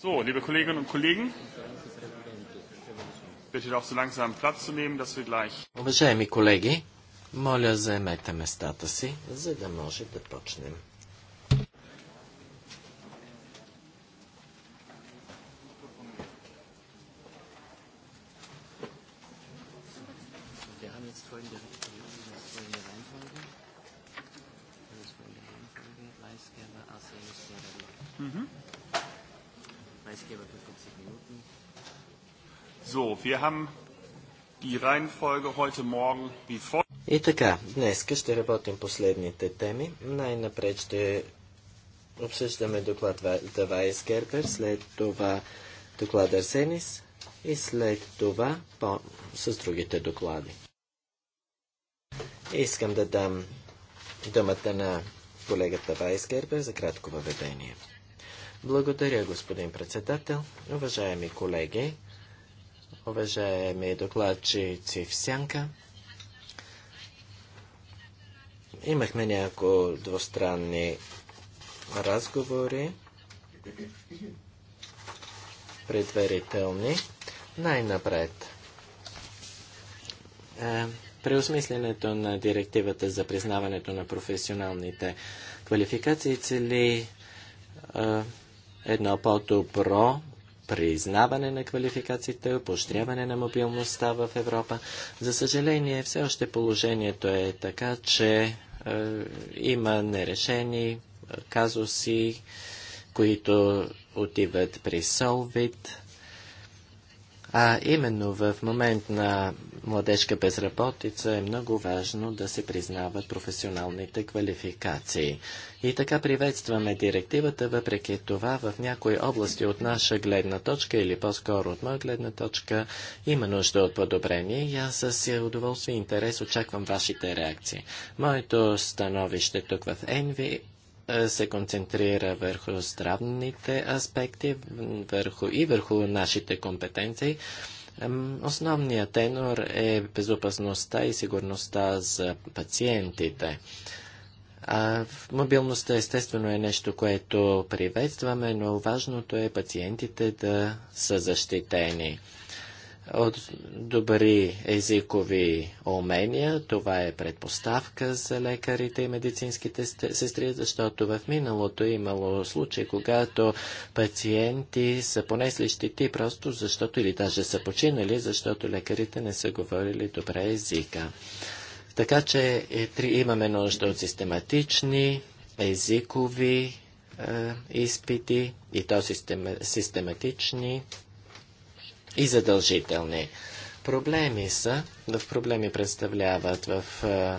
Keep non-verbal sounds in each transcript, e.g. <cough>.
So, liebe Kolleginnen und Kollegen, bitte doch so langsam Platz zu nehmen, dass wir gleich. Уважаеми колеги, моля заемете местата си, за да може да почнем. Mm-hmm. So, wir haben die Reihenfolge heute Morgen wie folgt. И така, днес ще работим последните теми. Най-напред ще обсъждаме доклад Давайс Гербер, след това доклад Арсенис и след това по, с другите доклади. Искам да дам думата на колегата Вайс Гербер за кратко въведение. Благодаря, господин председател. Уважаеми колеги, уважаеми докладчици в Сянка, имахме няколко двустранни разговори, предварителни. Най-напред. Е, При осмисленето на директивата за признаването на професионалните квалификации цели е, едно по-добро признаване на квалификациите, поощряване на мобилността в Европа. За съжаление, все още положението е така, че е, има нерешени е, казуси, които отиват при Солвит. А именно в момент на младежка безработица е много важно да се признават професионалните квалификации. И така приветстваме директивата, въпреки това в някои области от наша гледна точка или по-скоро от моя гледна точка има нужда от подобрение и аз с удоволствие и интерес очаквам вашите реакции. Моето становище тук в Енви се концентрира върху здравните аспекти върху и върху нашите компетенции. Основният тенор е безопасността и сигурността за пациентите. А мобилността естествено е нещо, което приветстваме, но важното е пациентите да са защитени от добри езикови умения. Това е предпоставка за лекарите и медицинските сестри, защото в миналото е имало случаи, когато пациенти са понесли щети просто защото или даже са починали, защото лекарите не са говорили добре езика. Така че е, три, имаме нужда от систематични езикови е, изпити и то систематични и задължителни. Проблеми са, в проблеми представляват в, е,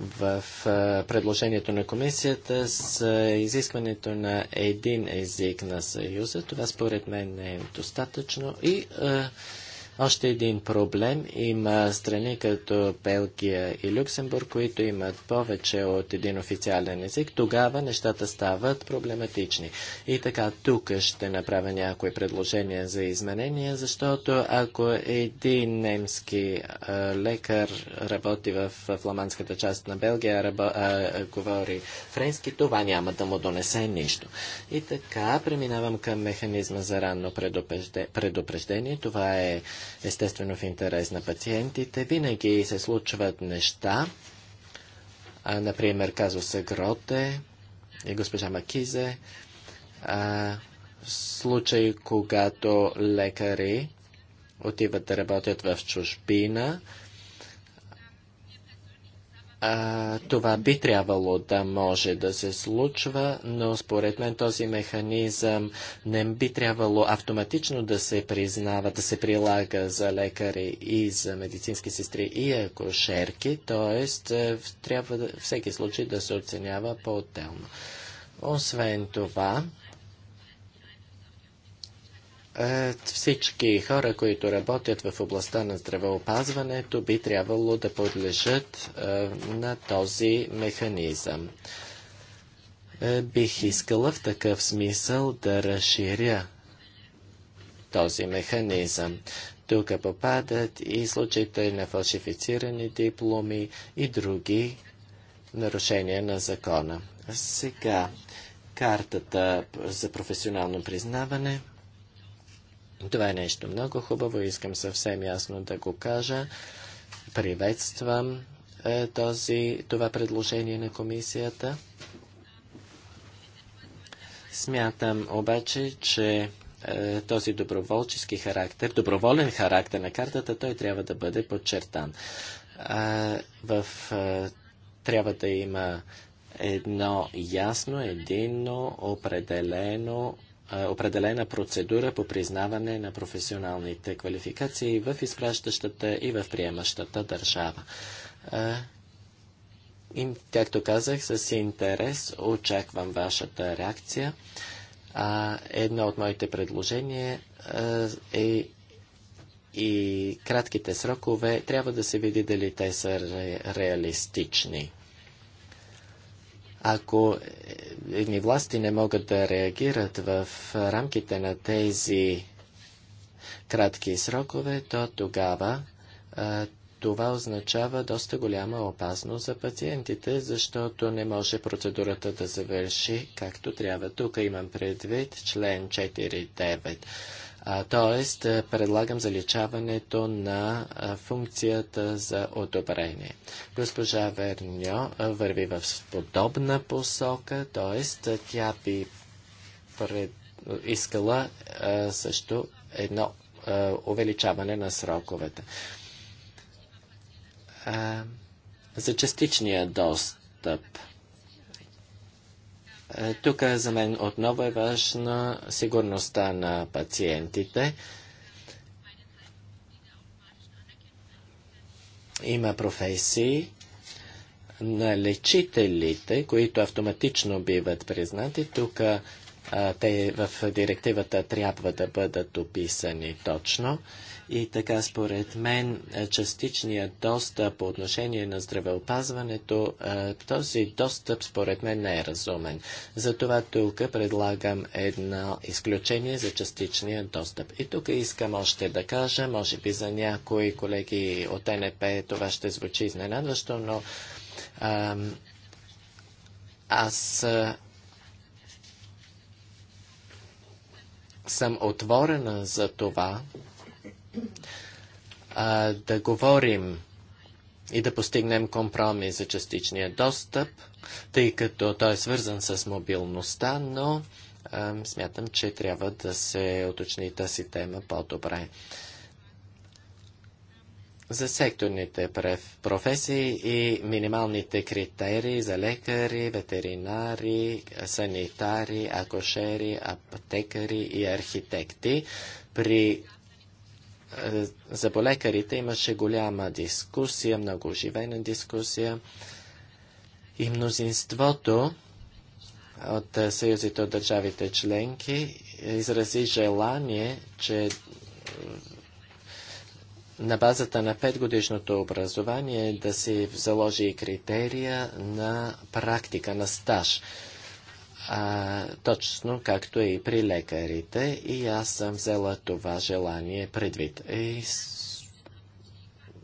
в е, предложението на комисията с изискването на един език на Съюза. Това според мен не е достатъчно и е, още един проблем има страни като Белгия и Люксембург, които имат повече от един официален език. Тогава нещата стават проблематични. И така, тук ще направя някои предложения за изменения, защото ако един немски а, лекар работи в фламандската част на Белгия, рабо, а, а, говори френски, това няма да му донесе нищо. И така, преминавам към механизма за ранно предупреждение. Това е естествено в интерес на пациентите. Винаги се случват неща, а, например казуса е Гроте и госпожа Макизе, а, случаи, когато лекари отиват да работят в чужбина, а, това би трябвало да може да се случва, но според мен този механизъм не би трябвало автоматично да се признава, да се прилага за лекари и за медицински сестри и акушерки, т.е. трябва да, всеки случай да се оценява по-отделно. Освен това, е, всички хора, които работят в областта на здравеопазването, би трябвало да подлежат е, на този механизъм. Е, бих искала в такъв смисъл да разширя този механизъм. Тук попадат и случаите на фалшифицирани дипломи и други нарушения на закона. Сега, картата за професионално признаване – това е нещо много хубаво, искам съвсем ясно да го кажа. Приветствам е, този, това предложение на комисията. Смятам обаче, че е, този доброволчески характер, доброволен характер на картата, той трябва да бъде подчертан. в, е, трябва да има едно ясно, единно, определено определена процедура по признаване на професионалните квалификации в изпращащата и в приемащата държава. И, както казах, с интерес очаквам вашата реакция. А, едно от моите предложения а, е и кратките срокове. Трябва да се види дали те са ре, реалистични. Ако е, едни власти не могат да реагират в рамките на тези кратки срокове, то тогава а, това означава доста голяма опасност за пациентите, защото не може процедурата да завърши както трябва. Тук имам предвид член 4.9. Тоест, предлагам заличаването на функцията за одобрение. Госпожа Верньо върви в подобна посока, т.е. тя би пред... искала също едно увеличаване на сроковете. За частичния достъп – е, тук за мен отново е важна сигурността на пациентите. Има професии на лечителите, които автоматично биват признати. Тук те в директивата трябва да бъдат описани точно. И така, според мен, е, частичният достъп по отношение на здравеопазването, е, този достъп според мен не е разумен. Затова тук предлагам едно изключение за частичния достъп. И тук искам още да кажа, може би за някои колеги от НП това ще звучи изненадващо, но ам, аз е, съм отворена за това а, да говорим и да постигнем компромис за частичния достъп, тъй като той е свързан с мобилността, но а, смятам, че трябва да се уточни тази тема по-добре за секторните професии и минималните критерии за лекари, ветеринари, санитари, акошери, аптекари и архитекти. При е, за болекарите имаше голяма дискусия, много оживена дискусия и мнозинството от е, съюзите от държавите членки изрази желание, че на базата на петгодишното образование да се заложи и критерия на практика, на стаж. А, точно както и при лекарите. И аз съм взела това желание предвид. И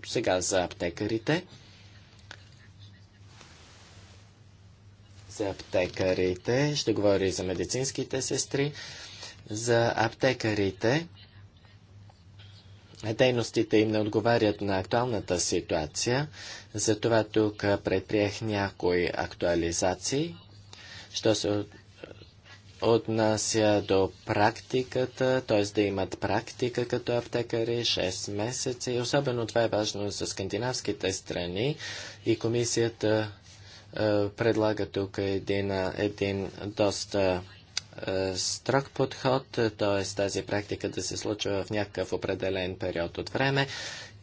сега за аптекарите. За аптекарите, ще говоря и за медицинските сестри. За аптекарите дейностите им не отговарят на актуалната ситуация, затова тук предприех някои актуализации. Що се отнася до практиката, т.е. да имат практика като аптекари 6 месеца. И особено това е важно за скандинавските страни и комисията е, предлага тук един, един доста е, строг подход, е, т.е. тази практика да се случва в някакъв определен период от време.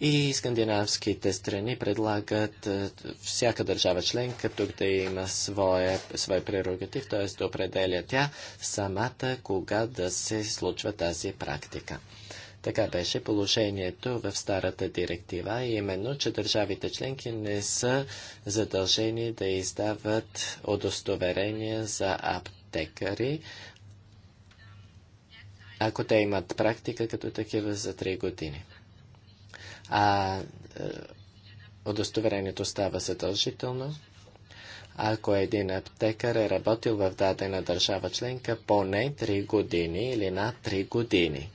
И скандинавските страни предлагат е, всяка държава членка тук да има своя, свой прерогатив, т.е. да определя тя самата кога да се случва тази практика. Така беше положението в старата директива, именно, че държавите членки не са задължени да издават удостоверения за аптека аптекари, ако те имат практика като такива за 3 години. А е, удостоверението става задължително. Ако един аптекар е работил в дадена държава членка поне 3 години или на 3 години.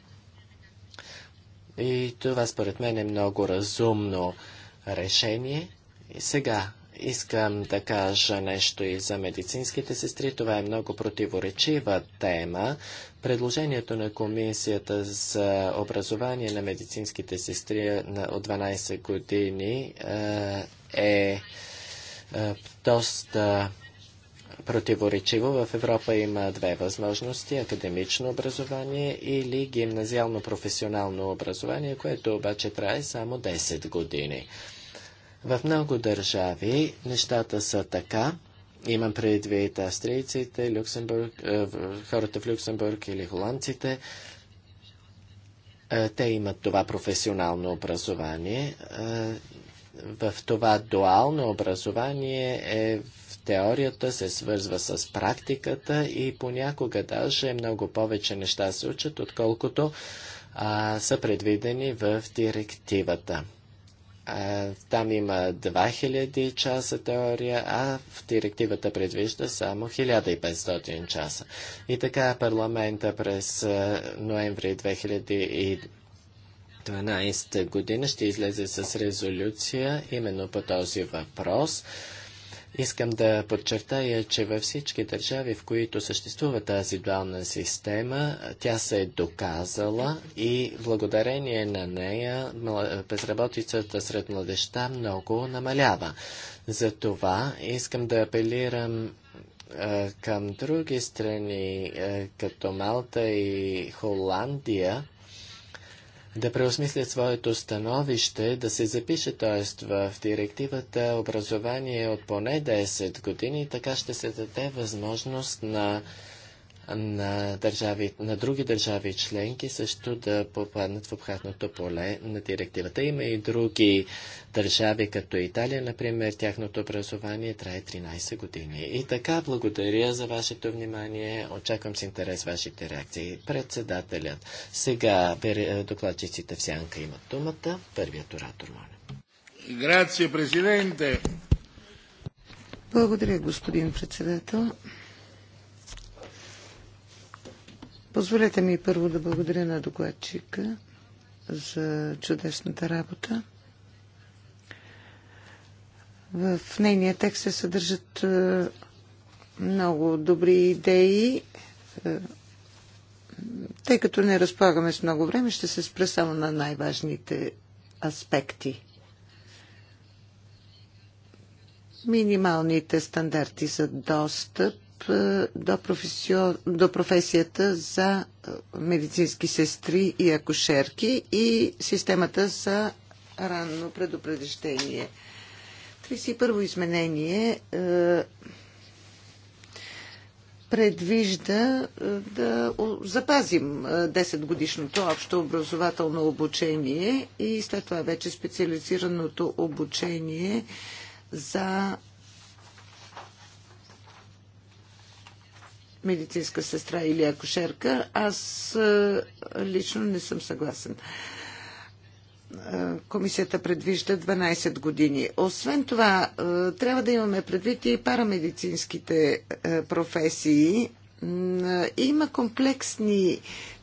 И това според мен е много разумно решение. И сега Искам да кажа нещо и за медицинските сестри. Това е много противоречива тема. Предложението на Комисията за образование на медицинските сестри от 12 години е, е, е доста противоречиво. В Европа има две възможности – академично образование или гимназиално професионално образование, което обаче трае само 10 години. В много държави нещата са така. Имам предвид австрийците, Люксембург, е, хората в Люксембург или холандците. Е, те имат това професионално образование. Е, в това дуално образование е в теорията се свързва с практиката и понякога даже много повече неща се учат, отколкото а, са предвидени в директивата. Там има 2000 часа теория, а в директивата предвижда само 1500 часа. И така парламента през ноември 2012 година ще излезе с резолюция именно по този въпрос. Искам да подчертая, че във всички държави, в които съществува тази дуална система, тя се е доказала и благодарение на нея безработицата сред младеща много намалява. Затова искам да апелирам към други страни, като Малта и Холандия, да преосмислят своето становище, да се запише, т.е. в директивата образование от поне 10 години, така ще се даде възможност на на, държави, на други държави членки също да попаднат в обхватното поле на директивата. Има и други държави, като Италия, например, тяхното образование трае 13 години. И така, благодаря за вашето внимание. Очаквам с интерес вашите реакции. Председателят. Сега е, докладчиците в сянка имат думата. Първият оратор, моля. Грация, президенте. Благодаря, господин председател. Позволете ми първо да благодаря на докладчика за чудесната работа. В нейния текст се съдържат е, много добри идеи. Е, тъй като не разполагаме с много време, ще се спра само на най-важните аспекти. Минималните стандарти за достъп е, до, професио... до професията за е, медицински сестри и акушерки и системата за ранно предупреждение. 31 во изменение е, предвижда да запазим 10-годишното общо образователно обучение и след това вече специализираното обучение за медицинска сестра или акушерка, аз лично не съм съгласен. Комисията предвижда 12 години. Освен това, трябва да имаме предвид и парамедицинските професии. Има комплексни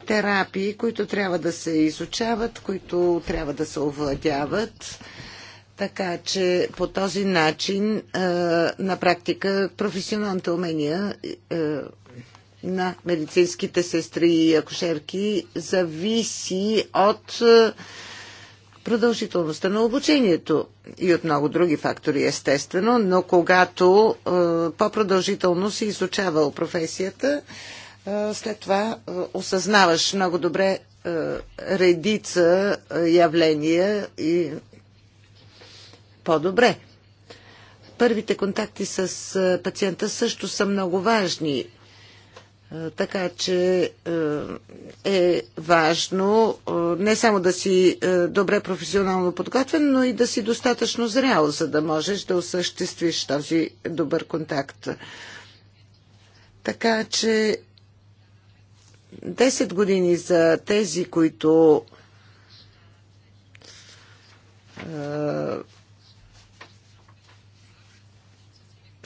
терапии, които трябва да се изучават, които трябва да се овладяват така че по този начин на практика професионалните умения на медицинските сестри и акушерки зависи от продължителността на обучението и от много други фактори, естествено, но когато по-продължително се изучава професията, след това осъзнаваш много добре редица явления и по-добре. Първите контакти с пациента също са много важни. Така че е важно не само да си добре професионално подготвен, но и да си достатъчно зрял, за да можеш да осъществиш този добър контакт. Така че 10 години за тези, които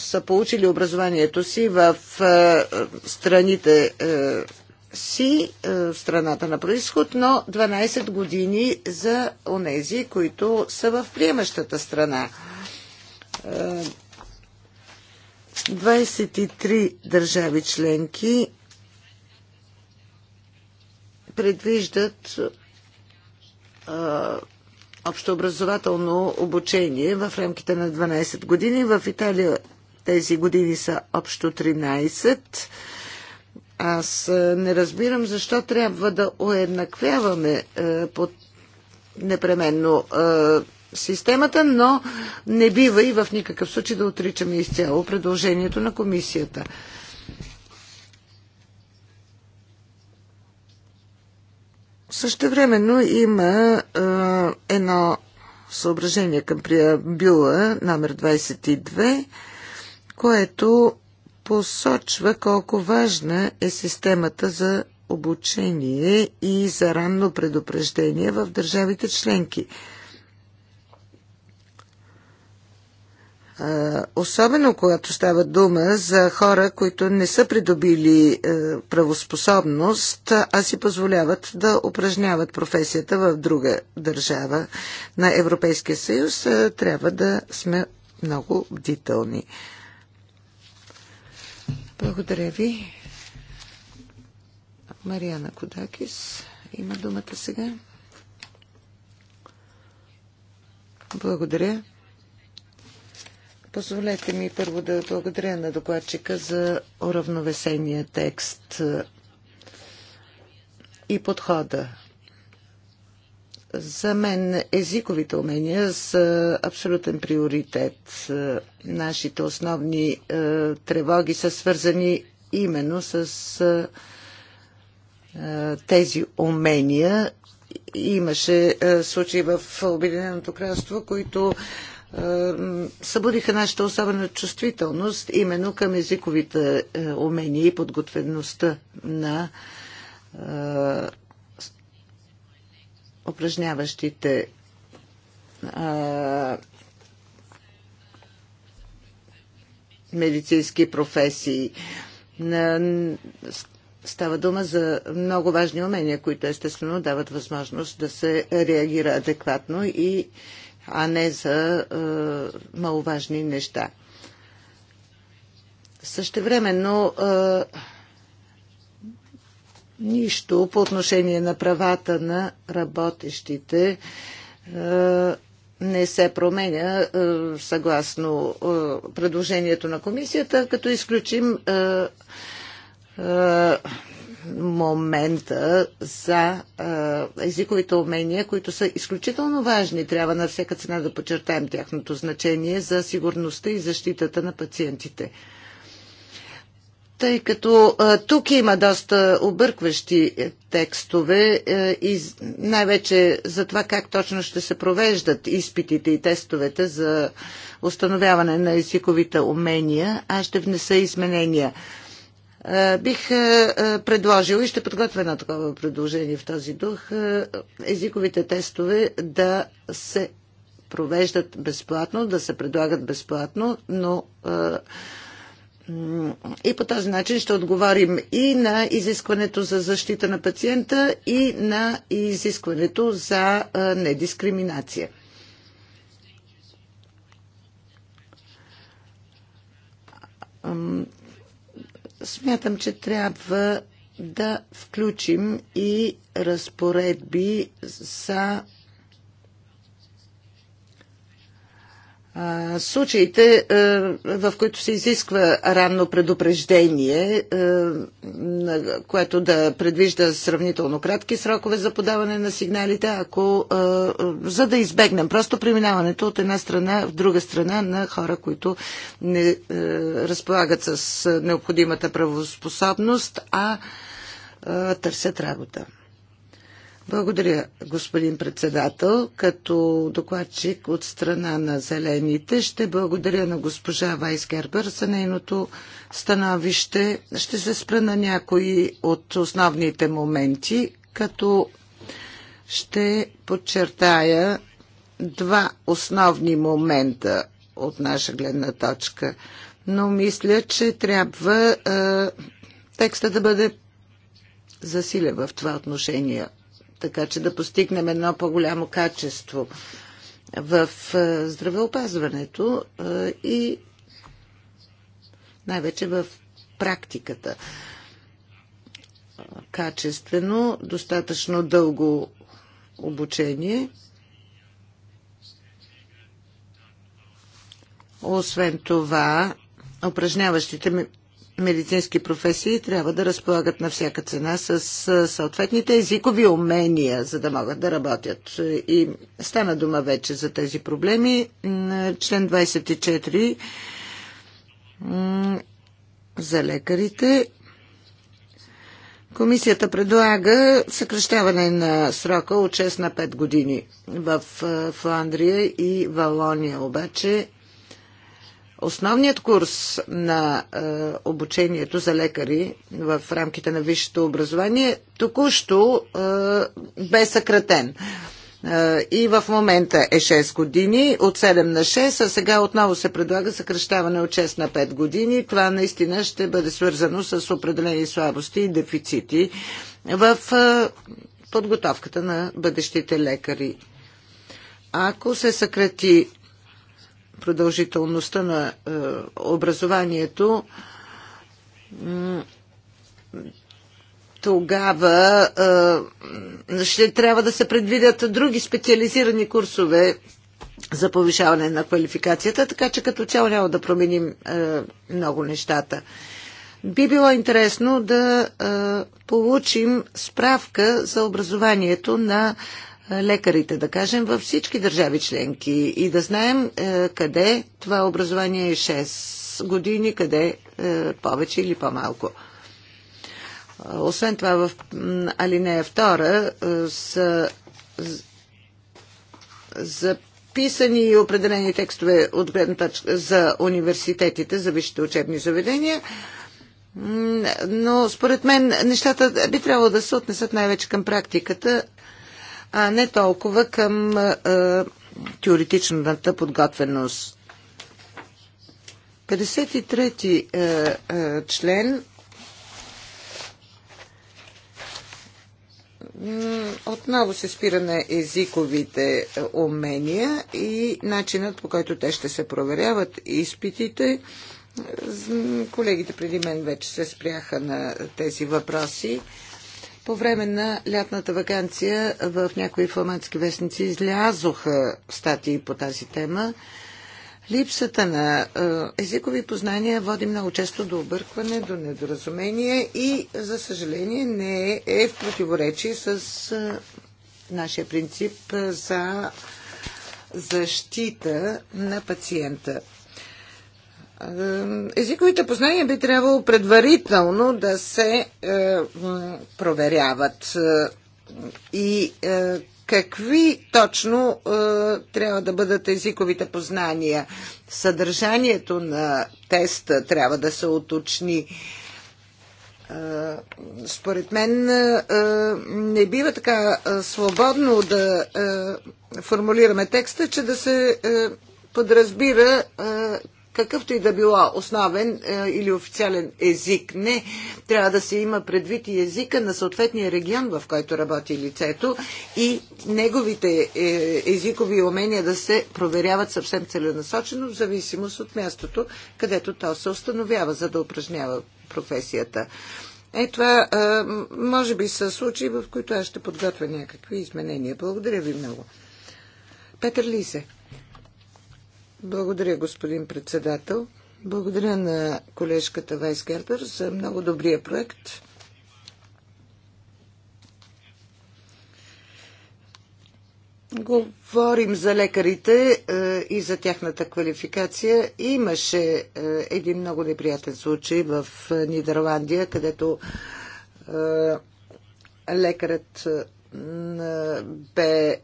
са получили образованието си в е, страните е, си, е, в страната на происход, но 12 години за онези, които са в приемащата страна. 23 държави членки предвиждат общообразователно обучение в рамките на 12 години. В Италия тези години са общо 13. Аз е, не разбирам защо трябва да уеднаквяваме е, под непременно е, системата, но не бива и в никакъв случай да отричаме изцяло предложението на комисията. Също времено има е, едно съображение към приабюла номер 22 което посочва колко важна е системата за обучение и за ранно предупреждение в държавите членки. Особено когато става дума за хора, които не са придобили е, правоспособност, а си позволяват да упражняват професията в друга държава на Европейския съюз, е, трябва да сме много бдителни. Благодаря ви. Марияна Кодакис има думата сега. Благодаря. Позволете ми първо да благодаря на докладчика за уравновесения текст и подхода за мен езиковите умения са абсолютен приоритет. Нашите основни е, тревоги са свързани именно с е, е, тези умения. Имаше случаи в Обединеното кралство, които събудиха нашата особена чувствителност именно към езиковите умения и подготвеността на упражняващите а, медицински професии. Става дума за много важни умения, които естествено дават възможност да се реагира адекватно и а не за е, маловажни неща. Същевременно е, нищо по отношение на правата на работещите е, не се променя е, съгласно е, предложението на комисията, като изключим момента за езиковите умения, които са изключително важни. Трябва на всяка цена да подчертаем тяхното значение за сигурността и защитата на пациентите тъй като а, тук има доста объркващи е, текстове а, е, и най-вече за това как точно ще се провеждат изпитите и тестовете за установяване на езиковите умения, аз ще внеса изменения. А, е, бих а, предложил и ще подготвя едно такова предложение в този дух а, езиковите тестове да се провеждат безплатно, да се предлагат безплатно, но а, и по този начин ще отговорим и на изискването за защита на пациента, и на изискването за недискриминация. Смятам, че трябва да включим и разпоредби за Случаите, в които се изисква ранно предупреждение, което да предвижда сравнително кратки срокове за подаване на сигналите, ако, за да избегнем просто преминаването от една страна в друга страна на хора, които не разполагат с необходимата правоспособност, а търсят работа. Благодаря, господин председател. Като докладчик от страна на Зелените ще благодаря на госпожа Вайсгербър за нейното становище. Ще се спра на някои от основните моменти, като ще подчертая два основни момента от наша гледна точка. Но мисля, че трябва е, текста да бъде засилен в това отношение така че да постигнем едно по-голямо качество в е, здравеопазването е, и най-вече в практиката. Качествено, достатъчно дълго обучение. Освен това, упражняващите медицински професии трябва да разполагат на всяка цена с съответните езикови умения, за да могат да работят. И стана дума вече за тези проблеми. Член 24 за лекарите. Комисията предлага съкрещаване на срока от 6 на 5 години. В Фландрия и Валония обаче Основният курс на е, обучението за лекари в рамките на висшето образование току-що е, бе съкратен. Е, и в момента е 6 години, от 7 на 6, а сега отново се предлага съкръщаване от 6 на 5 години. Това наистина ще бъде свързано с определени слабости и дефицити в подготовката на бъдещите лекари. Ако се съкрати продължителността на е, образованието, тогава е, ще трябва да се предвидят други специализирани курсове за повишаване на квалификацията, така че като цяло няма да променим е, много нещата. Би било интересно да получим справка за образованието на е, лекарите, да кажем, във всички държави членки и да знаем е, къде това образование е 6 години, къде е, повече или по-малко. Освен това, в алинея 2 са записани и определени текстове от гледна точка за университетите, за висшите учебни заведения. Но според мен нещата би трябвало да се отнесат най-вече към практиката, а не толкова към а, теоретичната подготвеност. 53-ти е, е, член отново се спира на езиковите е, умения и начинът по който те ще се проверяват изпитите. Колегите преди мен вече се спряха на тези въпроси. По време на лятната вакансия в някои фламандски вестници излязоха статии по тази тема. Липсата на е, езикови познания води много често до объркване, до недоразумение и, за съжаление, не е в противоречие с е, нашия принцип е, за защита на пациента. Е, езиковите познания би трябвало предварително да се е, проверяват е, и какви точно е, трябва да бъдат езиковите познания. Съдържанието на теста трябва да се уточни. Е, според мен е, не бива така е, свободно да е, формулираме текста, че да се е, подразбира е, какъвто и да било основен е, или официален език. Не, трябва да се има предвид и езика на съответния регион, в който работи лицето и неговите е, езикови умения да се проверяват съвсем целенасочено, в зависимост от мястото, където то се установява, за да упражнява професията. Е, това е, може би са случаи, в които аз ще подготвя някакви изменения. Благодаря ви много. Петър Лисе. Благодаря, господин председател. Благодаря на колежката Вайс Гербер за много добрия проект. Говорим за лекарите е, и за тяхната квалификация. Имаше е, един много неприятен случай в е, Нидерландия, където лекарът бе е,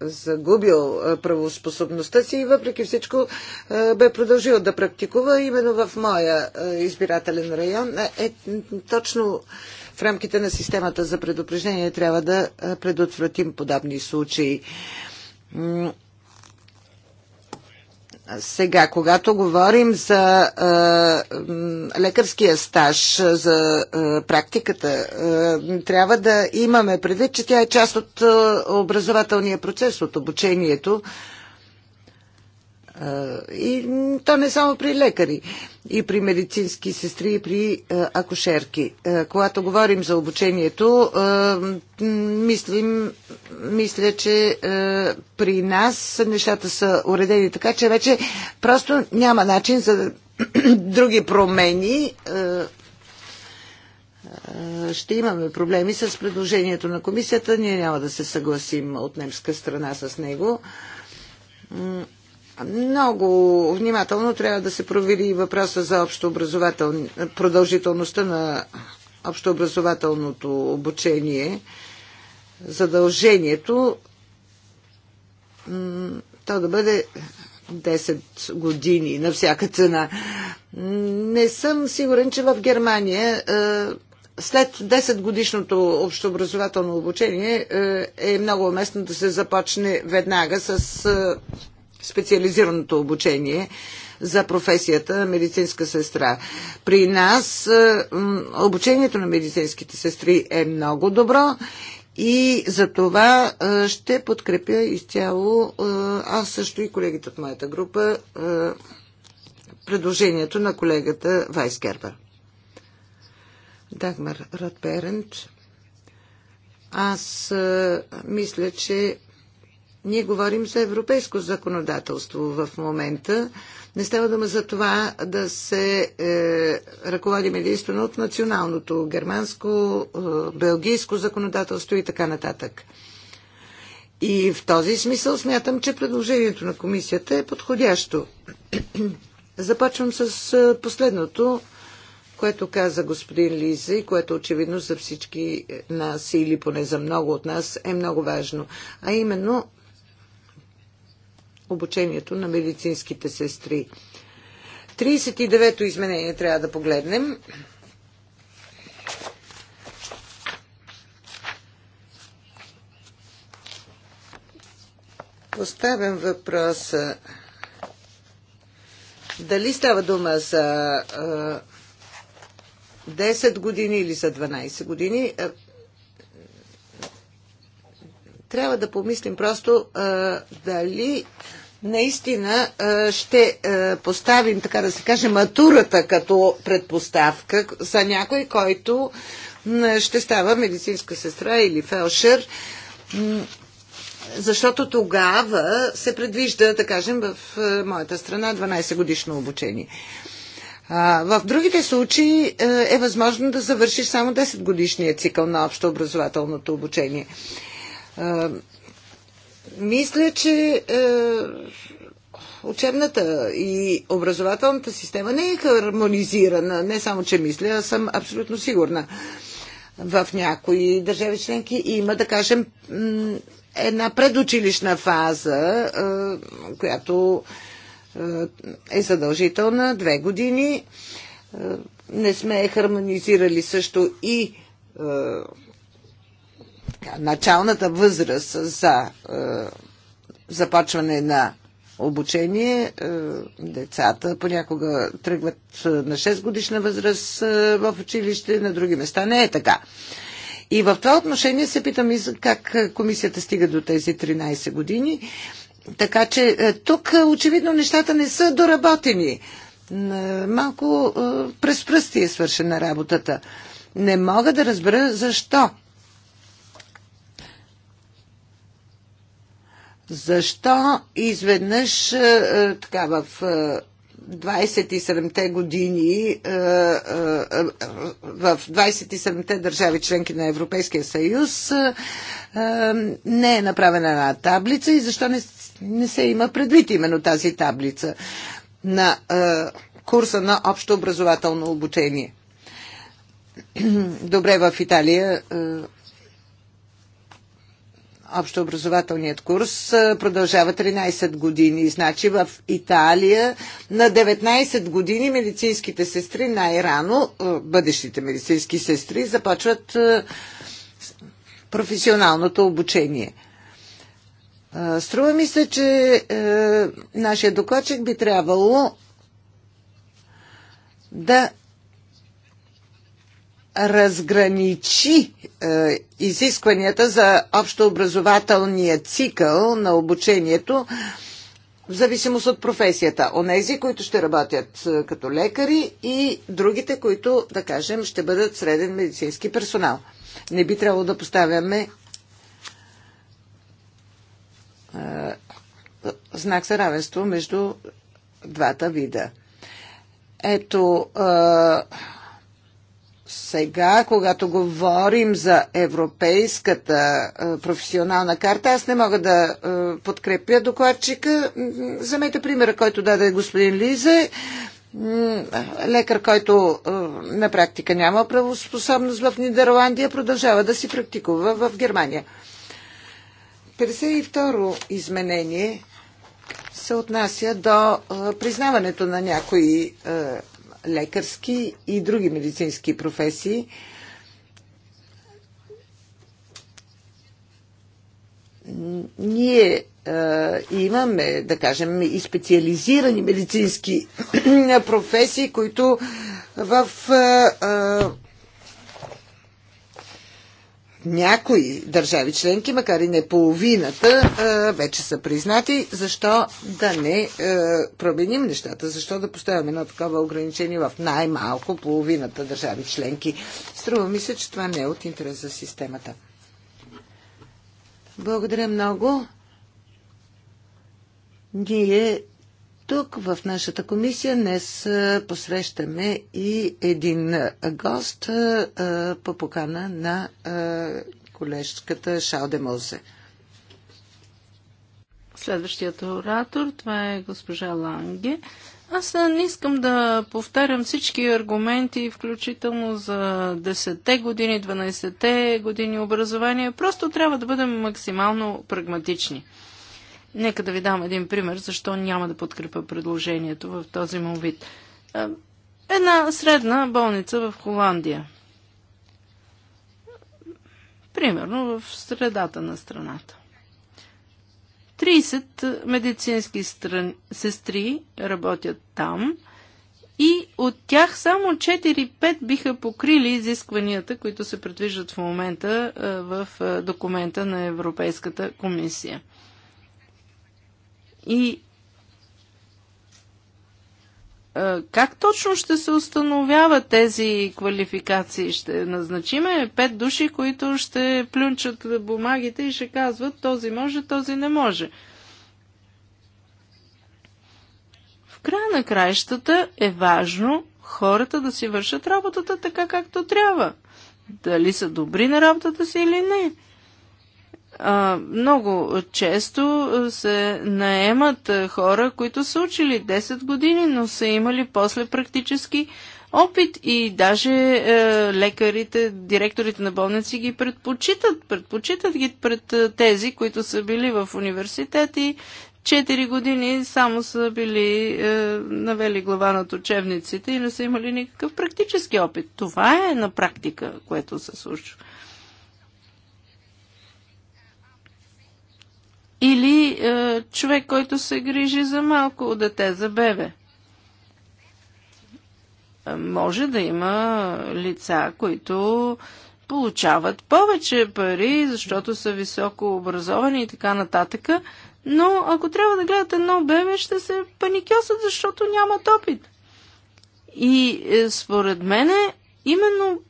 загубил е, правоспособността си и въпреки всичко е, бе продължил да практикува именно в моя избирателен район. Е, точно в рамките на системата за предупреждение трябва да предотвратим подобни случаи. Сега, когато говорим за а, лекарския стаж, за а, практиката, а, трябва да имаме предвид, че тя е част от а, образователния процес, от обучението. А, и то не само при лекари, и при медицински сестри, и при акушерки. Когато говорим за обучението, мислим, мисля, че при нас нещата са уредени така, че вече просто няма начин за <clears throat> други промени. Ще имаме проблеми с предложението на комисията. Ние няма да се съгласим от немска страна с него. Много внимателно трябва да се провери въпроса за общообразовател... продължителността на общообразователното обучение, задължението то да бъде 10 години на всяка цена. Не съм сигурен, че в Германия е, след 10 годишното общообразователно обучение е, е много уместно да се започне веднага с е, специализираното обучение за професията медицинска сестра. При нас е, обучението на медицинските сестри е много добро и за това е, ще подкрепя изцяло, е, аз също и колегите от моята група, предложението на колегата Вайскербър. Дагмар Ротберент. Аз мисля, че ние говорим за европейско законодателство в момента. Не става дума за това да се е, ръководим единствено от националното германско, е, белгийско законодателство и така нататък. И в този смисъл смятам, че предложението на комисията е подходящо. <clears throat> Започвам с е, последното, което каза господин Лиза и което очевидно за всички нас или поне за много от нас е много важно. А именно обучението на медицинските сестри. 39-то изменение трябва да погледнем. Поставям въпроса дали става дума за 10 години или за 12 години. Трябва да помислим просто дали наистина ще поставим, така да се каже, матурата като предпоставка за някой, който ще става медицинска сестра или фелшер, защото тогава се предвижда, да кажем, в моята страна 12 годишно обучение. В другите случаи е възможно да завършиш само 10 годишния цикъл на общообразователното образователното обучение. Мисля, че е, учебната и образователната система не е хармонизирана. Не само, че мисля, а съм абсолютно сигурна. В някои държави членки има, да кажем, една предучилищна фаза, е, която е, е задължителна две години. Не сме хармонизирали също и така, началната възраст за е, започване на обучение. Е, децата понякога тръгват е, на 6 годишна възраст е, в училище, на други места не е така. И в това отношение се питам и как комисията стига до тези 13 години. Така че е, тук е, очевидно нещата не са доработени. Малко през пръсти е свършена работата. Не мога да разбера защо Защо изведнъж е, е, така в 27-те е, години в 27-те държави членки на Европейския съюз не е направена една таблица и защо не, не се има предвид именно тази таблица на курса на общо образователно обучение. <clears throat> Добре, в Италия Общообразователният курс продължава 13 години. Значи в Италия на 19 години медицинските сестри най-рано, бъдещите медицински сестри, започват професионалното обучение. Струва ми се, че нашия докладчик би трябвало да разграничи е, изискванията за общообразователния цикъл на обучението в зависимост от професията. Онези, които ще работят е, като лекари и другите, които, да кажем, ще бъдат среден медицински персонал. Не би трябвало да поставяме е, знак за равенство между двата вида. Ето, е, сега, когато говорим за европейската е, професионална карта, аз не мога да е, подкрепя докладчика. Замете примера, който даде господин Лизе. Лекар, който е, на практика няма правоспособност в Нидерландия, продължава да си практикува в Германия. 52 изменение се отнася до признаването на някои лекарски и други медицински професии. Ние имаме, да кажем, и специализирани медицински <clears throat> професии, които в някои държави членки, макар и не половината, вече са признати. Защо да не променим нещата? Защо да поставим едно такова ограничение в най-малко половината държави членки? Струва ми се, че това не е от интерес за системата. Благодаря много. Ние тук в нашата комисия днес посрещаме и един гост по покана на колежката Шалде Мозе. Следващият оратор, това е госпожа Ланге. Аз не искам да повтарям всички аргументи, включително за 10-те години, 12-те години образование. Просто трябва да бъдем максимално прагматични. Нека да ви дам един пример, защо няма да подкрепа предложението в този му вид. Една средна болница в Холандия. Примерно в средата на страната. 30 медицински стран... сестри работят там и от тях само 4-5 биха покрили изискванията, които се предвиждат в момента в документа на Европейската комисия. И как точно ще се установяват тези квалификации? Ще назначиме пет души, които ще плюнчат бумагите и ще казват този може, този не може. В края на краищата е важно хората да си вършат работата така, както трябва. Дали са добри на работата си или не много често се наемат хора, които са учили 10 години, но са имали после практически опит и даже е, лекарите, директорите на болници ги предпочитат. Предпочитат ги пред е, тези, които са били в университет и 4 години само са били е, навели глава над учебниците и не са имали никакъв практически опит. Това е на практика, което се случва. или е, човек, който се грижи за малко дете, за бебе. Е, може да има лица, които получават повече пари, защото са високо образовани и така нататък, но ако трябва да гледат едно бебе, ще се паникьосат, защото нямат опит. И е, според мене, именно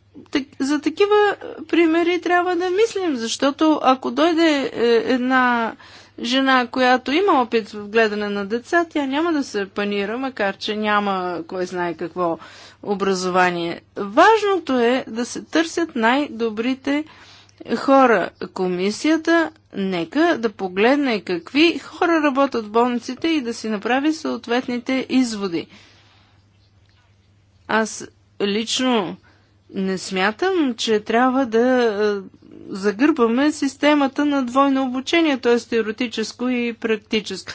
за такива примери трябва да мислим, защото ако дойде е, една жена, която има опит в гледане на деца, тя няма да се панира, макар че няма кой знае какво образование. Важното е да се търсят най-добрите хора. Комисията нека да погледне какви хора работят в болниците и да си направи съответните изводи. Аз лично не смятам, че трябва да загърбваме системата на двойно обучение, т.е. теоретическо и практическо.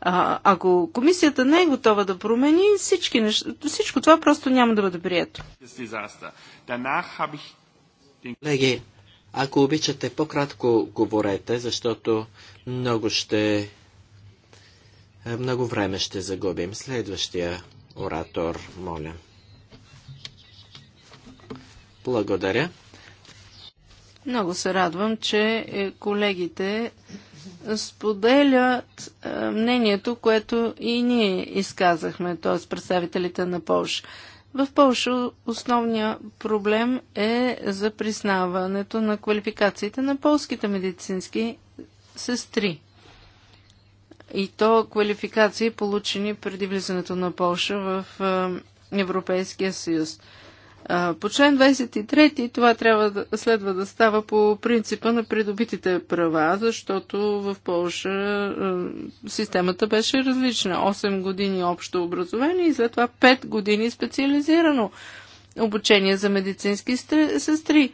А, ако комисията не е готова да промени всички неща, всичко това просто няма да бъде прието. Леги, ако обичате, по-кратко говорете, защото много ще... Е, много време ще загубим. Следващия оратор, моля. Благодаря. Много се радвам, че е, колегите споделят е, мнението, което и ние изказахме, т.е. представителите на Польша. В Польша основният проблем е за признаването на квалификациите на полските медицински сестри. И то квалификации, получени преди влизането на Польша в е, Европейския съюз. По член 23 това трябва да, следва да става по принципа на придобитите права, защото в Польша системата беше различна. 8 години общо образование и след това 5 години специализирано обучение за медицински сестри.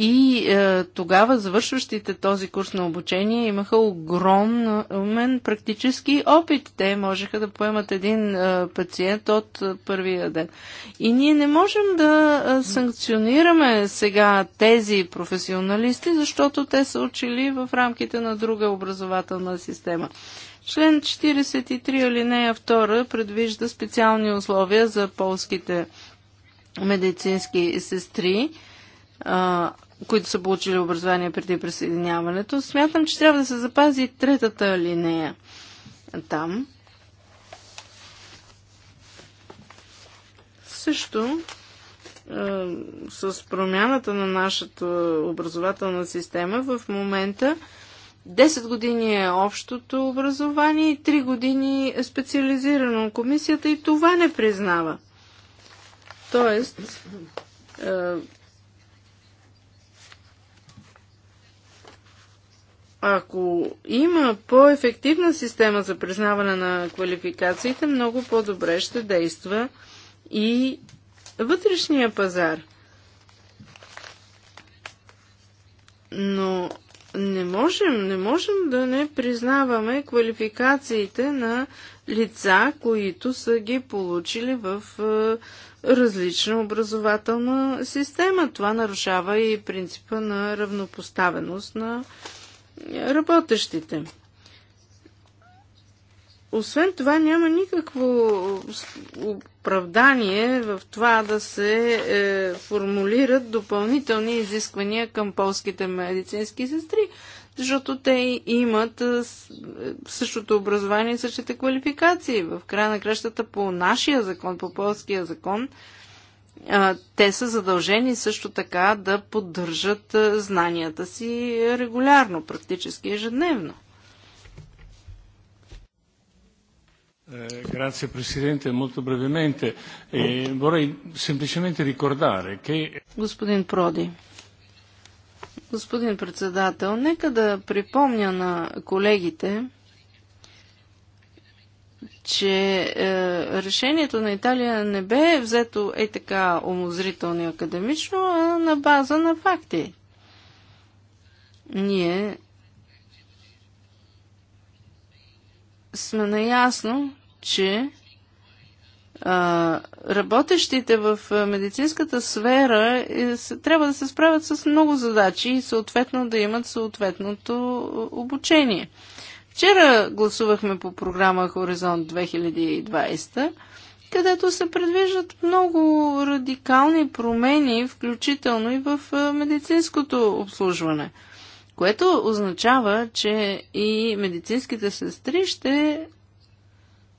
И е, тогава завършващите този курс на обучение имаха огромен практически опит. Те можеха да поемат един е, пациент от е, първия ден. И ние не можем да е, санкционираме сега тези професионалисти, защото те са учили в рамките на друга образователна система. Член 43 алинея 2 предвижда специални условия за полските медицински сестри които са получили образование преди присъединяването, смятам, че трябва да се запази третата линея там. Също е, с промяната на нашата образователна система в момента 10 години е общото образование и 3 години е специализирано. Комисията и това не признава. Тоест, е, Ако има по-ефективна система за признаване на квалификациите, много по-добре ще действа и вътрешния пазар. Но не можем, не можем да не признаваме квалификациите на лица, които са ги получили в е, различна образователна система. Това нарушава и принципа на равнопоставеност на работещите. Освен това няма никакво оправдание в това да се е, формулират допълнителни изисквания към полските медицински сестри, защото те имат е, е същото образование и същите квалификации. В края на кращата по нашия закон, по полския закон, е, те са задължени също така да поддържат знанията си регулярно, практически ежедневно. Grazie Presidente, molto brevemente. E vorrei semplicemente ricordare che... Господин Проди, господин председател, нека да припомня на колегите, че е, решението на Италия не бе взето е така омозрително и академично, а на база на факти. Ние сме наясно, че е, работещите в е, медицинската сфера е, трябва да се справят с много задачи и съответно да имат съответното е, обучение. Вчера гласувахме по програма Хоризонт 2020, където се предвиждат много радикални промени, включително и в медицинското обслужване, което означава, че и медицинските сестри ще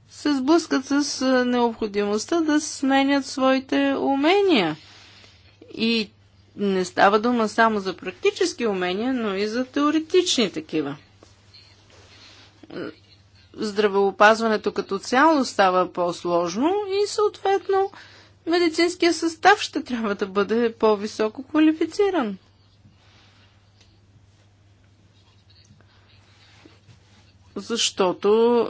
се сблъскат с необходимостта да сменят своите умения. И не става дума само за практически умения, но и за теоретични такива здравеопазването като цяло става по-сложно и съответно медицинския състав ще трябва да бъде по-високо квалифициран. Защото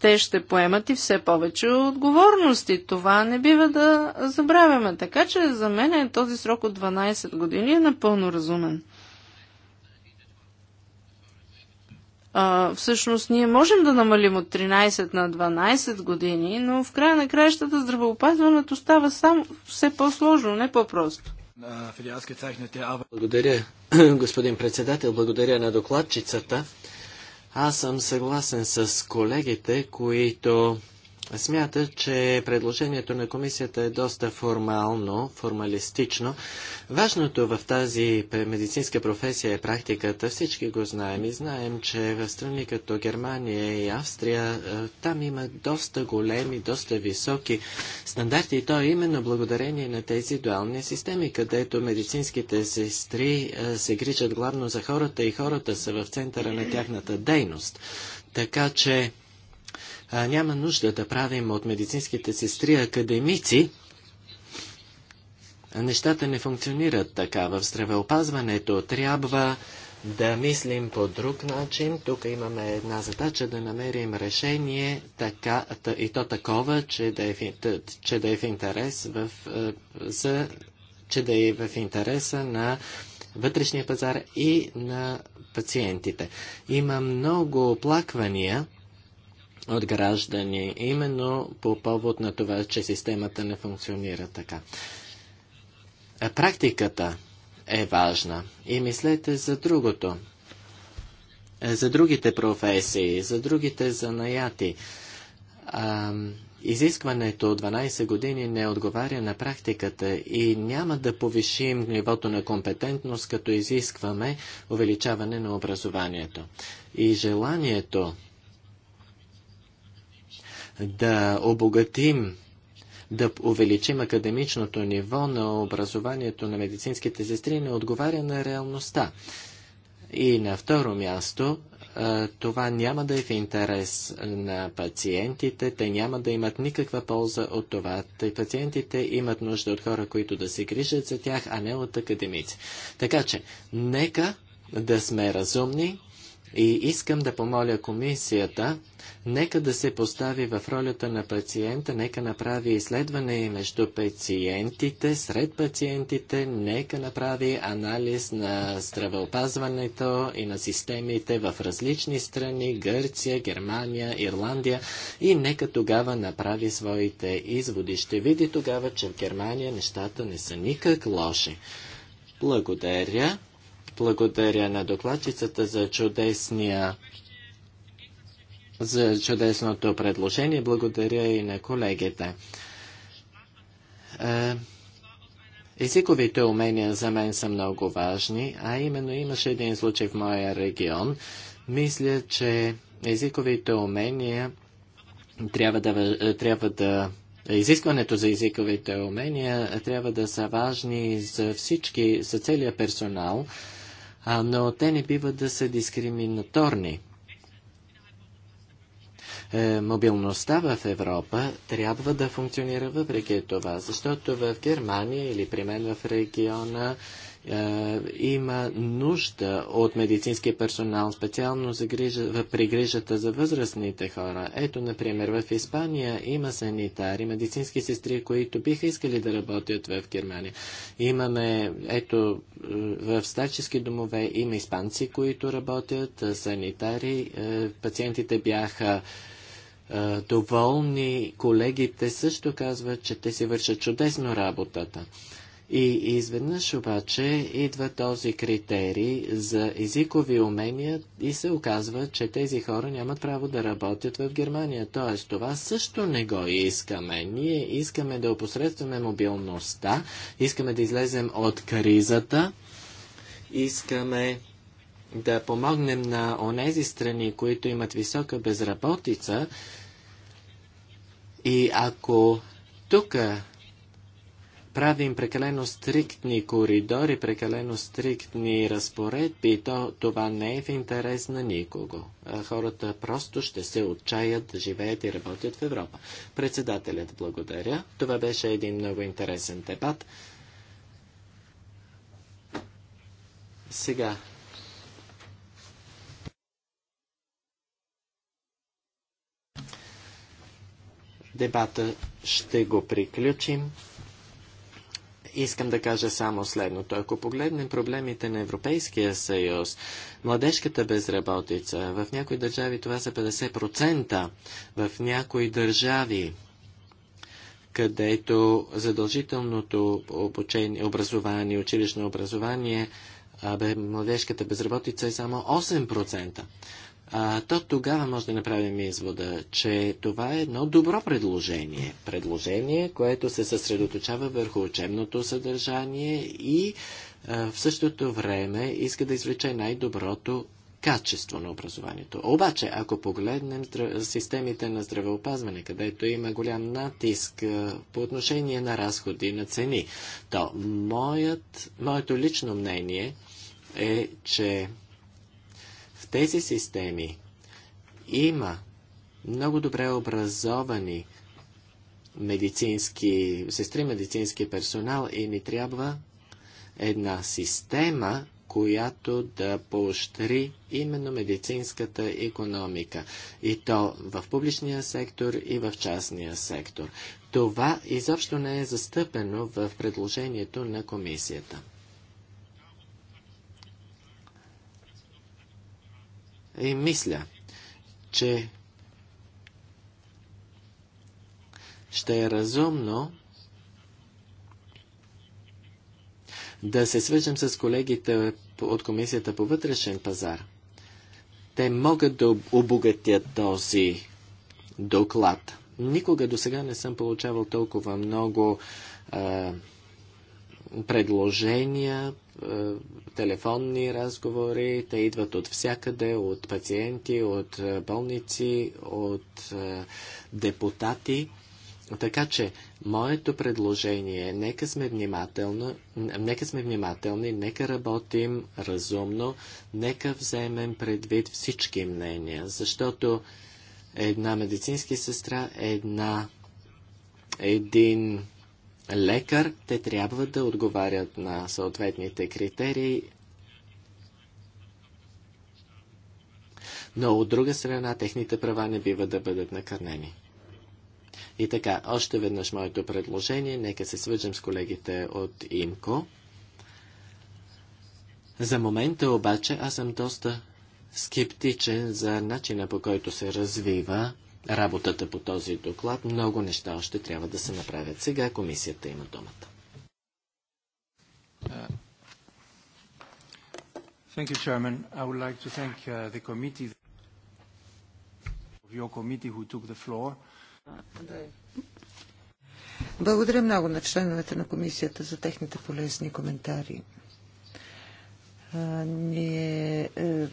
те ще поемат и все повече отговорности. Това не бива да забравяме. Така че за мен е този срок от 12 години е напълно разумен. а, всъщност ние можем да намалим от 13 на 12 години, но в края на краищата здравеопазването става само все по-сложно, не по-просто. Благодаря, <clears throat> господин председател, благодаря на докладчицата. Аз съм съгласен с колегите, които смята, че предложението на комисията е доста формално, формалистично. Важното в тази медицинска професия е практиката. Всички го знаем и знаем, че в страни като Германия и Австрия е, там има доста големи, доста високи стандарти и то е именно благодарение на тези дуални системи, където медицинските сестри е, се грижат главно за хората и хората са в центъра на тяхната дейност. Така че а, няма нужда да правим от медицинските сестри академици. Нещата не функционират така. В здравеопазването трябва да мислим по друг начин. Тук имаме една задача да намерим решение така, и то такова, че да е в, че да е в интерес в, е, за, че да е в интереса на вътрешния пазар и на пациентите. Има много оплаквания от граждани, именно по повод на това, че системата не функционира така. Практиката е важна и мислете за другото, е, за другите професии, за другите занаяти. изискването от 12 години не отговаря на практиката и няма да повишим нивото на компетентност, като изискваме увеличаване на образованието. И желанието да обогатим, да увеличим академичното ниво на образованието на медицинските сестри не отговаря на реалността. И на второ място, това няма да е в интерес на пациентите, те няма да имат никаква полза от това. Тъй пациентите имат нужда от хора, които да се грижат за тях, а не от академици. Така че, нека да сме разумни, и искам да помоля комисията, нека да се постави в ролята на пациента, нека направи изследване между пациентите, сред пациентите, нека направи анализ на здравеопазването и на системите в различни страни, Гърция, Германия, Ирландия и нека тогава направи своите изводи. Ще види тогава, че в Германия нещата не са никак лоши. Благодаря. Благодаря на докладчицата за чудесния за чудесното предложение. Благодаря и на колегите. Е, езиковите умения за мен са много важни, а именно имаше един случай в моя регион. Мисля, че езиковите умения трябва да, е, трябва да изискването за езиковите умения трябва да са важни за всички, за целия персонал, а, но те не биват да са дискриминаторни. Е, мобилността в Европа трябва да функционира въпреки това, защото в Германия или при мен в региона е, има нужда от медицински персонал, специално за грижа, при грижата за възрастните хора. Ето, например, в Испания има санитари, медицински сестри, които биха искали да работят в Германия. Имаме, ето, в старчески домове има испанци, които работят, санитари, е, пациентите бяха е, доволни. Колегите също казват, че те си вършат чудесно работата. И изведнъж обаче идва този критерий за езикови умения и се оказва, че тези хора нямат право да работят в Германия. Тоест, това също не го искаме. Ние искаме да опосредстваме мобилността, искаме да излезем от кризата, искаме да помогнем на онези страни, които имат висока безработица. И ако тук правим прекалено стриктни коридори, прекалено стриктни разпоредби, то това не е в интерес на никого. Хората просто ще се отчаят да живеят и работят в Европа. Председателят благодаря. Това беше един много интересен дебат. Сега дебата ще го приключим. Искам да кажа само следното. Ако погледнем проблемите на Европейския съюз, младежката безработица, в някои държави това са 50%, в някои държави където задължителното обучение, образование, училищно образование, младежката безработица е само 8% а, то тогава може да направим извода, че това е едно добро предложение. Предложение, което се съсредоточава върху учебното съдържание и а, в същото време иска да извлече най-доброто качество на образованието. Обаче, ако погледнем системите на здравеопазване, където има голям натиск по отношение на разходи, на цени, то моят, моето лично мнение е, че тези системи има много добре образовани медицински, сестри медицински персонал и ни трябва една система, която да поощри именно медицинската економика. И то в публичния сектор и в частния сектор. Това изобщо не е застъпено в предложението на комисията. И мисля, че ще е разумно да се свържем с колегите от Комисията по вътрешен пазар. Те могат да обогатят този доклад. Никога до сега не съм получавал толкова много а, предложения, е, телефонни разговори. Те идват от всякъде, от пациенти, от е, болници, от е, депутати. Така че, моето предложение е, нека сме, нека сме внимателни, нека работим разумно, нека вземем предвид всички мнения, защото една медицински сестра, една, един лекар, те трябва да отговарят на съответните критерии. Но от друга страна, техните права не бива да бъдат накърнени. И така, още веднъж моето предложение, нека се свържем с колегите от ИМКО. За момента обаче аз съм доста скептичен за начина по който се развива работата по този доклад. Много неща още трябва да се направят. Сега комисията има думата. Uh, thank you, Chairman. I would like to thank uh, the committee, your committee who took the floor. Благодаря много на членовете на комисията за техните полезни коментари. Ние е,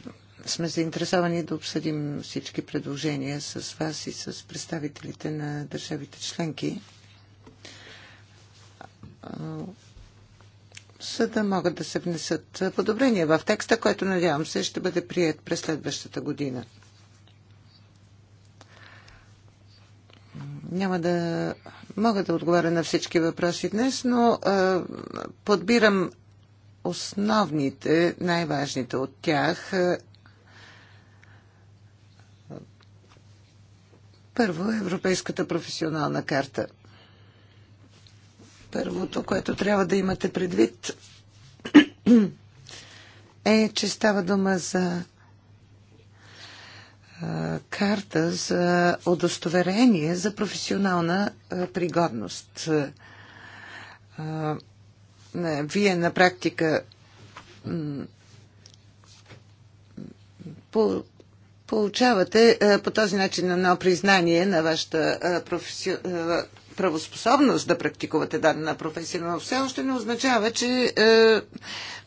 сме заинтересовани да обсъдим всички предложения с вас и с представителите на държавите членки, за да могат да се внесат подобрения в текста, който надявам се ще бъде прият през следващата година. Няма да мога да отговаря на всички въпроси днес, но подбирам основните, най-важните от тях Първо, Европейската професионална карта. Първото, което трябва да имате предвид, <clears throat> е, че става дума за карта за удостоверение за професионална пригодност. Вие на практика по получавате е, по този начин едно признание на вашата е, професи... Е, правоспособност да практикувате дадена професия, но все още не означава, че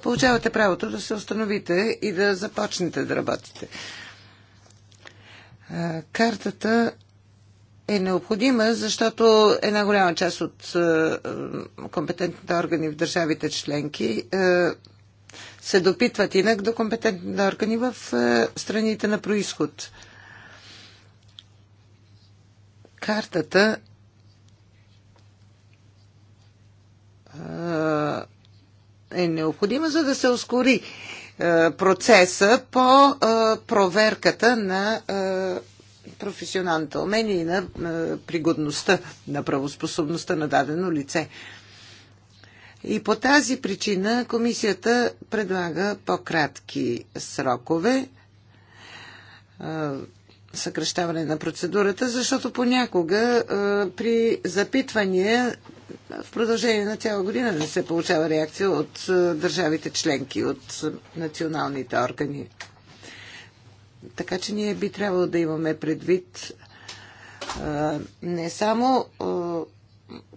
получавате правото да се установите и да започнете да работите. Картата е необходима, защото една голяма част от компетентните органи в държавите членки се допитват инак до компетентни органи в е, страните на происход. Картата е, е необходима, за да се ускори е, процеса по проверката на професионалните умения и на пригодността, на правоспособността на дадено лице. И по тази причина комисията предлага по-кратки срокове съкръщаване на процедурата, защото понякога при запитвания в продължение на цяла година не се получава реакция от държавите членки, от националните органи. Така че ние би трябвало да имаме предвид не само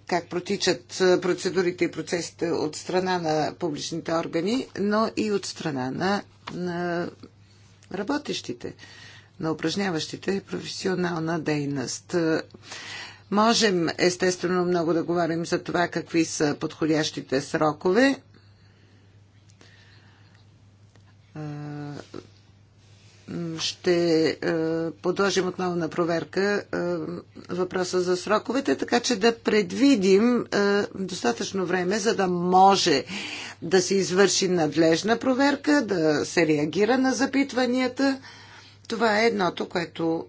как протичат процедурите и процесите от страна на публичните органи, но и от страна на, на работещите, на упражняващите професионална дейност. Можем, естествено, много да говорим за това какви са подходящите срокове ще е, подложим отново на проверка е, въпроса за сроковете, така че да предвидим е, достатъчно време, за да може да се извърши надлежна проверка, да се реагира на запитванията. Това е едното, което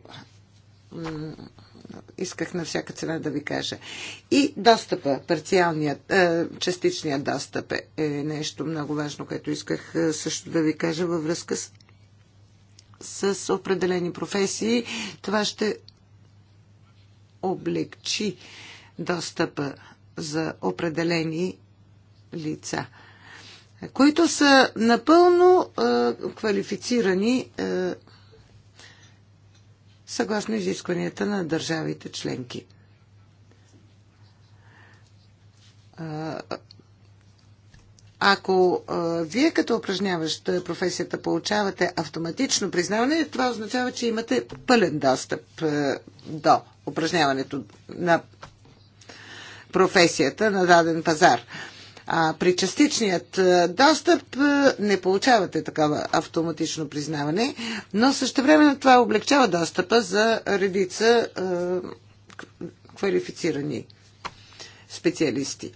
исках на всяка цена да ви кажа. И достъпа, парциалният, частичният достъп е нещо много важно, което исках също да ви кажа във връзка с с определени професии. Това ще облегчи достъпа за определени лица, които са напълно е, квалифицирани е, съгласно изискванията на държавите членки. Ако а, вие като упражняващ професията получавате автоматично признаване, това означава, че имате пълен достъп а, до упражняването на професията на даден пазар. А при частичният достъп не получавате такава автоматично признаване, но също време това облегчава достъпа за редица е, квалифицирани специалисти.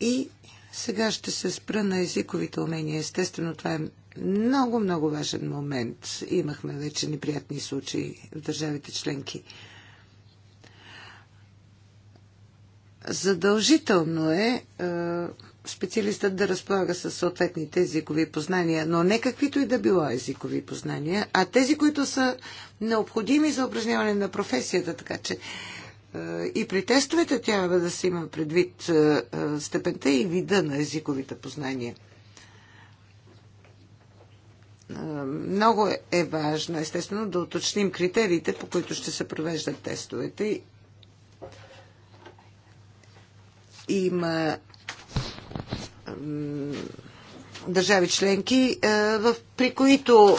И сега ще се спра на езиковите умения. Естествено, това е много, много важен момент. Имахме вече неприятни случаи в държавите членки. Задължително е, е специалистът да разполага с съответните езикови познания, но не каквито и да било езикови познания, а тези, които са необходими за упражняване на професията, така че е, и при тестовете трябва да се има предвид е, е, степента и вида на езиковите познания. Много е важно, естествено, да уточним критериите, по които ще се провеждат тестовете. Има държави членки, при които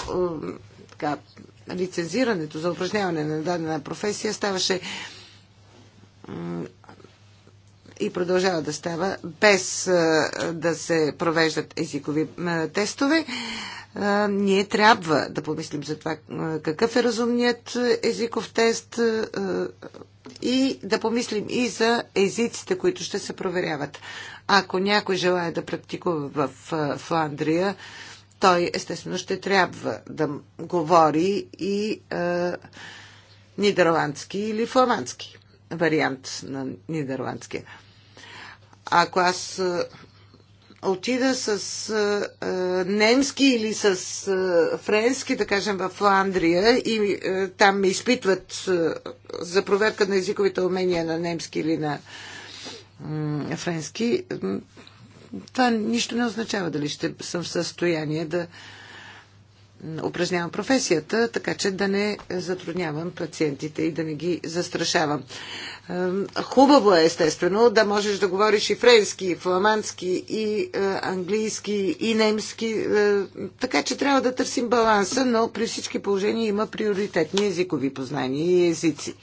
така, лицензирането за упражняване на дадена професия ставаше и продължава да става без да се провеждат езикови тестове. Ние трябва да помислим за това какъв е разумният езиков тест и да помислим и за езиците, които ще се проверяват. Ако някой желая да практикува в Фландрия, той естествено ще трябва да говори и нидерландски или фламандски вариант на нидерландския. Ако аз е, отида с а, е, е, немски или с а, френски, да кажем, в Фландрия и а, там ме изпитват а, за проверка на езиковите умения на немски или на френски, това нищо не означава дали ще съм в състояние да а, упражнявам професията, така че да не затруднявам пациентите и да не ги застрашавам. Хубаво е, естествено, да можеш да говориш и френски, и фламандски, и е, английски, и немски, е, така че трябва да търсим баланса, но при всички положения има приоритетни езикови познания и езици.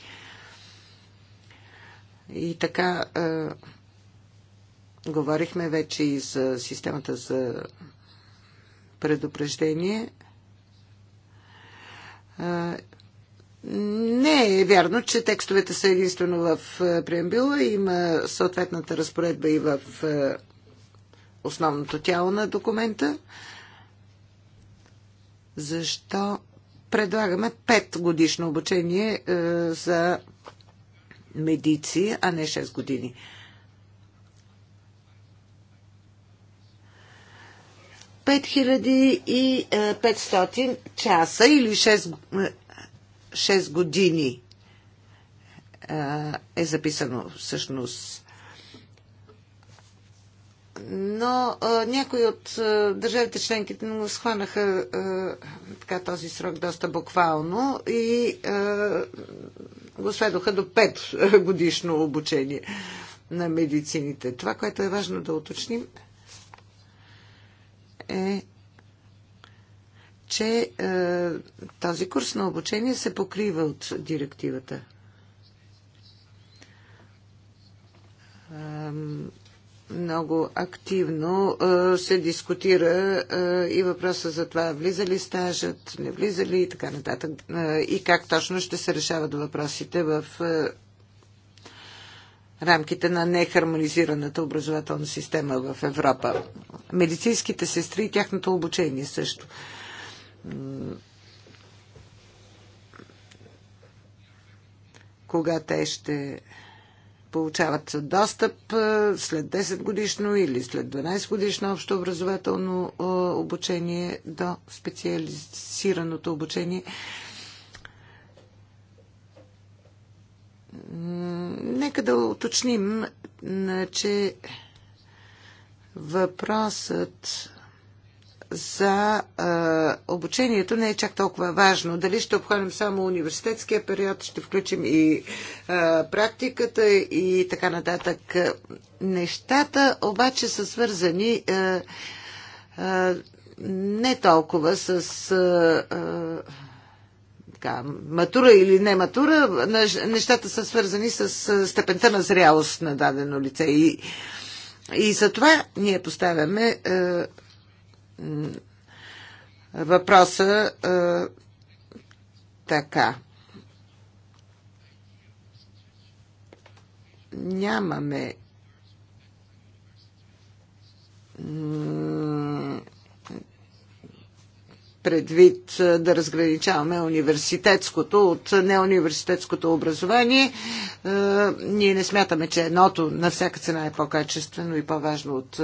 И така, е, говорихме вече и за системата за предупреждение – не е вярно, че текстовете са единствено в преамбила. Има съответната разпоредба и в основното тяло на документа. Защо предлагаме 5 годишно обучение за медици, а не 6 години? 5500 е, часа или 6, 6 е, години е, е записано всъщност. Но а, някои от а, държавите членки му схванаха а, така, този срок доста буквално и а, го сведоха до 5 годишно обучение на медицините. Това, което е важно да уточним, е, че е, този курс на обучение се покрива от директивата. много активно е, се дискутира е, и въпроса за това влиза ли стажът, не влиза ли и така нататък. Е, и как точно ще се решават въпросите в рамките на нехармонизираната образователна система в Европа. Медицинските сестри и тяхното обучение също. Кога те ще получават достъп след 10 годишно или след 12 годишно общо образователно обучение до специализираното обучение. Нека да уточним, че въпросът за а, обучението не е чак толкова важно. Дали ще обходим само университетския период, ще включим и а, практиката и така нататък. Нещата обаче са свързани а, а, не толкова с. А, а, така, матура или не матура, нещата са свързани с степента на зрялост на дадено лице. И, и за това ние поставяме е, въпроса е, така. Нямаме предвид да разграничаваме университетското от неуниверситетското образование. Ние не смятаме, че едното на всяка цена е по-качествено и по-важно от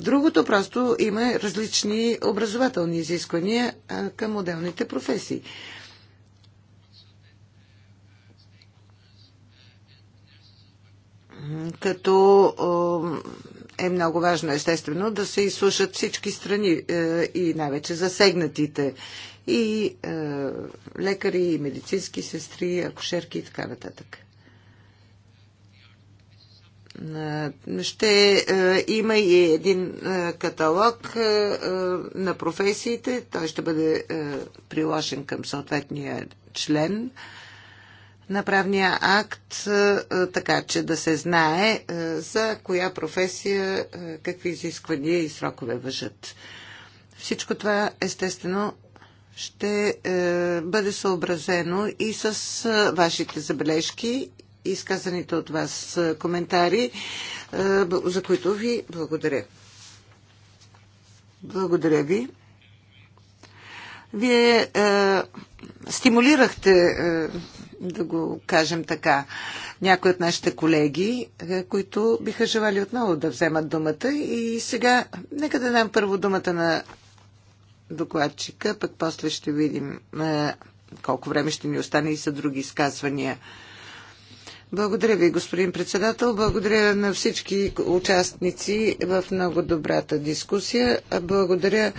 другото. Просто има различни образователни изисквания към отделните професии. Като е много важно, естествено, да се изслушат всички страни е, и най-вече засегнатите и е, лекари, и медицински сестри, акушерки и така нататък. Е, ще има и един каталог на професиите. Той ще бъде приложен към съответния член на правния акт, е, е, така че да се знае е, за коя професия, какви изисквания и срокове въжат. Всичко това, естествено, ще бъде съобразено и с вашите забележки, изказаните от вас коментари, за които ви благодаря. Благодаря ви. Вие е, стимулирахте да го кажем така. Някои от нашите колеги, е, които биха желали отново да вземат думата. И сега, нека да дам първо думата на докладчика, пък после ще видим е, колко време ще ни остане и за други изказвания. Благодаря ви, господин председател. Благодаря на всички участници в много добрата дискусия. Благодаря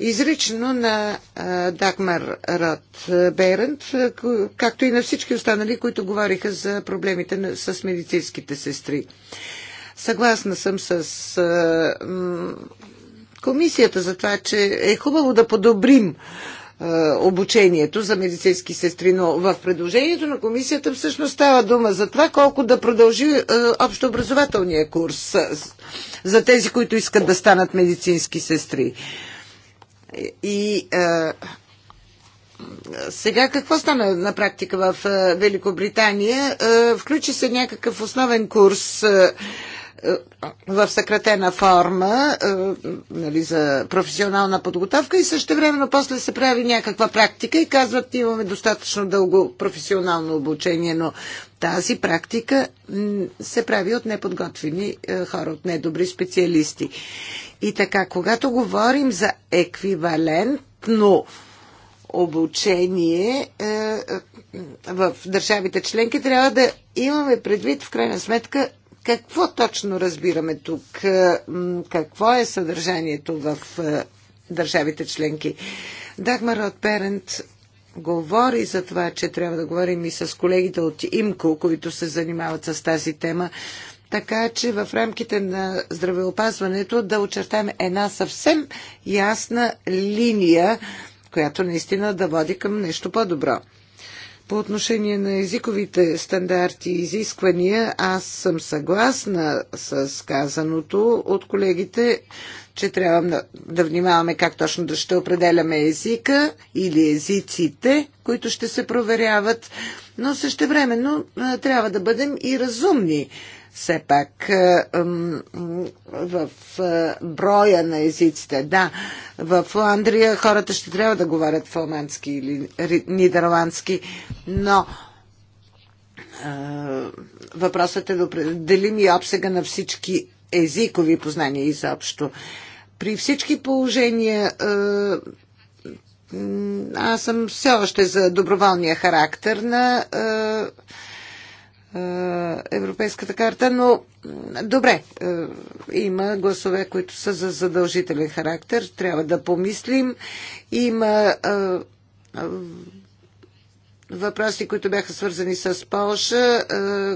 изрично на Дагмар Рад Берент, както и на всички останали, които говориха за проблемите с медицинските сестри. Съгласна съм с комисията за това, че е хубаво да подобрим обучението за медицински сестри, но в предложението на комисията всъщност става дума за това колко да продължи общообразователния курс за тези, които искат да станат медицински сестри. И а, е, сега какво стана на практика в е, Великобритания? Е, включи се някакъв основен курс в съкратена форма нали, за професионална подготовка и също времено после се прави някаква практика и казват, имаме достатъчно дълго професионално обучение, но тази практика се прави от неподготвени хора, от недобри специалисти. И така, когато говорим за еквивалентно обучение е, е, в държавите членки, трябва да имаме предвид в крайна сметка какво точно разбираме тук, е, какво е съдържанието в държавите членки. Дагмар от Перент говори за това, че трябва да говорим и с колегите от ИМКО, които се занимават с тази тема така че в рамките на здравеопазването да очертаем една съвсем ясна линия, която наистина да води към нещо по-добро. По отношение на езиковите стандарти и изисквания, аз съм съгласна с казаното от колегите, че трябва да внимаваме как точно да ще определяме езика или езиците, които ще се проверяват, но времено трябва да бъдем и разумни все пак е, в е, броя на езиците. Да, в Фландрия хората ще трябва да говорят фламандски или нидерландски, но е, въпросът е да определим и обсега на всички езикови познания изобщо. При всички положения аз съм все още за доброволния характер на е, европейската карта, но добре, е, има гласове, които са за задължителен характер, трябва да помислим. Има е, въпроси, които бяха свързани с Полша.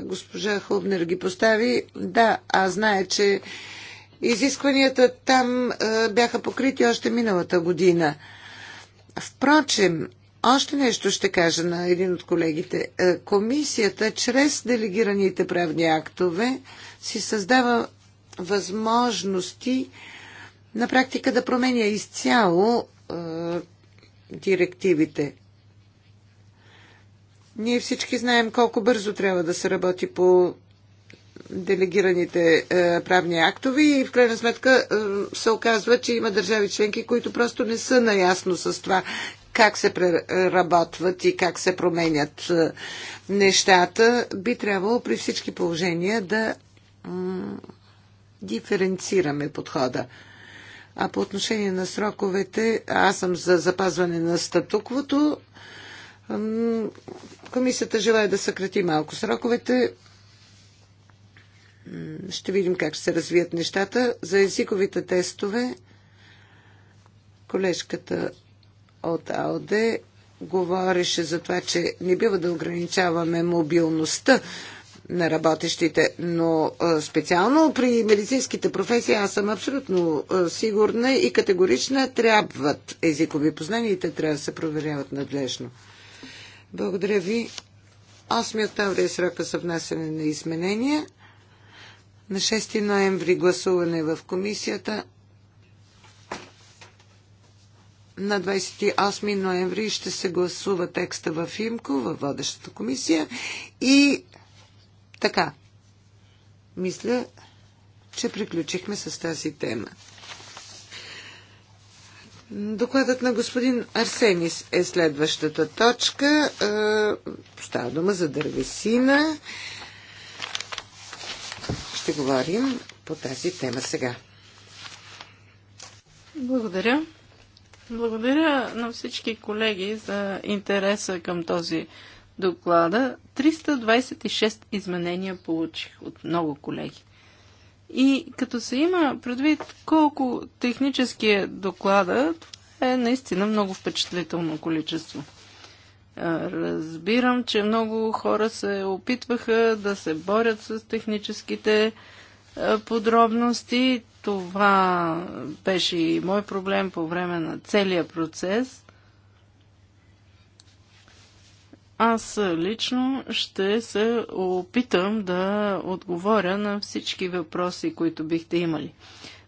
Госпожа Хубнер ги постави. Да, аз знае, че изискванията там бяха покрити още миналата година. Впрочем, още нещо ще кажа на един от колегите. Е, комисията чрез делегираните правни актове си създава възможности на практика да променя изцяло е, директивите. Ние всички знаем колко бързо трябва да се работи по делегираните е, правни актове и в крайна сметка е, се оказва, че има държави членки, които просто не са наясно с това как се преработват и как се променят е, нещата, би трябвало при всички положения да диференцираме подхода. А по отношение на сроковете, аз съм за запазване на статуквото. Комисията желая да съкрати малко сроковете. Ще видим как ще се развият нещата. За езиковите тестове колежката от АОДЕ говореше за това, че не бива да ограничаваме мобилността на работещите, но специално при медицинските професии аз съм абсолютно сигурна и категорична, трябват езикови познания и те трябва да се проверяват надлежно. Благодаря ви. 8 октомври е срока за внасяне на изменения. На 6 ноември гласуване в комисията, на 28 ноември ще се гласува текста в ИМКО, във водещата комисия. И така, мисля, че приключихме с тази тема. Докладът на господин Арсенис е следващата точка. Е, става дума за дървесина. Ще говорим по тази тема сега. Благодаря. Благодаря на всички колеги за интереса към този доклада. 326 изменения получих от много колеги. И като се има предвид колко технически е доклада, това е наистина много впечатлително количество. Разбирам, че много хора се опитваха да се борят с техническите е, подробности. Това беше и мой проблем по време на целия процес. Аз лично ще се опитам да отговоря на всички въпроси, които бихте имали.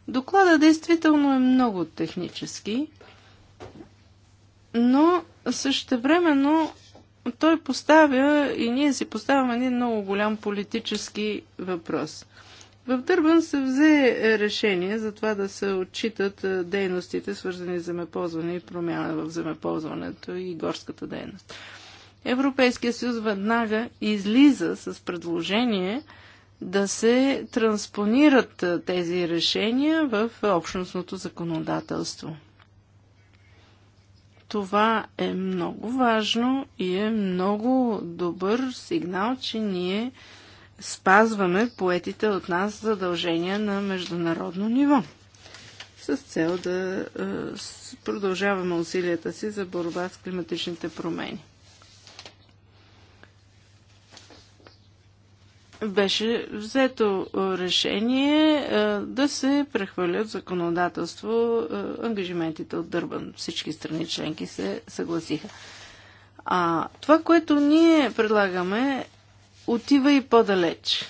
Доклада действително е много технически, но същевременно той поставя и ние си поставяме един много голям политически въпрос – в Дърбан се взе е, решение за това да се отчитат е, дейностите, свързани с земеползване и промяна в земеползването и горската дейност. Европейския съюз веднага излиза с предложение да се транспонират е, тези решения в общностното законодателство. Това е много важно и е много добър сигнал, че ние спазваме поетите от нас задължения на международно ниво, с цел да е, продължаваме усилията си за борба с климатичните промени. беше взето е, решение е, да се прехвърлят законодателство ангажиментите от Дърбан. Всички страни членки се съгласиха. А това, което ние предлагаме отива и по-далеч.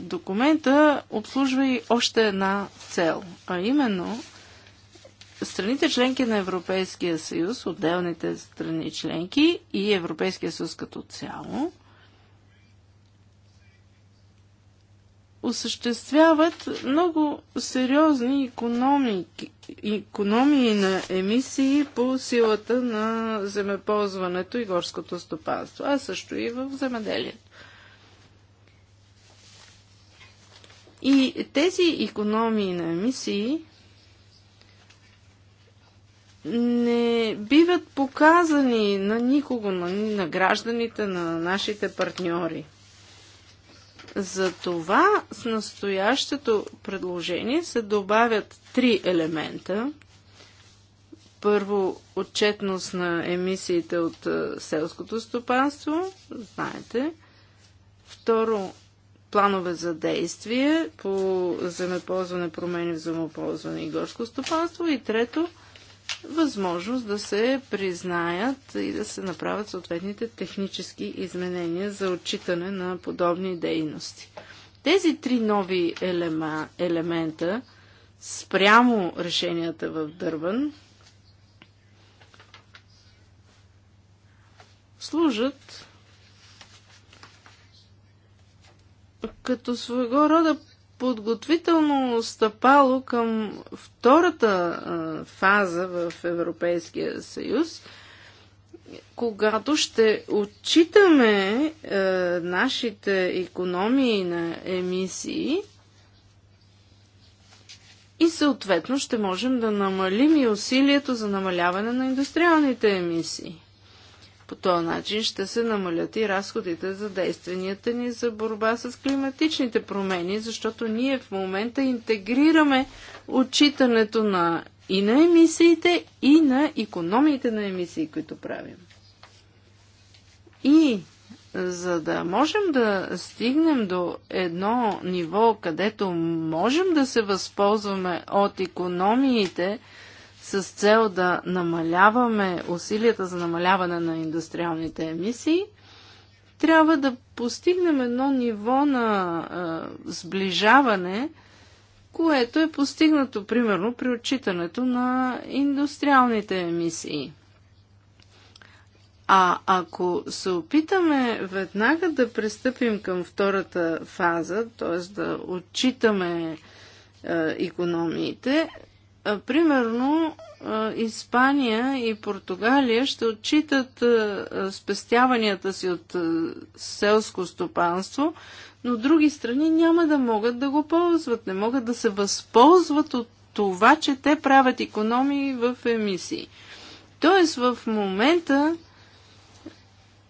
Документа обслужва и още една цел, а именно страните членки на Европейския съюз, отделните страни членки и Европейския съюз като цяло – осъществяват много сериозни економии, економии на емисии по силата на земеползването и горското стопанство, а също и в земеделието. И тези економии на емисии не биват показани на никого, на, на гражданите, на нашите партньори – това с настоящето предложение се добавят три елемента. Първо, отчетност на емисиите от е, селското стопанство, знаете. Второ, планове за действие по земеползване, промени в земеползване и горско стопанство. И трето, възможност да се признаят и да се направят съответните технически изменения за отчитане на подобни дейности. Тези три нови елема, елемента спрямо решенията в Дърбан служат като своего рода подготвително стъпало към втората а, фаза в Европейския съюз, когато ще отчитаме нашите економии на емисии и съответно ще можем да намалим и усилието за намаляване на индустриалните емисии. По този начин ще се намалят и разходите за действенията ни за борба с климатичните промени, защото ние в момента интегрираме отчитането на и на емисиите, и на економиите на емисии, които правим. И за да можем да стигнем до едно ниво, където можем да се възползваме от економиите, с цел да намаляваме усилията за намаляване на индустриалните емисии, трябва да постигнем едно ниво на а, сближаване, което е постигнато примерно при отчитането на индустриалните емисии. А ако се опитаме веднага да пристъпим към втората фаза, т.е. да отчитаме економиите, Примерно, Испания и Португалия ще отчитат спестяванията си от селско стопанство, но други страни няма да могат да го ползват, не могат да се възползват от това, че те правят економии в емисии. Тоест в момента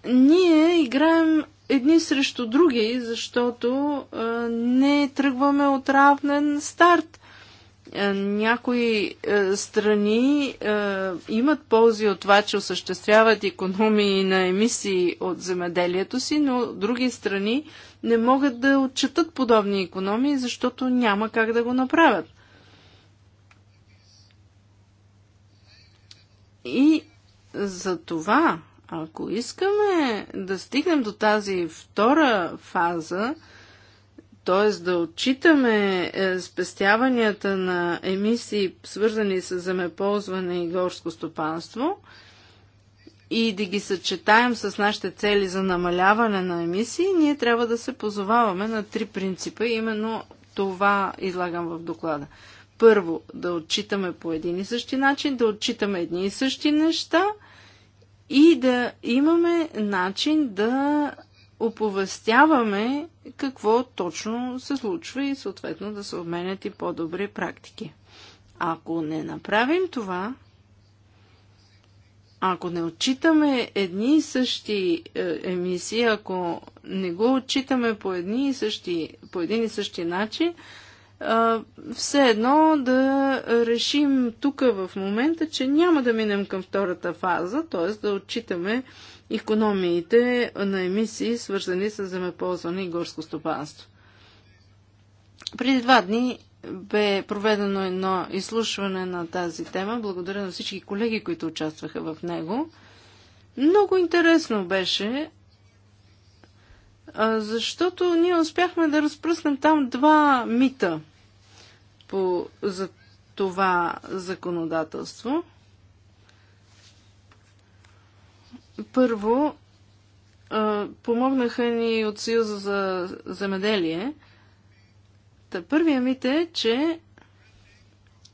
ние играем едни срещу други, защото а, не тръгваме от равнен старт. Е, някои е, страни е, имат ползи от това, че осъществяват економии на емисии от земеделието си, но други страни не могат да отчетат подобни економии, защото няма как да го направят. И за това, ако искаме да стигнем до тази втора фаза, т.е. да отчитаме е, спестяванията на емисии, свързани с земеползване и горско стопанство, и да ги съчетаем с нашите цели за намаляване на емисии, ние трябва да се позоваваме на три принципа. Именно това излагам в доклада. Първо, да отчитаме по един и същи начин, да отчитаме едни и същи неща и да имаме начин да оповестяваме какво точно се случва и съответно да се обменят и по-добри практики. Ако не направим това, ако не отчитаме едни и същи е, емисии, ако не го отчитаме по, едни и същи, по един и същи начин, все едно да решим тук в момента, че няма да минем към втората фаза, т.е. да отчитаме економиите на емисии, свързани с земеползване и горско стопанство. Преди два дни бе проведено едно изслушване на тази тема. Благодаря на всички колеги, които участваха в него. Много интересно беше, защото ние успяхме да разпръснем там два мита по, за това законодателство – Първо, помогнаха ни от Съюза за земеделие. Та първия мит е, че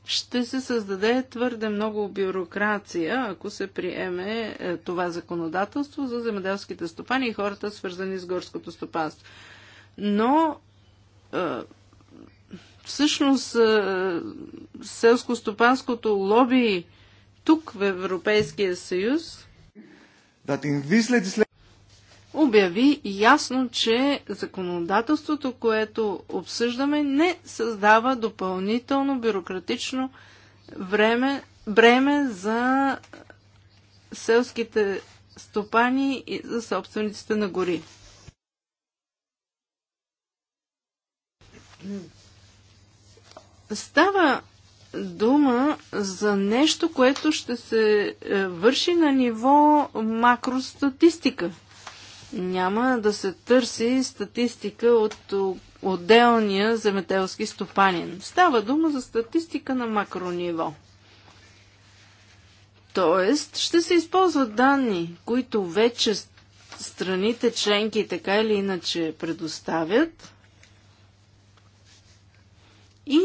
ще се създаде твърде много бюрокрация, ако се приеме е, това законодателство за земеделските стопани и хората, свързани с горското стопанство. Но е, всъщност е, селско-стопанското лоби тук в Европейския съюз обяви ясно, че законодателството, което обсъждаме, не създава допълнително бюрократично време, бреме за селските стопани и за собствениците на гори. Става дума за нещо, което ще се е, върши на ниво макростатистика. Няма да се търси статистика от отделния земеделски стопанин. Става дума за статистика на макрониво. Тоест, ще се използват данни, които вече страните членки така или иначе предоставят и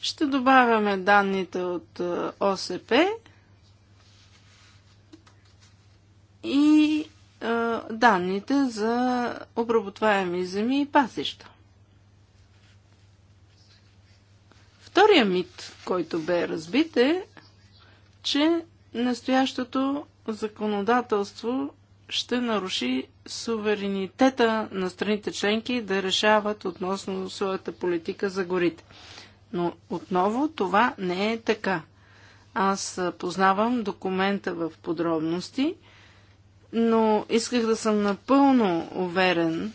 ще добавяме данните от е, ОСП и е, данните за обработваеми земи и пасища. Втория мит, който бе разбит е, че настоящото законодателство ще наруши суверенитета на страните членки да решават относно своята политика за горите. Но отново това не е така. Аз познавам документа в подробности, но исках да съм напълно уверен,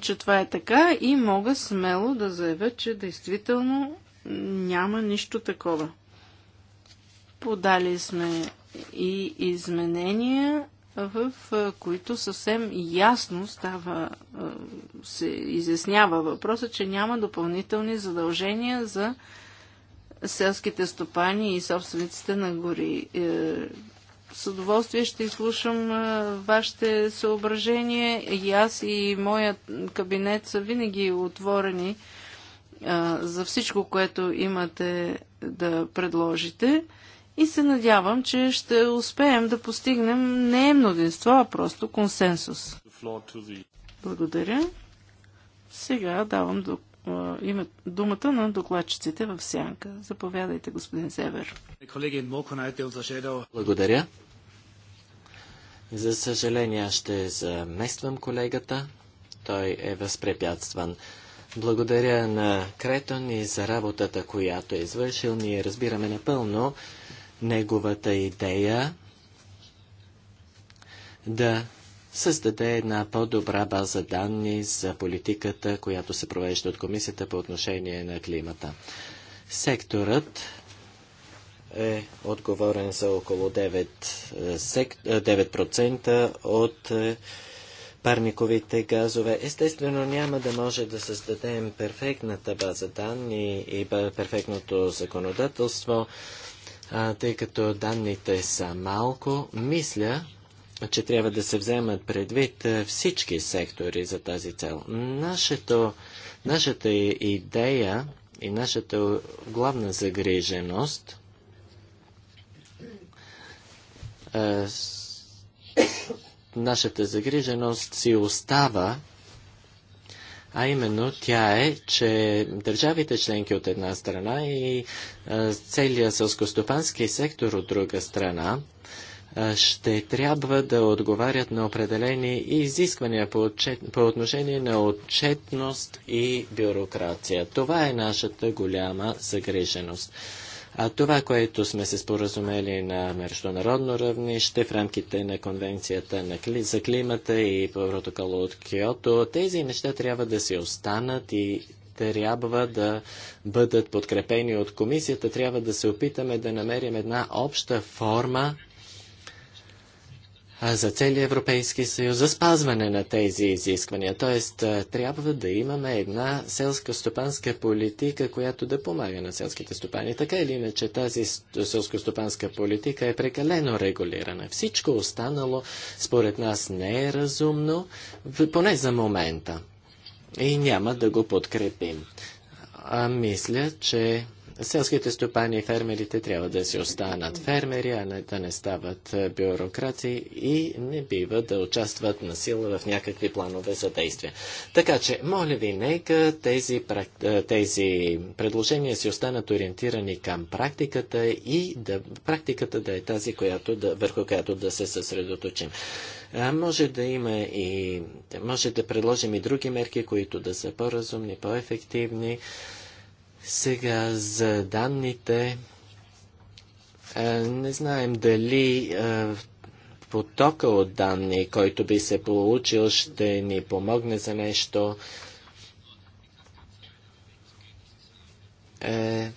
че това е така и мога смело да заявя, че действително няма нищо такова. Подали сме и изменения в които съвсем ясно става, се изяснява въпроса, че няма допълнителни задължения за селските стопани и собствениците на гори. Е, с удоволствие ще изслушам вашите съображения. И аз и моят кабинет са винаги отворени за всичко, което имате да предложите и се надявам, че ще успеем да постигнем не мнозинство, а просто консенсус. Благодаря. Сега давам до, имат думата на докладчиците в сянка. Заповядайте, господин Север. Благодаря. За съжаление ще замествам колегата. Той е възпрепятстван. Благодаря на Кретон и за работата, която е извършил. Ние разбираме напълно неговата идея да създаде една по-добра база данни за политиката, която се провежда от комисията по отношение на климата. Секторът е отговорен за около 9%, 9 е, е, от е, парниковите газове. Естествено няма да може да създадем перфектната база данни и перфектното законодателство, а, тъй като данните са малко, мисля, че трябва да се вземат предвид всички сектори за тази цел. Нашето, нашата идея и нашата главна загриженост е, нашата загриженост си остава а именно тя е, че държавите членки от една страна и целият селскостопански сектор от друга страна ще трябва да отговарят на определени изисквания по, отчет, по отношение на отчетност и бюрокрация. Това е нашата голяма загриженост. А това, което сме се споразумели на международно равнище в рамките на конвенцията на кли... за климата и протокола от Киото, тези неща трябва да си останат и трябва да бъдат подкрепени от комисията. Трябва да се опитаме да намерим една обща форма за целия Европейски съюз за спазване на тези изисквания. Тоест, трябва да имаме една селско-стопанска политика, която да помага на селските стопани. Така или иначе, тази селско-стопанска политика е прекалено регулирана. Всичко останало, според нас, не е разумно, поне за момента. И няма да го подкрепим. А мисля, че Селските стопани и фермерите трябва да си останат фермери, а не да не стават е, бюрократи и не бива да участват на сила в някакви планове за действия. Така че, моля ви, нека тези, е, тези предложения си останат ориентирани към практиката и да, практиката да е тази, която да, върху която да се съсредоточим. А може да има и, може да предложим и други мерки, които да са по-разумни, по-ефективни. по разумни по ефективни сега за данните. Е, не знаем дали е, потока от данни, който би се получил, ще ни помогне за нещо. Е,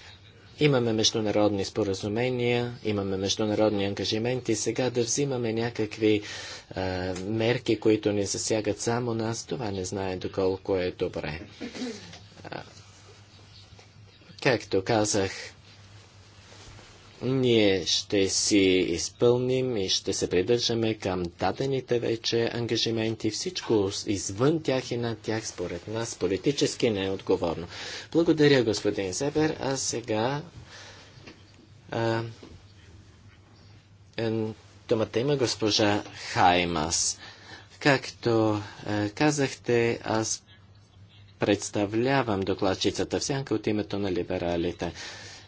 имаме международни споразумения, имаме международни ангажименти. Сега да взимаме някакви е, мерки, които ни засягат само нас, това не знае доколко е добре. Както казах, ние ще си изпълним и ще се придържаме към дадените вече ангажименти. Всичко извън тях и над тях, според нас, политически не е отговорно. Благодаря, господин Зебер. А сега а, е, думата има госпожа Хаймас. Както е, казахте, аз представлявам докладчицата в сянка от името на либералите.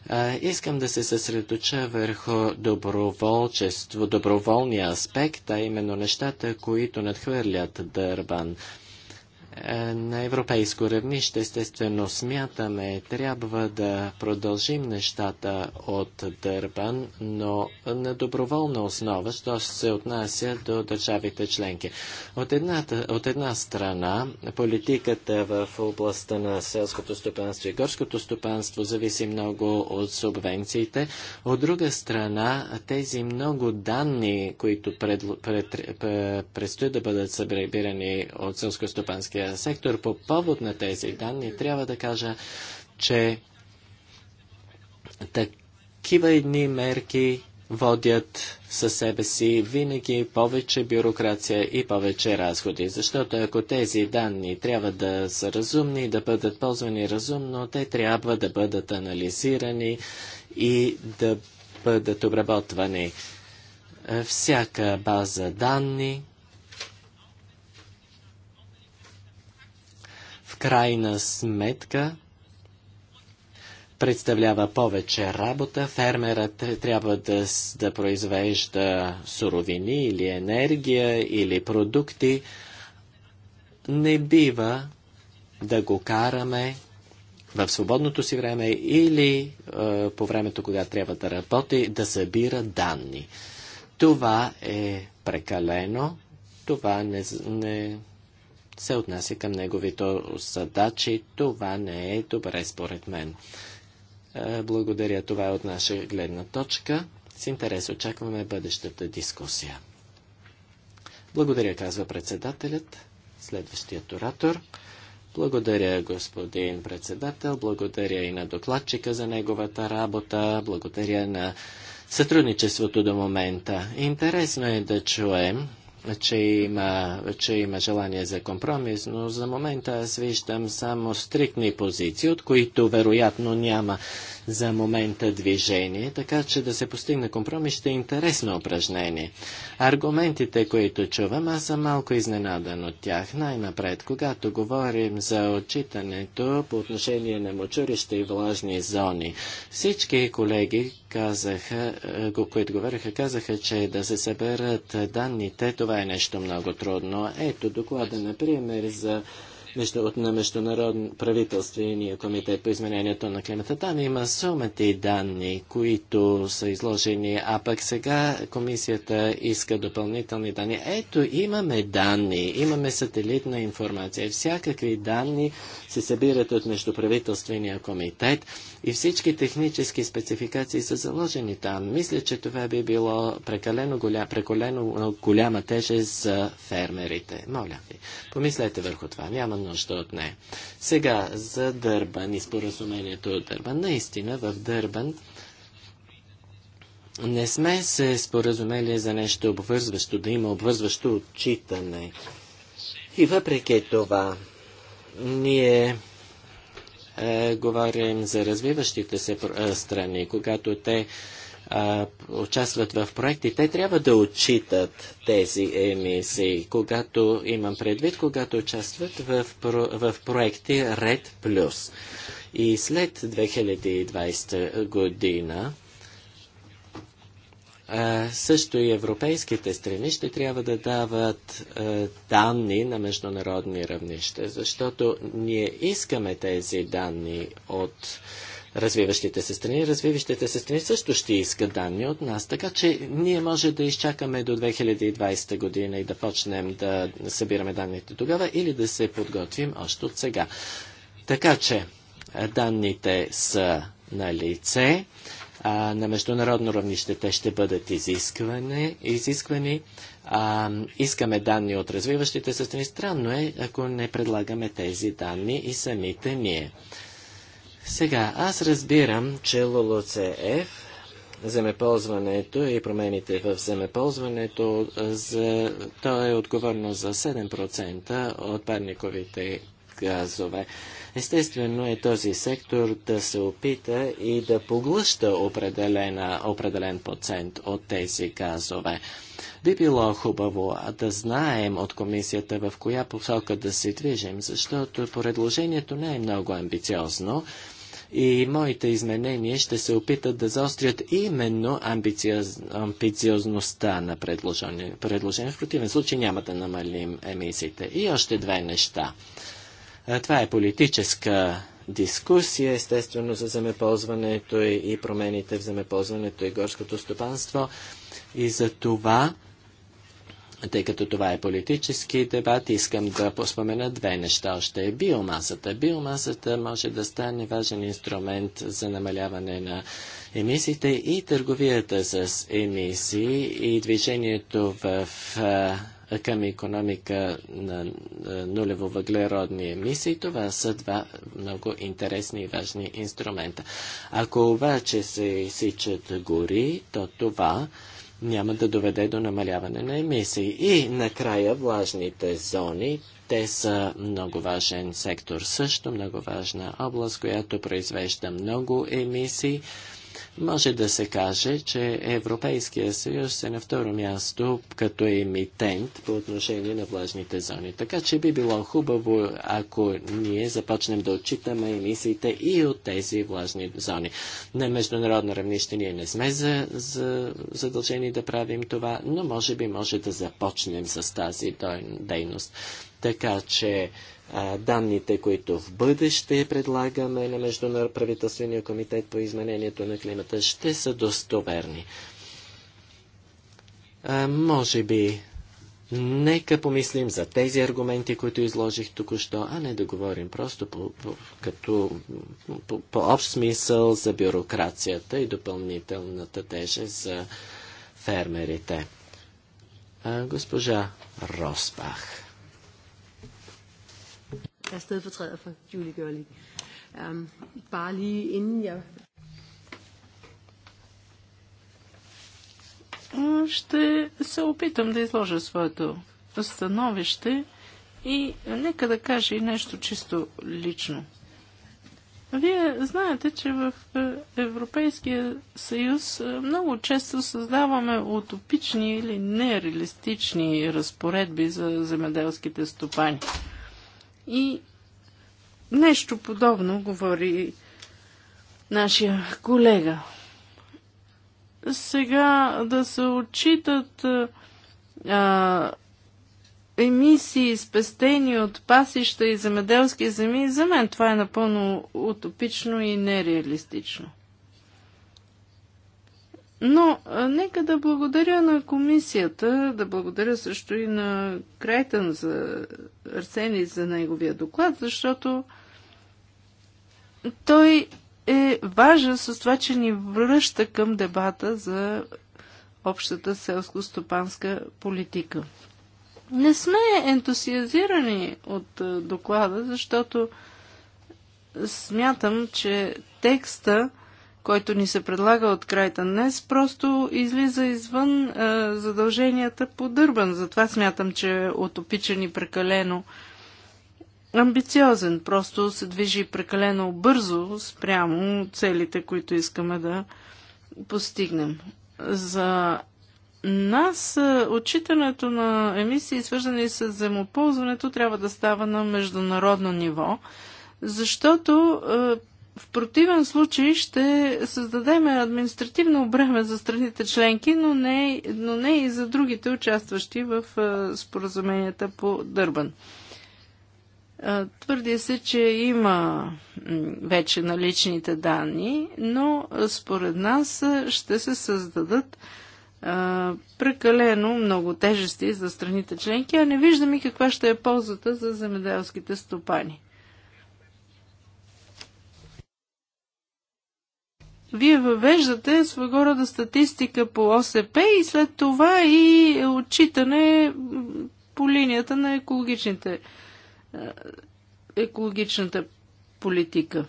А, искам да се съсредоча върху доброволчество, доброволния аспект, а именно нещата, които надхвърлят Дърбан на европейско равнище, естествено, смятаме, трябва да продължим нещата от Дърбан, но на доброволна основа, що се отнася до държавите членки. От, едната, от една страна, политиката в областта на селското стопанство и горското стопанство зависи много от субвенциите. От друга страна, тези много данни, които пред, пред, пред, предстои да бъдат събирани от селско-стопанския банковия сектор. По повод на тези данни трябва да кажа, че такива едни мерки водят със себе си винаги повече бюрокрация и повече разходи. Защото ако тези данни трябва да са разумни, да бъдат ползвани разумно, те трябва да бъдат анализирани и да бъдат обработвани. Всяка база данни крайна сметка представлява повече работа. Фермерът трябва да, да произвежда суровини или енергия или продукти. Не бива да го караме в свободното си време или е, по времето, когато трябва да работи, да събира данни. Това е прекалено. Това не, не се отнася към неговите задачи. Това не е добре според мен. Е, благодаря. Това е от наша гледна точка. С интерес очакваме бъдещата дискусия. Благодаря, казва председателят. Следващият оратор. Благодаря, господин председател. Благодаря и на докладчика за неговата работа. Благодаря на сътрудничеството до момента. Интересно е да чуем че има, че има желание за компромис, но за момента аз виждам само стриктни позиции, от които вероятно няма за момента движение, така че да се постигне компромис ще е интересно упражнение. Аргументите, които чувам, аз съм малко изненадан от тях. Най-напред, когато говорим за отчитането по отношение на мочурища и влажни зони, всички колеги, казаха, е, които говореха, казаха, че да се съберат данните, това е нещо много трудно. Ето доклада, например, за между, на международно правителствения комитет по изменението на климата. Там има сумати данни, които са изложени, а пък сега комисията иска допълнителни данни. Ето, имаме данни, имаме сателитна информация. Всякакви данни се събират от междуправителствения комитет и всички технически спецификации са заложени там. Мисля, че това би било прекалено, голям, прекалено голяма тежест за фермерите. Моля ви, помислете върху това. Няма нужда от нея. Сега за Дърбан и споразумението от Дърбан. Наистина в Дърбан не сме се споразумели за нещо обвързващо, да има обвързващо отчитане. И въпреки това, ние е, говорим за развиващите се е, страни, когато те а, участват в проекти, те трябва да отчитат тези емисии, когато имам предвид, когато участват в, в проекти Ред Плюс. И след 2020 година а, също и европейските страни ще трябва да дават а, данни на международни равнища, защото ние искаме тези данни от развиващите се страни. Развиващите се страни също ще искат данни от нас, така че ние може да изчакаме до 2020 година и да почнем да събираме данните тогава или да се подготвим още от сега. Така че данните са на лице. А, на международно равнище те ще бъдат изисквани. А, искаме данни от развиващите се страни. Странно е, ако не предлагаме тези данни и самите ние. Сега, аз разбирам, че ЛОЛОЦФ, земеползването и промените в земеползването, за, то е отговорно за 7% от парниковите газове. Естествено е този сектор да се опита и да поглъща определен процент от тези газове. Би било хубаво да знаем от комисията в коя посока да се движим, защото предложението не е много амбициозно и моите изменения ще се опитат да заострят именно амбициоз, амбициозността на предложение. предложение. В противен случай няма да намалим емисиите. И още две неща. Това е политическа дискусия, естествено, за земеползването и промените в земеползването и горското стопанство. И за това тъй като това е политически дебат, искам да поспомена две неща. Още е биомасата. Биомасата може да стане важен инструмент за намаляване на емисиите и търговията с емисии и движението в, към економика на нулево въглеродни емисии. Това са два много интересни и важни инструмента. Ако обаче се изсичат гори, то това няма да доведе до намаляване на емисии. И накрая влажните зони, те са много важен сектор също, много важна област, която произвежда много емисии. Може да се каже, че Европейския съюз е на второ място като емитент по отношение на влажните зони. Така че би било хубаво, ако ние започнем да отчитаме емисиите и от тези влажни зони. На международно равнище ние не сме за, за, задължени да правим това, но може би може да започнем с тази дейност. Така че данните, които в бъдеще предлагаме на Международно-правителствения комитет по изменението на климата, ще са достоверни. може би, нека помислим за тези аргументи, които изложих току-що, а не да говорим просто по, по, като, по, по общ смисъл за бюрокрацията и допълнителната тежест за фермерите. госпожа Росбах er stedfortræder for Julie Gørling. Um, bare lige inden jeg... Ще се опитам да изложа своето становище и нека да кажа и нещо чисто лично. Вие знаете, че в е, Европейския съюз е, много често създаваме утопични или нереалистични разпоредби за земеделските стопани. И нещо подобно говори нашия колега. Сега да се отчитат а, емисии, спестени от пасища и земеделски земи, за мен това е напълно утопично и нереалистично. Но а, нека да благодаря на комисията, да благодаря също и на Крайтън за Арсений за неговия доклад, защото той е важен с това, че ни връща към дебата за общата селско-стопанска политика. Не сме ентусиазирани от доклада, защото смятам, че текста който ни се предлага от крайта днес, просто излиза извън а, е, задълженията по Дърбан. Затова смятам, че е отопичен и прекалено амбициозен. Просто се движи прекалено бързо спрямо целите, които искаме да постигнем. За нас е, отчитането на емисии, свързани с земоползването, трябва да става на международно ниво, защото е, в противен случай ще създадем административно бреме за страните членки, но не, но не и за другите участващи в споразуменията по Дърбан. Твърди се, че има вече наличните данни, но според нас ще се създадат прекалено много тежести за страните членки, а не виждаме каква ще е ползата за земеделските стопани. Вие въвеждате своего рода статистика по ОСП и след това и отчитане по линията на екологичните, е, екологичната политика.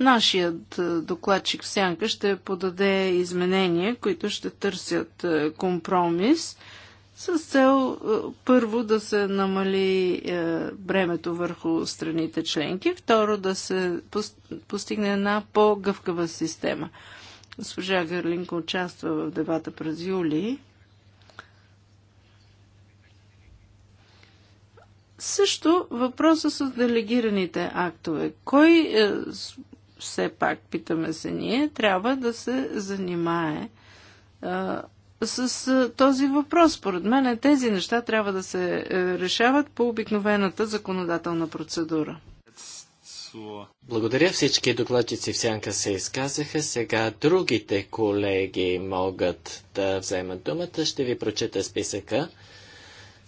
Нашият е, докладчик в Сянка ще подаде изменения, които ще търсят е, компромис – с цел е, първо да се намали е, бремето върху страните членки, второ да се постигне една по-гъвкава система. Госпожа Гърлинко участва в дебата през юли. Също въпроса с делегираните актове. Кой, е, все пак, питаме се ние, трябва да се занимае с този въпрос. Според мен тези неща трябва да се е, решават по обикновената законодателна процедура. Благодаря всички докладчици в Сянка се изказаха. Сега другите колеги могат да вземат думата. Ще ви прочета списъка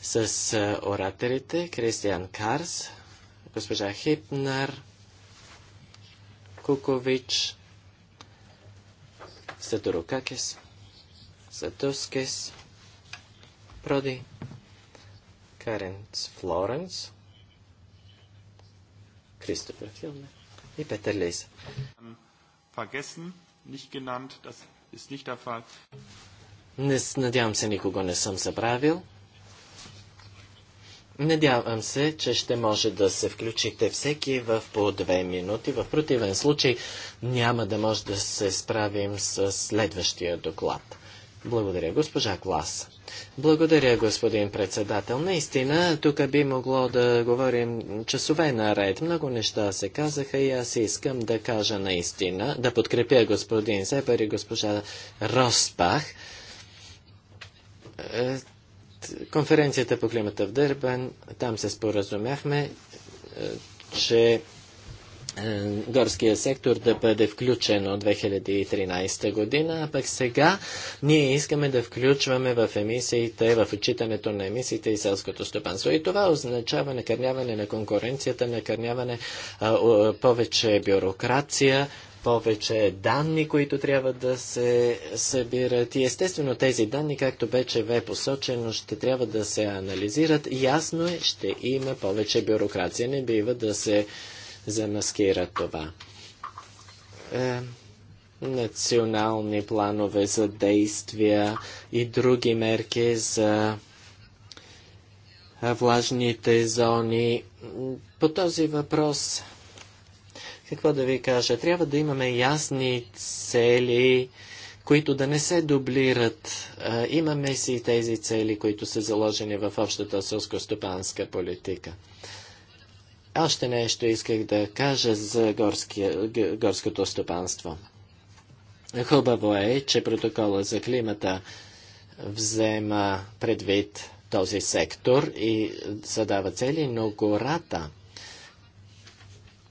с ораторите. Кристиан Карс, госпожа Хипнар, Кукович, Сатурокакес. Какес. Saduskis, Prodi, Каренц Флоренс, Кристофер Филме и Петър Лейс. Vergessen, nicht genannt, das ist nicht der Fall. Не, надявам се, никого не съм забравил. Надявам се, че ще може да се включите всеки в по две минути. В противен случай няма да може да се справим с следващия доклад. Благодаря, госпожа Клас. Благодаря, господин председател. Наистина, тук би могло да говорим часове наред. Много неща се казаха и аз искам да кажа наистина, да подкрепя господин Себер и госпожа Роспах. Е, конференцията по климата в Дърбан, там се споразумяхме, е, че е, горския сектор да бъде включен от 2013 година, а пък сега ние искаме да включваме в емисиите, в отчитането на емисиите и селското стопанство. И това означава накърняване на конкуренцията, накърняване а, а, повече бюрокрация, повече данни, които трябва да се събират. И естествено тези данни, както вече бе посочено, ще трябва да се анализират. Ясно е, ще има повече бюрокрация. Не бива да се замаскира това. Е, национални планове за действия и други мерки за е, влажните зони. По този въпрос, какво да ви кажа? Трябва да имаме ясни цели, които да не се дублират. Е, имаме си тези цели, които са заложени в общата селско стопанска политика. Още нещо исках да кажа за горския, горското стопанство. Хубаво е, че протокола за климата взема предвид този сектор и задава цели, но гората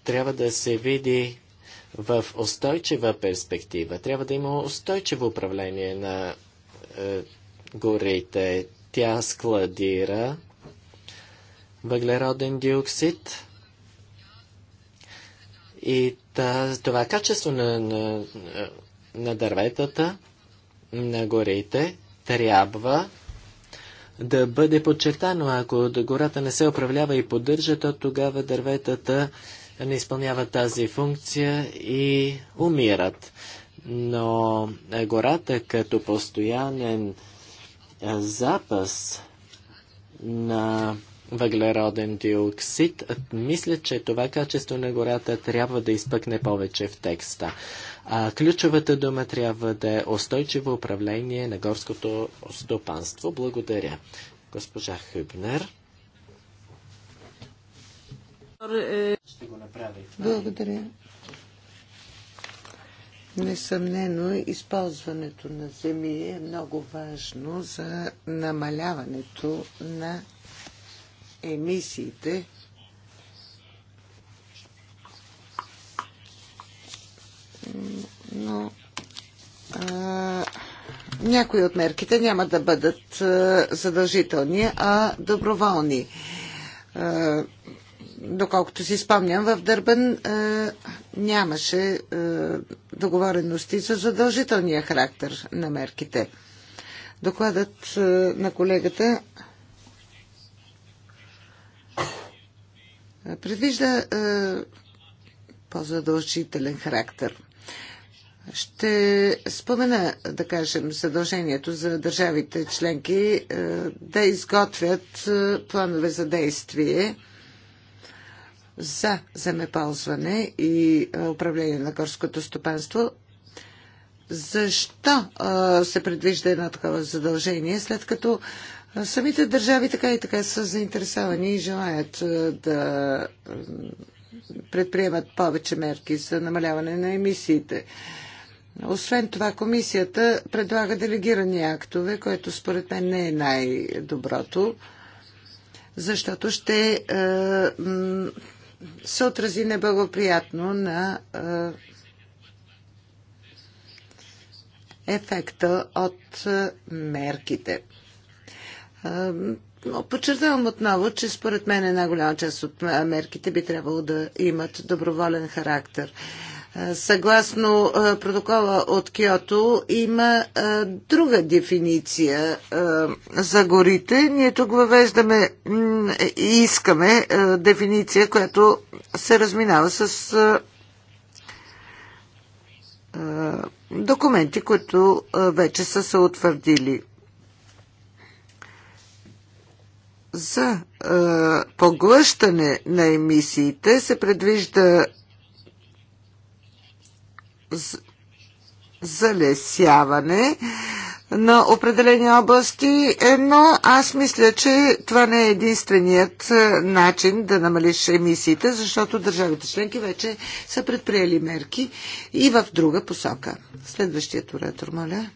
трябва да се види в устойчива перспектива. Трябва да има устойчиво управление на е, горите. Тя складира въглероден диоксид и това качество на, на, на дърветата, на горите, трябва да бъде подчертано. Ако гората не се управлява и поддържа, то тогава дърветата не изпълняват тази функция и умират. Но гората като постоянен запас на въглероден диоксид. Мисля, че това качество на гората трябва да изпъкне повече в текста. А ключовата дума трябва да е устойчиво управление на горското стопанство. Благодаря. Госпожа Хюбнер. Ще го направи. Благодаря. Несъмнено, използването на земи е много важно за намаляването на емисиите но а, някои от мерките няма да бъдат а, задължителни, а доброволни. А, доколкото си спомням, в Дърбен а, нямаше а, договорености за задължителния характер на мерките. Докладът а, на колегата Е, предвижда е, по-задължителен характер. Ще спомена, да кажем, задължението за държавите членки е, да изготвят планове за действие за земеползване и управление на горското стопанство. Защо се предвижда едно такова задължение, след като Самите държави така и така са заинтересовани и желаят е, да предприемат повече мерки за намаляване на емисиите. Освен това, комисията предлага делегирани актове, което според мен не е най-доброто, защото ще е, се отрази неблагоприятно на е, ефекта от е, мерките. Но подчертавам отново, че според мен една голяма част от мерките би трябвало да имат доброволен характер. Съгласно протокола от Киото има друга дефиниция за горите. Ние тук въвеждаме и искаме дефиниция, която се разминава с документи, които вече са се утвърдили. за е, поглъщане на емисиите се предвижда залесяване на определени области, но аз мисля, че това не е единственият е, начин да намалиш емисиите, защото държавите членки вече са предприели мерки и в друга посока. Следващият оратор, моля.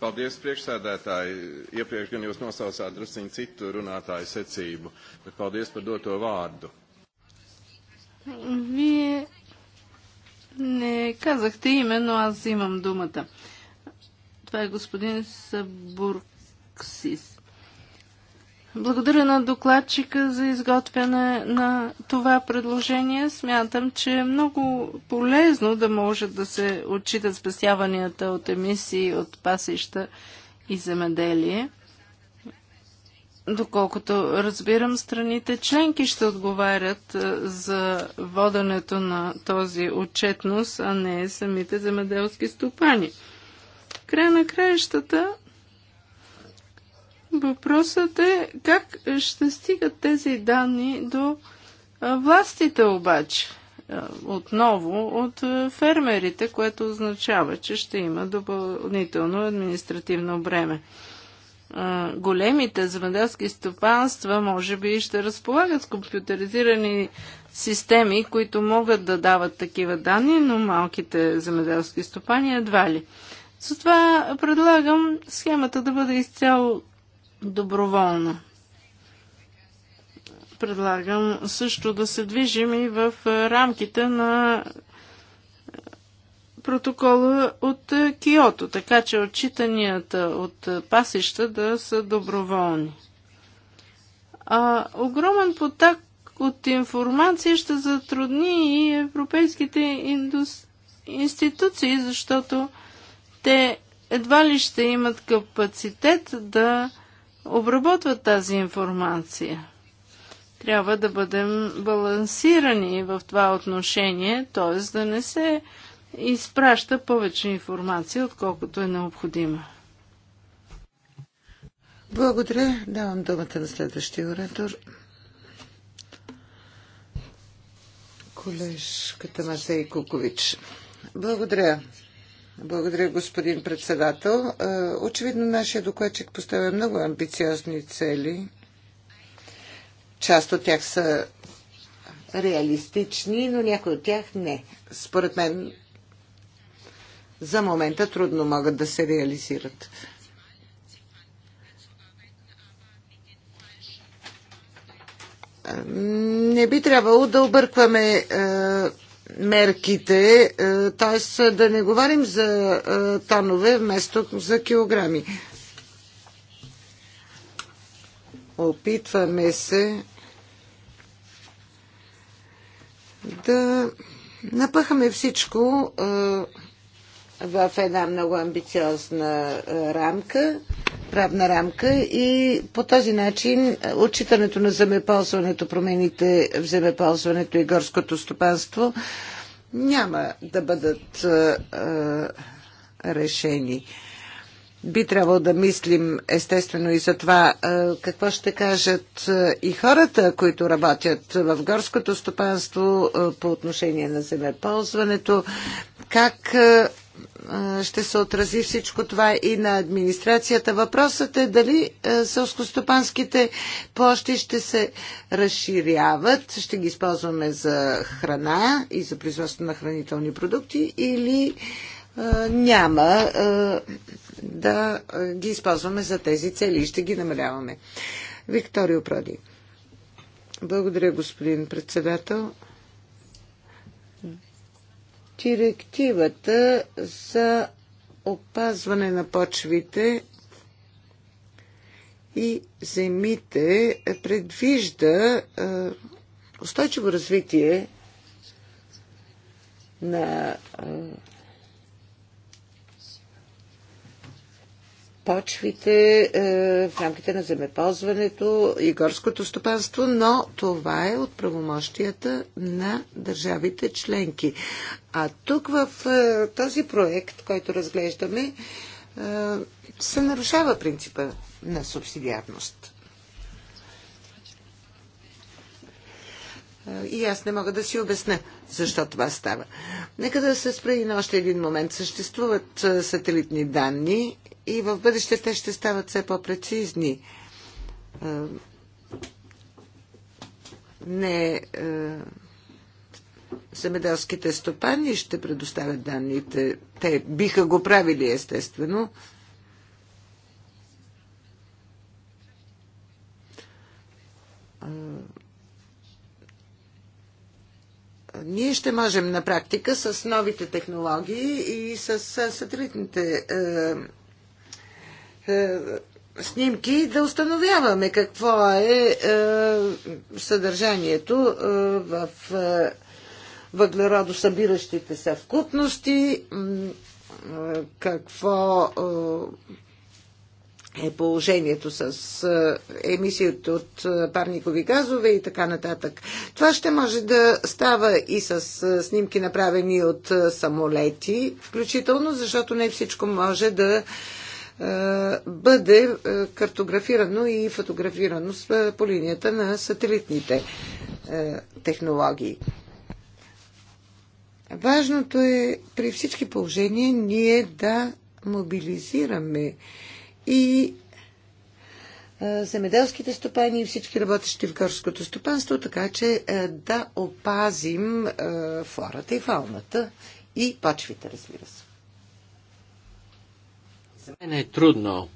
Paldies, priekšsēdētāji. Iepriekš gan jūs nosaucāt drusciņu citu runātāju secību, bet paldies par doto vārdu. Вие не казахте именно, аз имам думата. Това е господин Сабурксис. Благодаря на докладчика за изготвяне на това предложение. Смятам, че е много полезно да може да се отчитат спасяванията от емисии от пасища и земеделие. Доколкото разбирам, страните членки ще отговарят за воденето на този отчетност, а не самите земеделски стопани. Край на краищата Въпросът е как ще стигат тези данни до властите обаче. Отново от фермерите, което означава, че ще има допълнително административно бреме. Големите земеделски стопанства може би ще разполагат с компютъризирани системи, които могат да дават такива данни, но малките земеделски стопани едва ли. Затова предлагам схемата да бъде изцяло доброволно. Предлагам също да се движим и в рамките на протокола от Киото, така че отчитанията от пасища да са доброволни. А, огромен потак от информация ще затрудни и европейските индус... институции, защото те едва ли ще имат капацитет да обработват тази информация. Трябва да бъдем балансирани в това отношение, т.е. да не се изпраща повече информация, отколкото е необходима. Благодаря. Давам думата на следващия оратор. Колежката Масей Кукович. Благодаря. Благодаря, господин председател. Е, очевидно, нашия докладчик поставя много амбициозни цели. Част от тях са реалистични, но някои от тях не. Според мен, за момента трудно могат да се реализират. Е, не би трябвало да объркваме е, мерките, т.е. да не говорим за е, тонове вместо за килограми. Опитваме се да напъхаме всичко е, в една много амбициозна е, рамка, правна рамка и по този начин е, отчитането на земеползването, промените в земеползването и горското стопанство няма да бъдат а, е, а, решени. Би трябвало да мислим естествено и за това а, какво ще кажат и хората, които работят в горското стопанство по отношение на земеползването, как ще се отрази всичко това и на администрацията. Въпросът е дали селскостопанските площи ще се разширяват, ще ги използваме за храна и за производство на хранителни продукти или няма да ги използваме за тези цели и ще ги намаляваме. Викторио Проди. Благодаря, господин председател. Директивата за опазване на почвите и земите предвижда устойчиво развитие на почвите е, в рамките на земеползването и горското стопанство, но това е от правомощията на държавите членки. А тук в е, този проект, който разглеждаме, е, се нарушава принципа на субсидиарност. И аз не мога да си обясня защо това става. Нека да се спра и на още един момент. Съществуват сателитни данни и в бъдеще те ще стават все по-прецизни. Не земеделските стопани ще предоставят данните. Те биха го правили, естествено ние ще можем на практика с новите технологии и с сателитните е, е, снимки да установяваме какво е, е съдържанието в е, въглеродосъбиращите съвкупности, какво е положението с е, емисията от е, парникови газове и така нататък. Това ще може да става и с е, снимки направени от самолети, включително, защото не всичко може да бъде картографирано и фотографирано по линията на сателитните технологии. Важното е при всички положения ние да мобилизираме и земеделските стопани и всички работещи в горското стопанство, така че да опазим флората и фауната и почвите, разбира се. За мен е трудно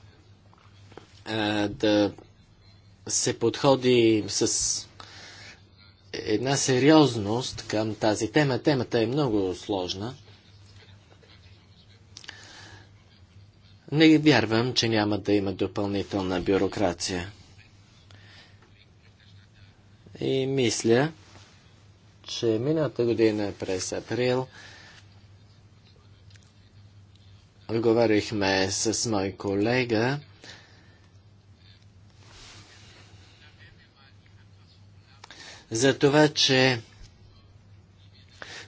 а, да се подходи с една сериозност към тази тема. Темата е много сложна. Не вярвам, че няма да има допълнителна бюрокрация. И мисля, че миналата година през април говорихме с мой колега за това, че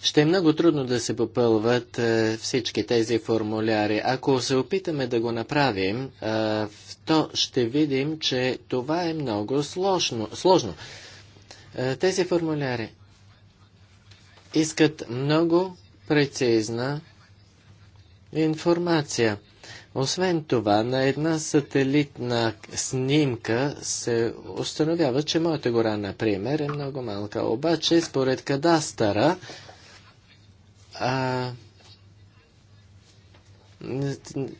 ще е много трудно да се попълват е, всички тези формуляри. Ако се опитаме да го направим, е, то ще видим, че това е много сложно. сложно. Е, тези формуляри искат много прецизна информация. Освен това, на една сателитна снимка се установява, че моята гора, например, е много малка. Обаче, според кадастъра, а,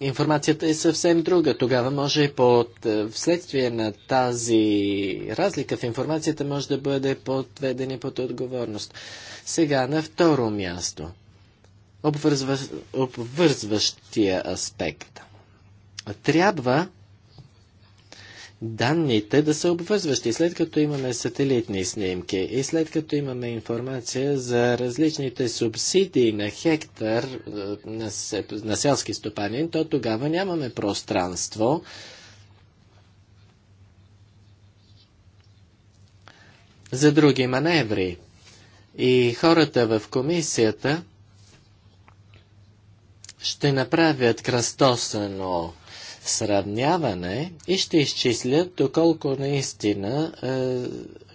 информацията е съвсем друга. Тогава може и под, е, вследствие на тази разлика в информацията може да бъде подведен и под отговорност. Сега на второ място. Обвързва, обвързващия аспект. Трябва данните да са обвързващи, след като имаме сателитни снимки и след като имаме информация за различните субсидии на хектар е, на, на селски стопанин, то тогава нямаме пространство. за други маневри. И хората в комисията ще направят кръстосано сравняване и ще изчислят доколко наистина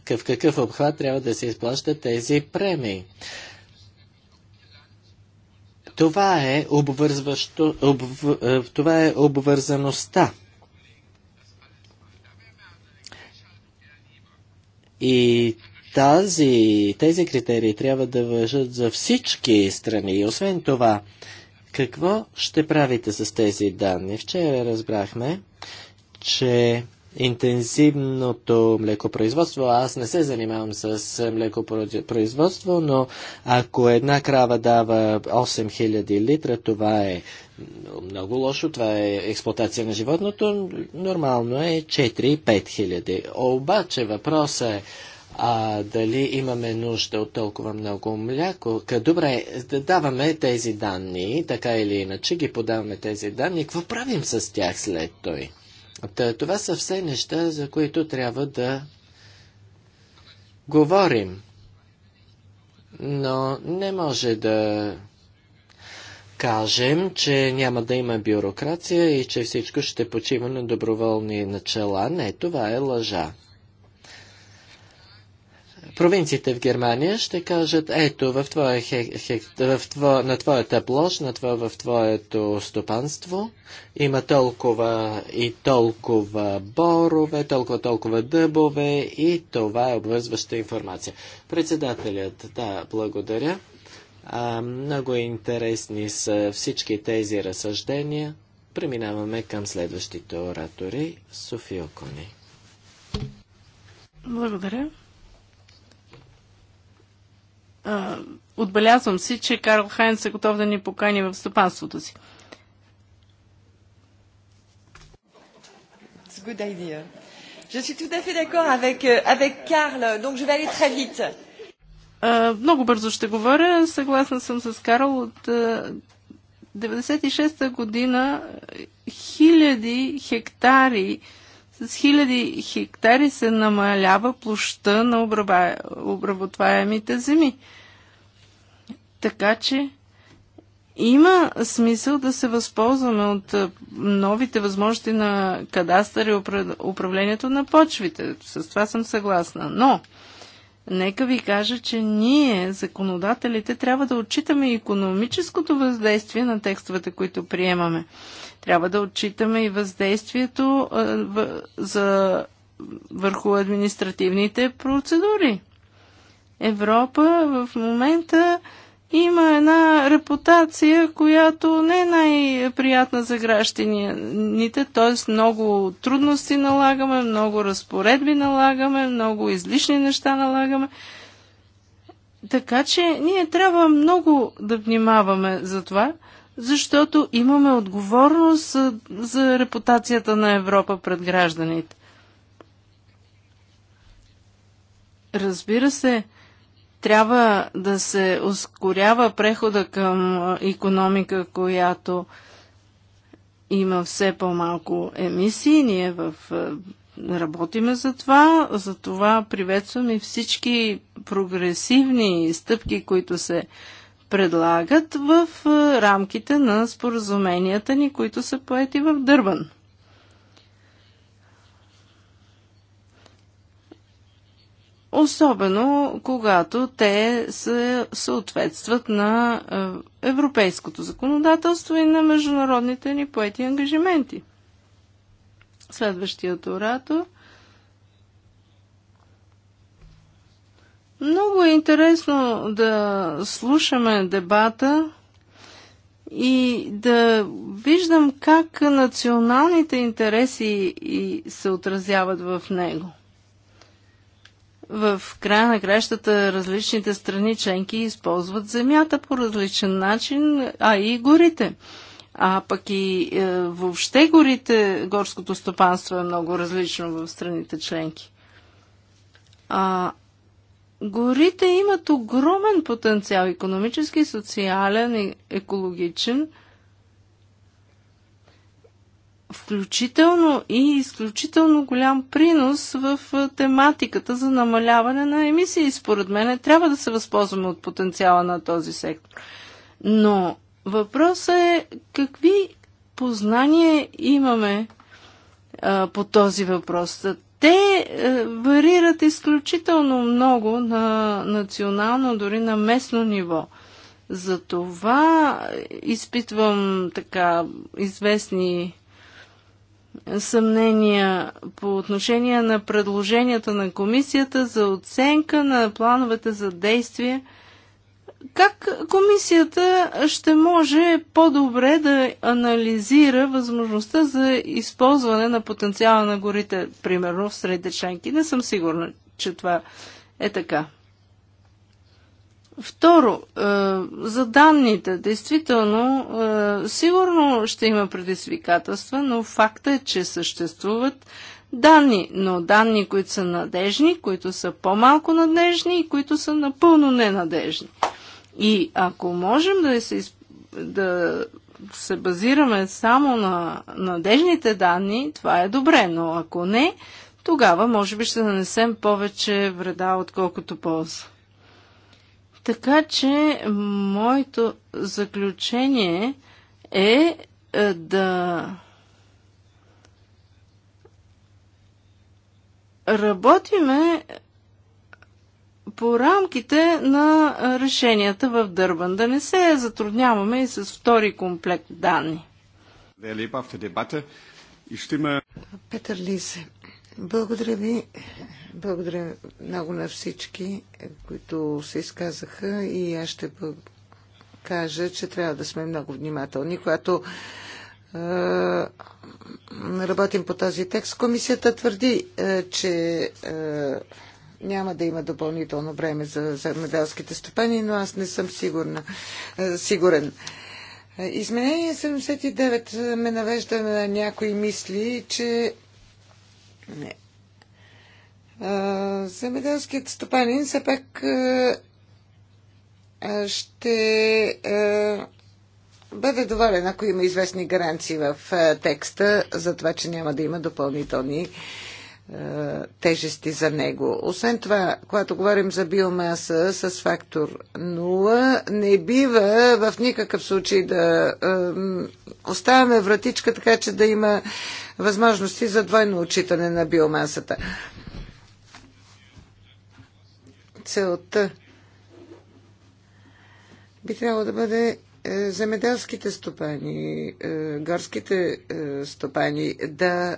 е, в какъв обхват трябва да се изплащат тези премии. Това е, обвързващо, обв, е, това е обвързаността. И тази, тези критерии трябва да въжат за всички страни. И освен това, какво ще правите с тези данни? Вчера разбрахме, че интензивното млекопроизводство. Аз не се занимавам с млекопроизводство, но ако една крава дава 8000 литра, това е много лошо, това е експлуатация на животното, нормално е 4-5 хиляди. Обаче въпросът е а, дали имаме нужда от толкова много мляко. добре, да даваме тези данни, така или иначе ги подаваме тези данни. Какво правим с тях след той? това са все неща, за които трябва да говорим. Но не може да кажем, че няма да има бюрокрация и че всичко ще почива на доброволни начала. Не, това е лъжа провинциите в Германия ще кажат, ето, в твоя хек, хек, в тво, на твоята площ, на тво, в твоето стопанство има толкова и толкова борове, толкова, толкова дъбове и това е обвързваща информация. Председателят, да, благодаря. А, много интересни са всички тези разсъждения. Преминаваме към следващите оратори. София Кони. Благодаря отбелязвам си, че Карл Хайнс е готов да ни покани в стопанството си. good idea. Je suis tout à fait d'accord avec, euh, avec donc je vais aller très vite. много бързо ще говоря. Съгласна съм с Карл. От 96-та година е, хиляди хектари uh, с хиляди хектари се намалява площта на обработваемите земи. Така че има смисъл да се възползваме от новите възможности на кадастър и управлението на почвите. С това съм съгласна. Но, нека ви кажа, че ние, законодателите, трябва да отчитаме и економическото въздействие на текстовете, които приемаме. Трябва да отчитаме и въздействието за, върху административните процедури. Европа в момента има една репутация, която не е най-приятна за гражданите, т.е. много трудности налагаме, много разпоредби налагаме, много излишни неща налагаме. Така че ние трябва много да внимаваме за това, защото имаме отговорност за репутацията на Европа пред гражданите. Разбира се, трябва да се ускорява прехода към економика, която има все по-малко емисии. Ние в, работиме за това. За това приветстваме всички прогресивни стъпки, които се предлагат в рамките на споразуменията ни, които са поети в Дърбан. Особено когато те се съответстват на европейското законодателство и на международните ни поети ангажименти. Следващият оратор – Много е интересно да слушаме дебата и да виждам как националните интереси се отразяват в него. В края на кращата различните страни членки използват земята по различен начин, а и горите. А пък и е, въобще горите, горското стопанство е много различно в страните членки. А, Горите имат огромен потенциал економически, социален и екологичен, включително и изключително голям принос в тематиката за намаляване на емисии. Според мен трябва да се възползваме от потенциала на този сектор. Но въпросът е какви познания имаме а, по този въпрос те е, варират изключително много на национално, дори на местно ниво. Затова изпитвам така известни съмнения по отношение на предложенията на комисията за оценка на плановете за действие – как комисията ще може по-добре да анализира възможността за използване на потенциала на горите, примерно в среди членки? Не съм сигурна, че това е така. Второ, е, за данните. Действително, е, сигурно ще има предизвикателства, но факта е, че съществуват данни, но данни, които са надежни, които са по-малко надежни и които са напълно ненадежни. И ако можем да се, да се базираме само на надежните данни, това е добре, но ако не, тогава може би ще нанесем повече вреда, отколкото полза. Така че моето заключение е, е да работиме по рамките на решенията в Дърбан. Да не се затрудняваме и с втори комплект данни. Петър Лисе, благодаря ви. Благодаря много на всички, които се изказаха и аз ще кажа, че трябва да сме много внимателни, когато е, работим по този текст. Комисията твърди, е, че е, няма да има допълнително време за земеделските стопани, но аз не съм сигурна, е, сигурен. Е, изменение 79 е, ме навежда на някои мисли, че земеделският стопанин все пак ще бъде доволен, ако има известни гаранции в текста за това, че няма да има допълнителни е, тежести за него. Освен това, когато говорим за биомаса с фактор 0, не бива в никакъв случай да оставяме вратичка, така че да има възможности за двойно отчитане на биомасата. Целта би трябвало да бъде е, земеделските стопани, е, горските е, стопани да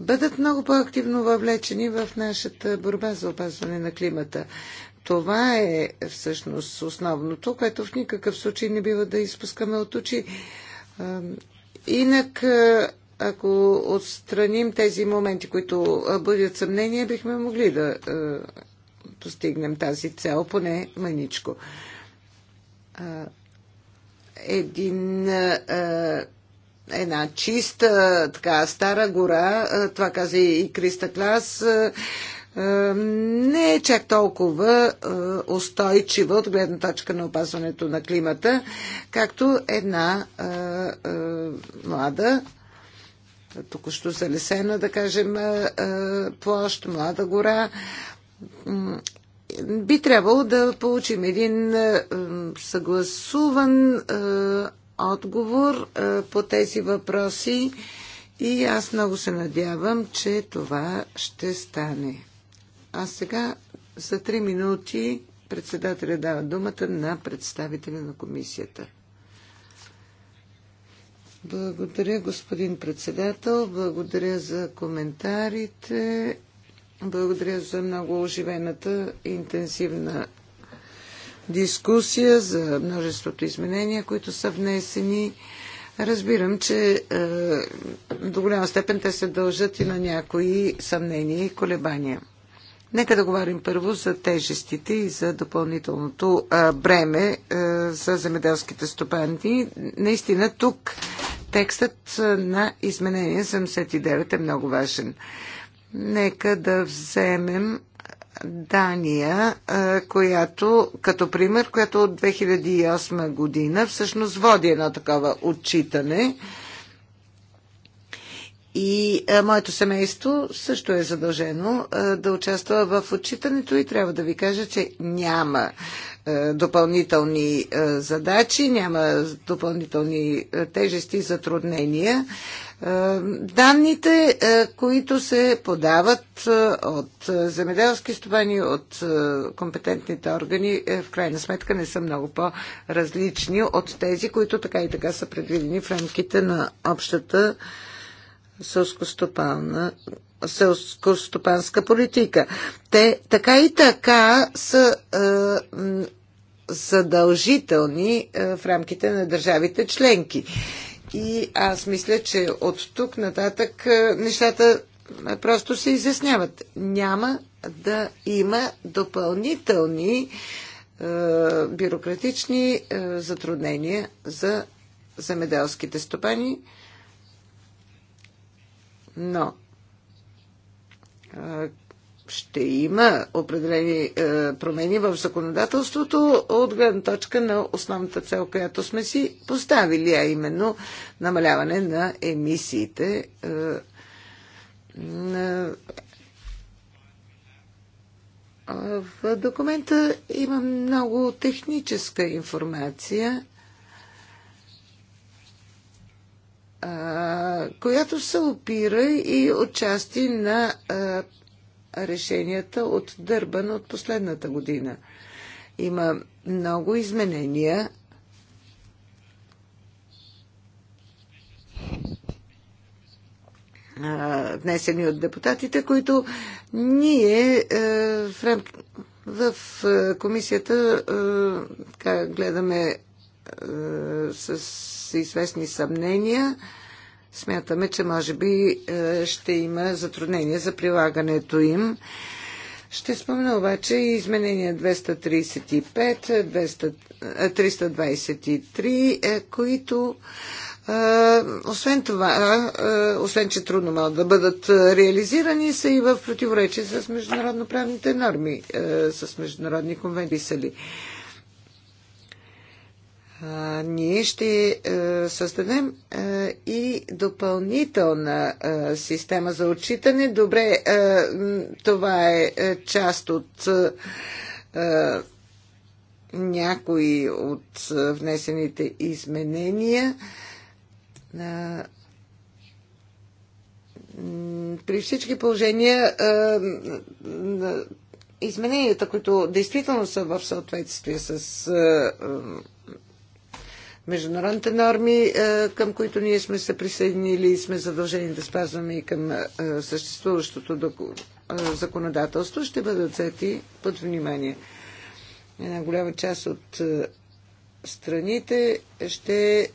бъдат много по-активно въвлечени в нашата борба за опазване на климата. Това е всъщност основното, което в никакъв случай не бива да изпускаме от очи. Инак, ако отстраним тези моменти, които будят съмнение, бихме могли да постигнем тази цел, поне мъничко един е, е, една чиста, така стара гора, е, това каза и Криста Клас, не е чак толкова устойчива от гледна точка на опазването на климата, както една млада, току-що залесена, да кажем, площ, млада гора би трябвало да получим един е, съгласуван е, отговор е, по тези въпроси и аз много се надявам, че това ще стане. А сега за три минути председателя дава думата на представителя на комисията. Благодаря, господин председател. Благодаря за коментарите. Благодаря за много оживената, и интенсивна дискусия, за множеството изменения, които са внесени. Разбирам, че е, до голяма степен те се дължат и на някои съмнения и колебания. Нека да говорим първо за тежестите и за допълнителното е, бреме е, за земеделските стопанти. Наистина тук текстът е, на изменение 79 е много важен. Е, Нека да вземем Дания, която, като пример, която от 2008 година всъщност води едно такова отчитане и а, е, моето семейство също е задължено а, е, да участва в отчитането и трябва да ви кажа, че няма а, е, допълнителни а, задачи, няма допълнителни а, тежести и затруднения. А, данните, а, които се подават а, от а, земеделски стопани, от а, компетентните органи, а, в крайна сметка не са много по-различни от тези, които така и така са предвидени в рамките на общата селско-стопанска политика. Те така и така са е, задължителни е, в рамките на държавите членки. И аз мисля, че от тук нататък е, нещата просто се изясняват. Няма да има допълнителни е, бюрократични е, затруднения за земеделските стопани. Но ще има определени е, промени в законодателството от гледна точка на основната цел, която сме си поставили, а именно намаляване на емисиите е, в документа има много техническа информация която се опира и отчасти на решенията от Дърбан от последната година. Има много изменения. внесени от депутатите, които ние в, в комисията гледаме е, с известни съмнения. Смятаме, че може би е, ще има затруднения за прилагането им. Ще спомня обаче и изменения 235, 200, 323, които е, освен това, освен че трудно могат да бъдат реализирани, са и в противоречие с международноправните норми, с международни конвенции ние ще е, създадем е, и допълнителна е, система за отчитане. Добре, това е част от някои от внесените изменения. при всички положения измененията, които действително са в съответствие с международните норми, е, към които ние сме се присъединили и сме задължени да спазваме и към е, съществуващото е, законодателство, ще бъдат взети под внимание. Една голяма част от страните ще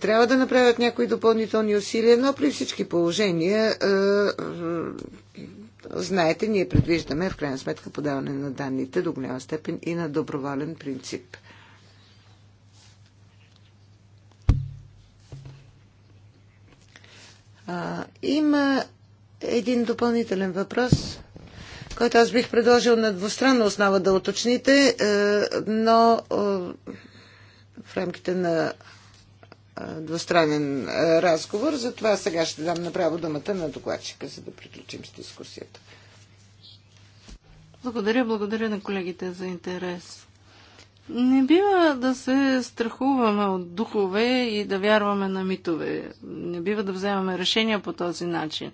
трябва да направят някои допълнителни усилия, но при всички положения знаете, ние предвиждаме в крайна сметка подаване на данните до голяма степен и на доброволен принцип. А, има един допълнителен въпрос, който аз бих предложил на двустранна основа да уточните, е, но е, в рамките на е, двустранен разговор. Затова сега ще дам направо думата на докладчика, за да приключим с дискусията. Благодаря, благодаря на колегите за интерес. Не бива да се страхуваме от духове и да вярваме на митове. Не бива да вземаме решения по този начин.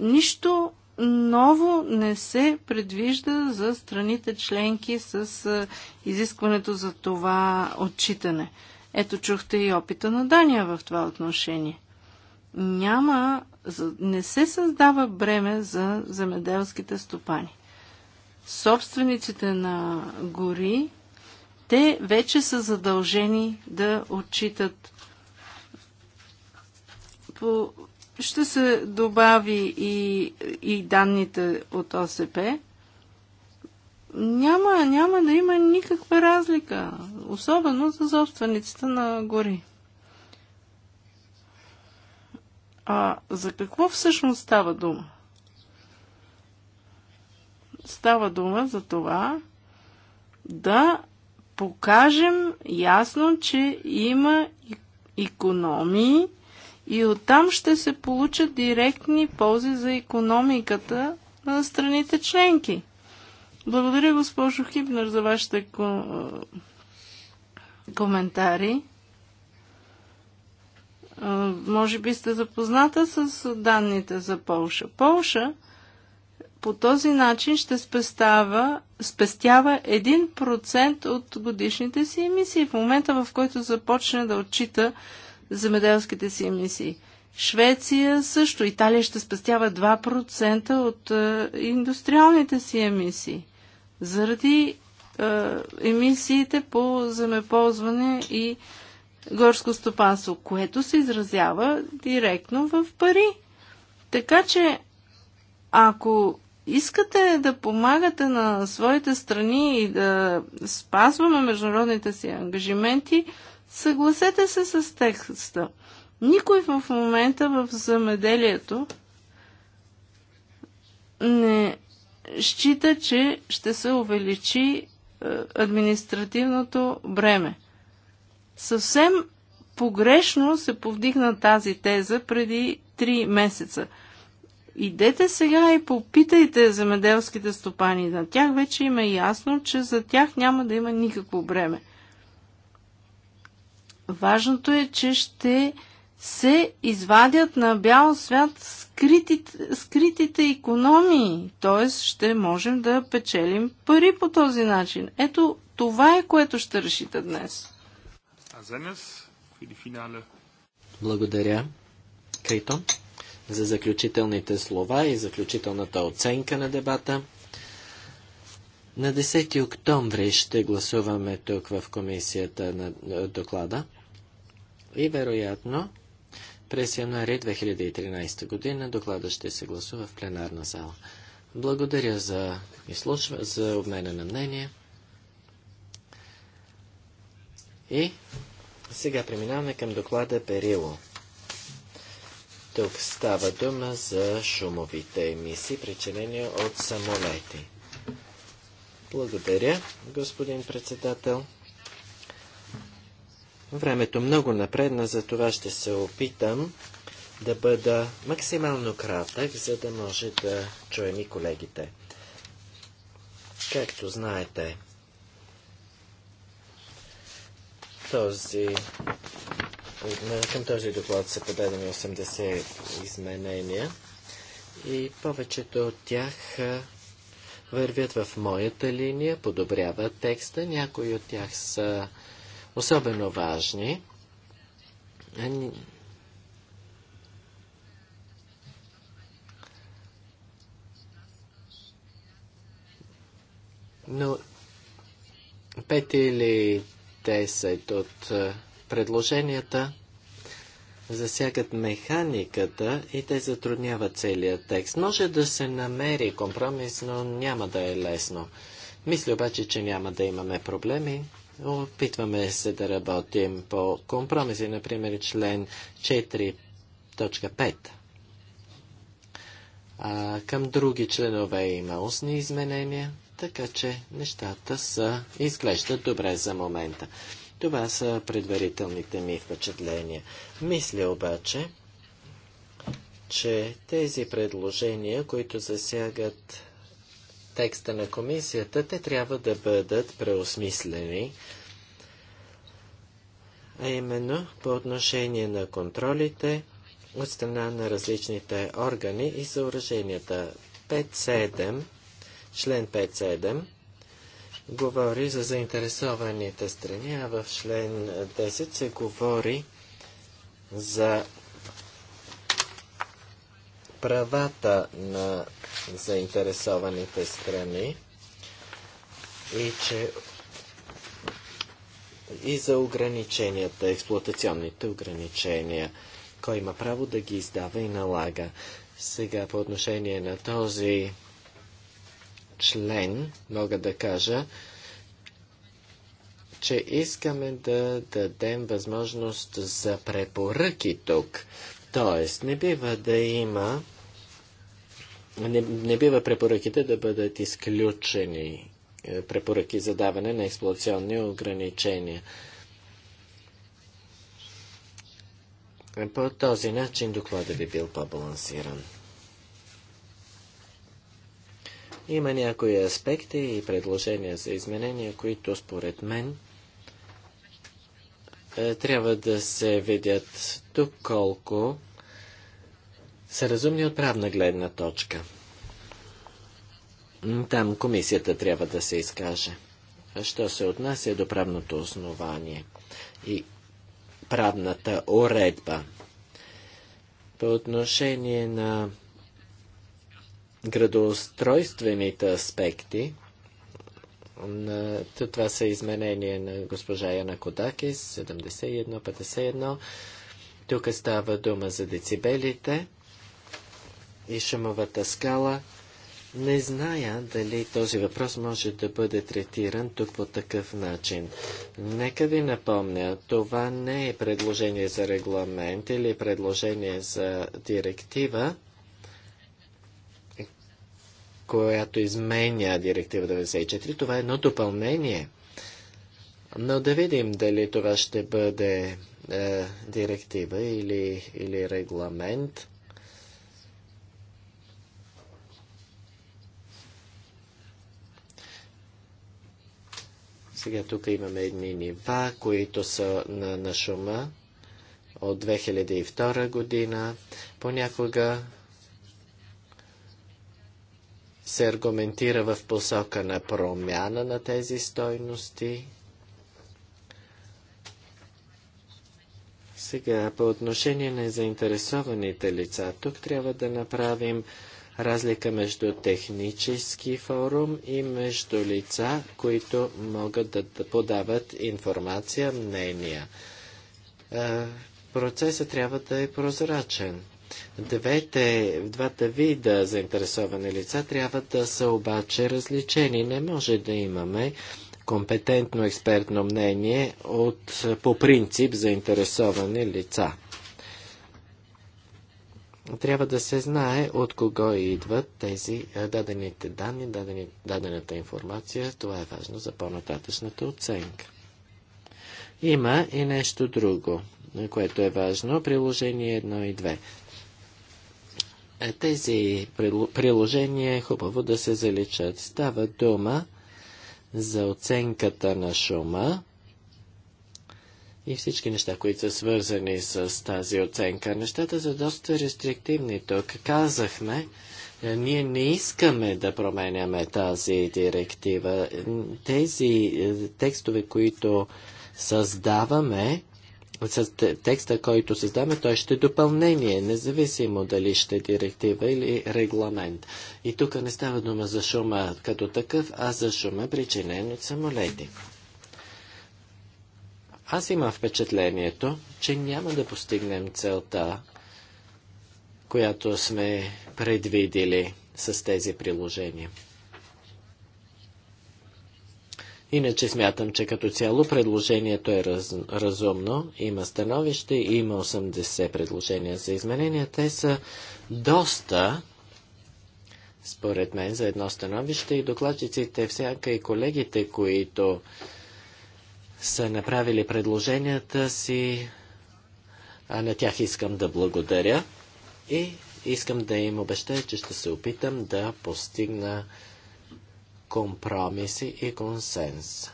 Нищо ново не се предвижда за страните членки с изискването за това отчитане. Ето чухте и опита на Дания в това отношение. Няма, не се създава бреме за земеделските стопани. Собствениците на гори те вече са задължени да отчитат. По... Ще се добави и, и данните от ОСП. Няма, няма да има никаква разлика, особено за собствениците на гори. А за какво всъщност става дума? Става дума за това да покажем ясно, че има економии и оттам ще се получат директни ползи за економиката на страните членки. Благодаря, госпожо Хипнер, за вашите коментари. Може би сте запозната с данните за Полша. Полша – по този начин ще спестява, спестява 1% от годишните си емисии в момента, в който започне да отчита земеделските си емисии. Швеция също. Италия ще спестява 2% от е, индустриалните си емисии заради е, емисиите по земеползване и горско стопанство, което се изразява директно в пари. Така че, ако искате да помагате на своите страни и да спазваме международните си ангажименти, съгласете се с текста. Никой в момента в замеделието не счита, че ще се увеличи е, административното бреме. Съвсем погрешно се повдигна тази теза преди три месеца – Идете сега и попитайте земеделските стопани. На тях вече им е ясно, че за тях няма да има никакво бреме. Важното е, че ще се извадят на бял свят скритите, скритите економии, т.е. ще можем да печелим пари по този начин. Ето това е, което ще решите днес. Благодаря. Кейтон за заключителните слова и заключителната оценка на дебата. На 10 октомври ще гласуваме тук в комисията на доклада и вероятно през януари 2013 година доклада ще се гласува в пленарна зала. Благодаря за, изслушва, за обмена на мнение. И сега преминаваме към доклада Перило. Тук става дума за шумовите емисии, причинени от самолети. Благодаря, господин председател. Времето много напредна, за това ще се опитам да бъда максимално кратък, за да може да чуем и колегите. Както знаете, този към този доклад са подадени 80 изменения и повечето от тях вървят в моята линия, подобряват текста, някои от тях са особено важни. Но пет или десет от предложенията засягат механиката и те затрудняват целият текст. Може да се намери компромис, но няма да е лесно. Мисля обаче, че няма да имаме проблеми. Опитваме се да работим по компромиси, например член 4.5. А, към други членове има устни изменения, така че нещата са изглеждат добре за момента. Това са предварителните ми впечатления. Мисля обаче, че тези предложения, които засягат текста на комисията, те трябва да бъдат преосмислени, а именно по отношение на контролите от страна на различните органи и съоръженията. 5.7, член говори за заинтересованите страни, а в член 10 се говори за правата на заинтересованите страни и че и за ограниченията, експлуатационните ограничения. Кой има право да ги издава и налага? Сега по отношение на този член мога да кажа, че искаме да дадем възможност за препоръки тук. Тоест, не бива да има. Не, не бива препоръките да бъдат изключени. Е, препоръки за даване на експлуатационни ограничения. По този начин докладът би бил по-балансиран. Има някои аспекти и предложения за изменения, които според мен е, трябва да се видят доколко са разумни от правна гледна точка. Там комисията трябва да се изкаже. Що се отнася до правното основание и правната уредба. По отношение на градоустройствените аспекти, на, това са изменения на госпожа Яна Кодакис, 71-51. Тук става дума за децибелите и шумовата скала. Не зная дали този въпрос може да бъде третиран тук по такъв начин. Нека ви напомня, това не е предложение за регламент или предложение за директива която изменя директива 94. Това е едно допълнение. Но да видим дали това ще бъде е, директива или, или регламент. Сега тук имаме едни нива, които са на, на шума от 2002 година. Понякога се аргументира в посока на промяна на тези стойности. Сега, по отношение на заинтересованите лица, тук трябва да направим разлика между технически форум и между лица, които могат да, подават информация, мнения. Е, процесът трябва да е прозрачен. Двете, двата вида заинтересовани лица трябва да са обаче различени. Не може да имаме компетентно експертно мнение от, по принцип заинтересовани лица. Трябва да се знае от кого идват тези дадените данни, дадени, дадената информация. Това е важно за по-нататъчната оценка. Има и нещо друго, което е важно. Приложение 1 и тези приложения е хубаво да се заличат. Става дума за оценката на шума и всички неща, които са свързани с тази оценка. Нещата са доста рестриктивни тук. Казахме, е, ние не искаме да променяме тази директива. Тези е, текстове, които създаваме, с текста, който създаме, той ще е допълнение, независимо дали ще е директива или регламент. И тук не става дума за шума като такъв, а за шума причинен от самолети. Аз имам впечатлението, че няма да постигнем целта, която сме предвидили с тези приложения. Иначе смятам, че като цяло предложението е раз, разумно. Има становище, има 80 предложения за изменения. Те са доста, според мен, за едно становище и докладчиците, всяка и колегите, които са направили предложенията си, а на тях искам да благодаря и искам да им обещая, че ще се опитам да постигна компромиси и консенс.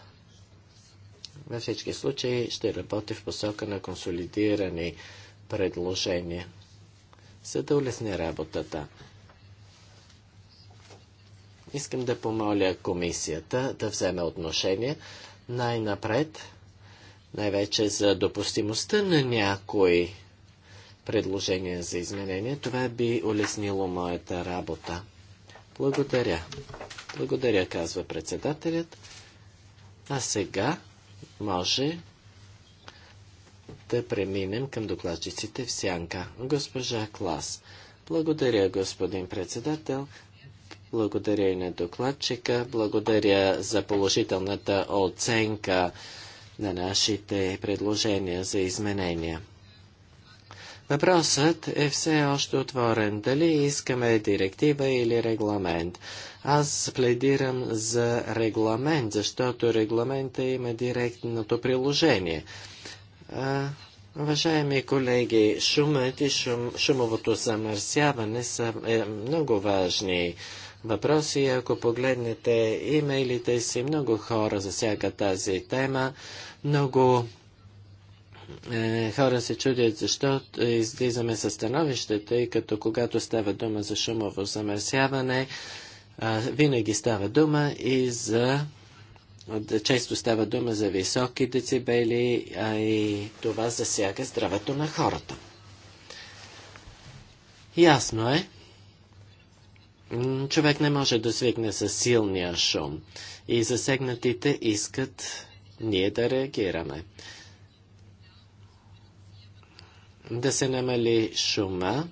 Във всички случаи ще работи в посока на консолидирани предложения, за да улесни работата. Искам да помоля комисията да вземе отношение най-напред, най-вече за допустимостта на някои предложения за изменение. Това би улеснило моята работа. Благодаря. Благодаря, казва председателят. А сега може да преминем към докладчиците в сянка. Госпожа Клас. Благодаря, господин председател. Благодаря и на докладчика. Благодаря за положителната оценка на нашите предложения за изменения. Въпросът е все още отворен. Дали искаме директива или регламент? Аз пледирам за регламент, защото регламента има директното приложение. А, уважаеми колеги, шумът и шум, шумовото замърсяване са е, много важни въпроси. Ако погледнете имейлите си, много хора засяга тази тема. Много е, хора се чудят защо излизаме със становище, тъй като когато става дума за шумово замърсяване, винаги става дума и за често става дума за високи децибели, а и това засяга здравето на хората. Ясно е, човек не може да свикне с силния шум и засегнатите искат ние да реагираме. Да се намали шума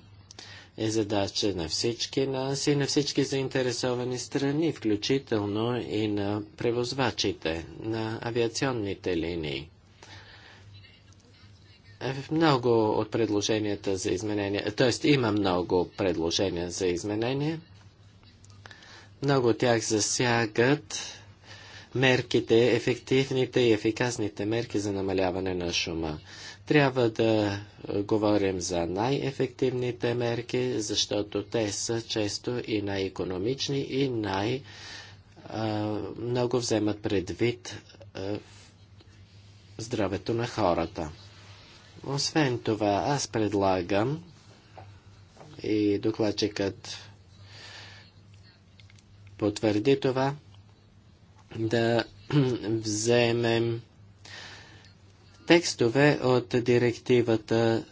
е задача на всички нас и на всички заинтересовани страни, включително и на превозвачите на авиационните линии. Много от предложенията за изменения, т.е. има много предложения за изменения. Много от тях засягат мерките, ефективните и ефикасните мерки за намаляване на шума. Трябва да е, говорим за най-ефективните мерки, защото те са често и най-економични и най- е, много вземат предвид е, здравето на хората. Освен това, аз предлагам и докладчикът потвърди това, да <clears throat> вземем текстове от директивата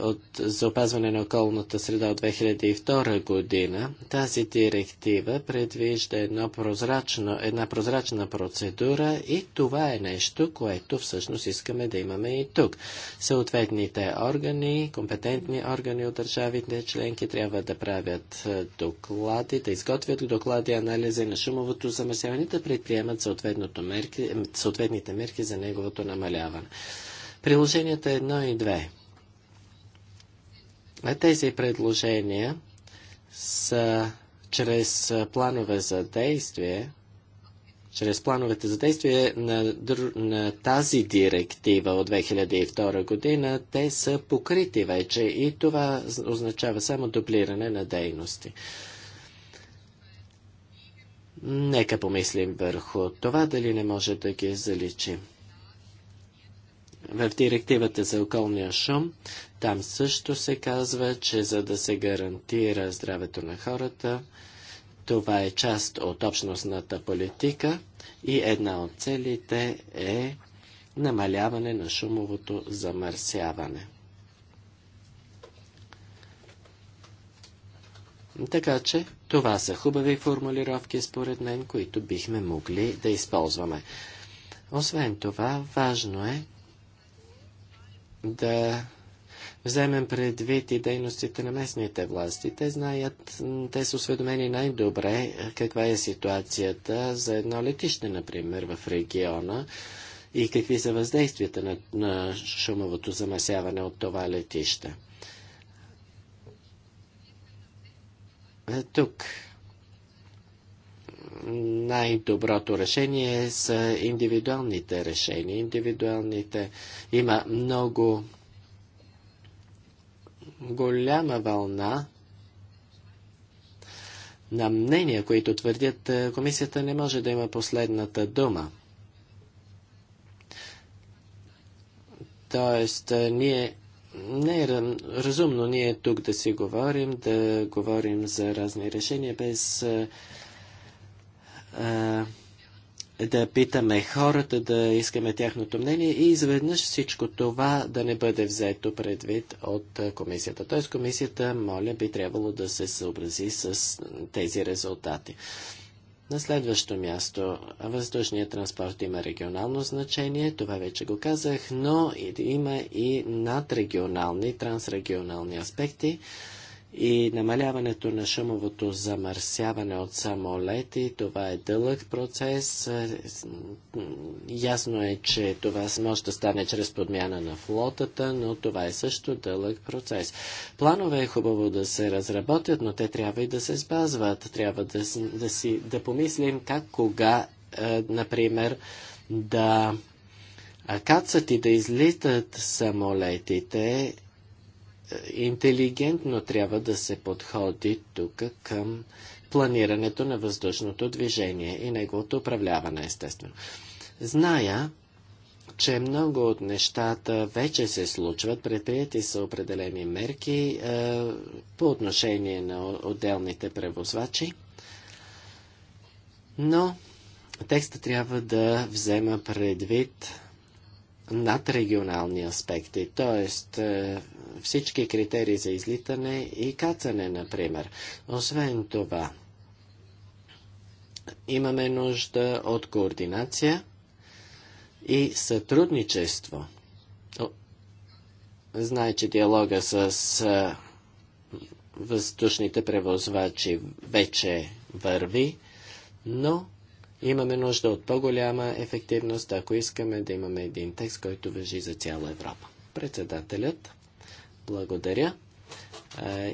от, за опазване на околната среда от 2002 година, тази директива предвижда едно прозрачно, една прозрачна процедура и това е нещо, което всъщност искаме да имаме и тук. Съответните органи, компетентни органи от държавите членки трябва да правят е, доклади, да изготвят доклади, анализи на шумовото замърсяване, да предприемат мерки, съответните мерки за неговото намаляване. Приложенията 1 и 2 тези предложения са чрез планове за действие, чрез плановете за действие на, на тази директива от 2002 година, те са покрити вече и това означава само дублиране на дейности. Нека помислим върху това дали не може да ги заличим. В директивата за околния шум, там също се казва, че за да се гарантира здравето на хората, това е част от общностната политика и една от целите е намаляване на шумовото замърсяване. Така че това са хубави формулировки, според мен, които бихме могли да използваме. Освен това, важно е да вземем предвид и дейностите на местните власти. Те знаят, те са осведомени най-добре каква е ситуацията за едно летище, например, в региона и какви са въздействията на, на шумовото замасяване от това летище. Е, тук най-доброто решение са индивидуалните решения. Индивидуалните има много голяма вълна на мнения, които твърдят, е, комисията не може да има последната дума. Тоест, е, ние не е разумно ние тук да си говорим, да говорим за разни решения без е, е, да питаме хората, да искаме тяхното мнение и изведнъж всичко това да не бъде взето предвид от комисията. Т.е. комисията, моля, би трябвало да се съобрази с тези резултати. На следващо място, въздушният транспорт има регионално значение, това вече го казах, но има и надрегионални, трансрегионални аспекти и намаляването на шумовото замърсяване от самолети. Това е дълъг процес. Е, ясно е, че това може да стане чрез подмяна на флотата, но това е също дълъг процес. Планове е хубаво да се разработят, но те трябва и да се спазват. Трябва да, да, си, да помислим как, кога, е, например, да кацат и да излитат самолетите интелигентно трябва да се подходи тук към планирането на въздушното движение и неговото управляване, естествено. Зная, че много от нещата вече се случват, предприяти са определени мерки е, по отношение на отделните превозвачи, но текста трябва да взема предвид над регионални аспекти, т.е. Е, всички критерии за излитане и кацане, например. Освен това, имаме нужда от координация и сътрудничество. Знае, че диалога с въздушните превозвачи вече върви, но имаме нужда от по-голяма ефективност, ако искаме да имаме един текст, който въжи за цяла Европа. Председателят благодаря.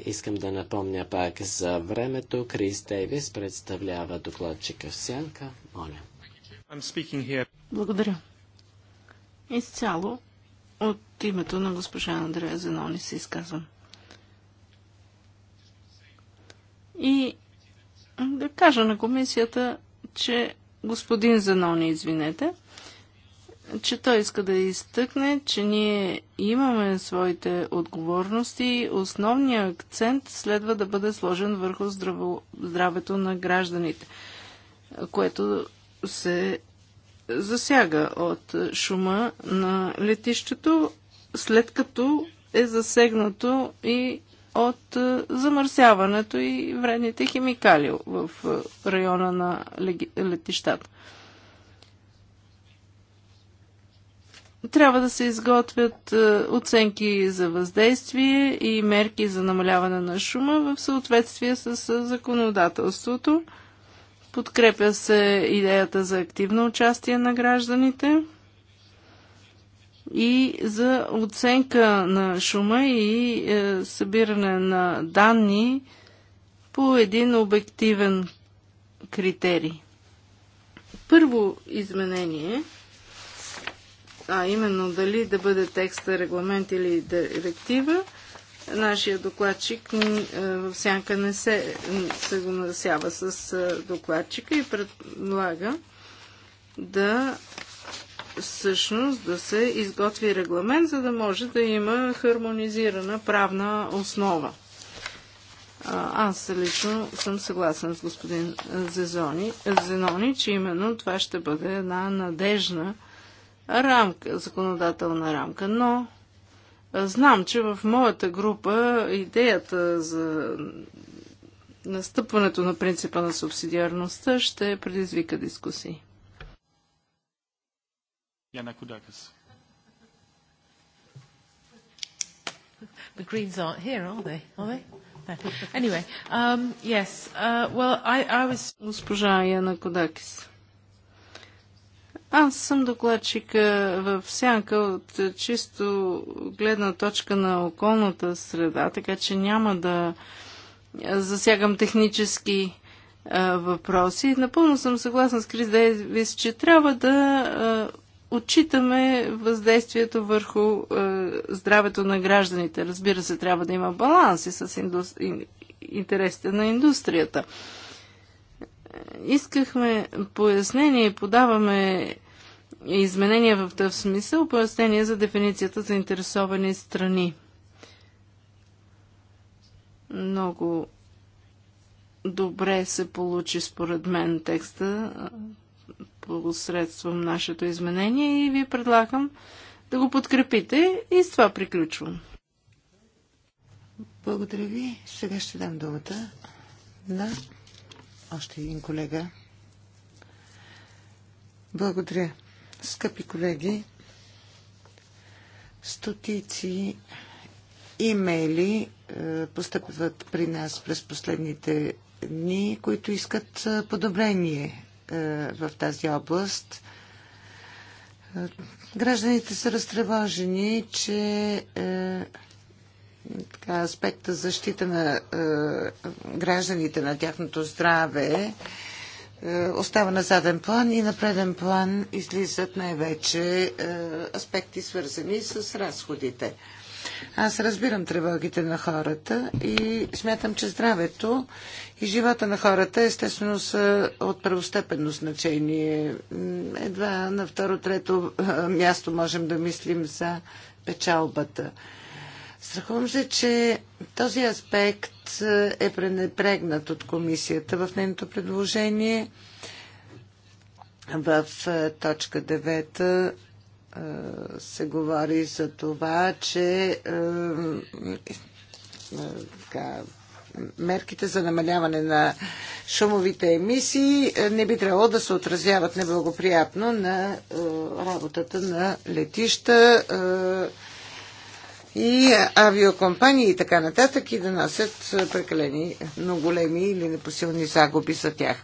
Искам да напомня пак за времето. Крис Дейвис представлява докладчика в Сянка. Моля. Благодаря. Изцяло от името на госпожа Андрея Зенони се изказвам. И да кажа на комисията, че господин Занони, извинете, че той иска да изтъкне, че ние имаме своите отговорности и основният акцент следва да бъде сложен върху здраво, здравето на гражданите, което се засяга от шума на летището, след като е засегнато и от замърсяването и вредните химикали в района на летищата. трябва да се изготвят е, оценки за въздействие и мерки за намаляване на шума в съответствие с е, законодателството. Подкрепя се идеята за активно участие на гражданите и за оценка на шума и е, събиране на данни по един обективен критерий. Първо изменение – а именно дали да бъде текста регламент или директива, нашия докладчик е, в сянка не се съгласява с е, докладчика и предлага да всъщност да се изготви регламент, за да може да има хармонизирана правна основа. Аз лично съм съгласен с господин Зенони, че именно това ще бъде една надежна рамка, законодателна рамка, но знам, че в моята група идеята за настъпването на принципа на субсидиарността ще предизвика дискусии. Яна Кудакас. The Greens aren't here, are they? Are they? No. Anyway, um, yes. Uh, well, I, I was. Госпожа Яна Кудакис. Аз съм докладчик в сянка от чисто гледна точка на околната среда, така че няма да засягам технически а, въпроси. Напълно съм съгласна с Крис Дейвис, че трябва да а, отчитаме въздействието върху а, здравето на гражданите. Разбира се, трябва да има баланси с инду... интересите на индустрията искахме пояснение и подаваме изменения в тъв смисъл, пояснение за дефиницията за интересовани страни. Много добре се получи според мен текста посредством нашето изменение и ви предлагам да го подкрепите и с това приключвам. Благодаря ви. Сега ще дам думата на още един колега. Благодаря. Скъпи колеги, стотици имейли е, постъпват при нас през последните дни, които искат е, подобрение е, в тази област. Гражданите са разтревожени, че така, аспекта защита на гражданите, на тяхното здраве е, остава на заден план и на преден план излизат най-вече е, аспекти, свързани с разходите. Аз разбирам тревогите на хората и смятам, че здравето и живота на хората естествено са от първостепенно значение. Едва на второ-трето е, място можем да мислим за печалбата. Страхувам се, че този аспект е, е пренепрегнат от комисията в нейното предложение. В е, точка 9 е, се говори за това, че мерките за намаляване на шумовите емисии не би трябвало да се отразяват неблагоприятно на работата на летища и авиокомпании и така нататък и да носят прекалени, но големи или непосилни загуби за тях.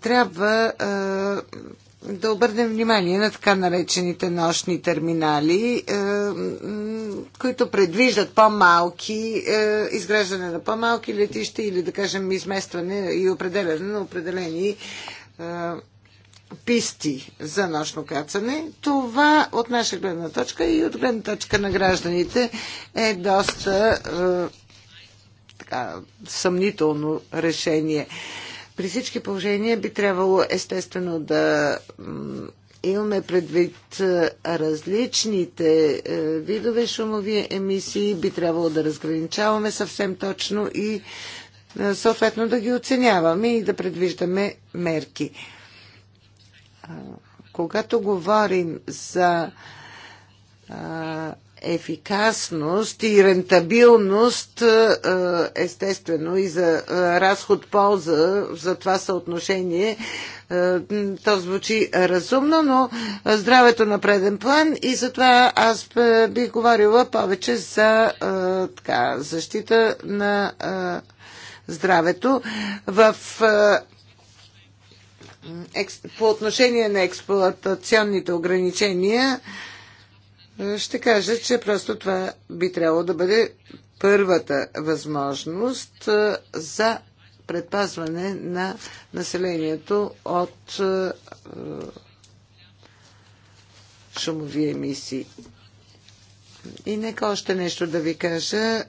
Трябва да обърнем внимание на така наречените нощни терминали, които предвиждат по-малки, изграждане на по-малки летища или да кажем изместване и определяне на определени писти за нощно кацане. Това от наша гледна точка и от гледна точка на гражданите е доста е, така, съмнително решение. При всички положения би трябвало естествено да имаме предвид е, различните е, видове шумови емисии, би трябвало да разграничаваме съвсем точно и е, съответно да ги оценяваме и да предвиждаме мерки. Когато говорим за ефикасност и рентабилност, естествено и за разход-полза, за това съотношение, то звучи разумно, но здравето на преден план и затова аз би говорила повече за така, защита на здравето. В по отношение на експлуатационните ограничения, е, ще кажа, че просто това би трябвало да бъде първата възможност е, за предпазване на населението от е, шумови емисии. И нека още нещо да ви кажа.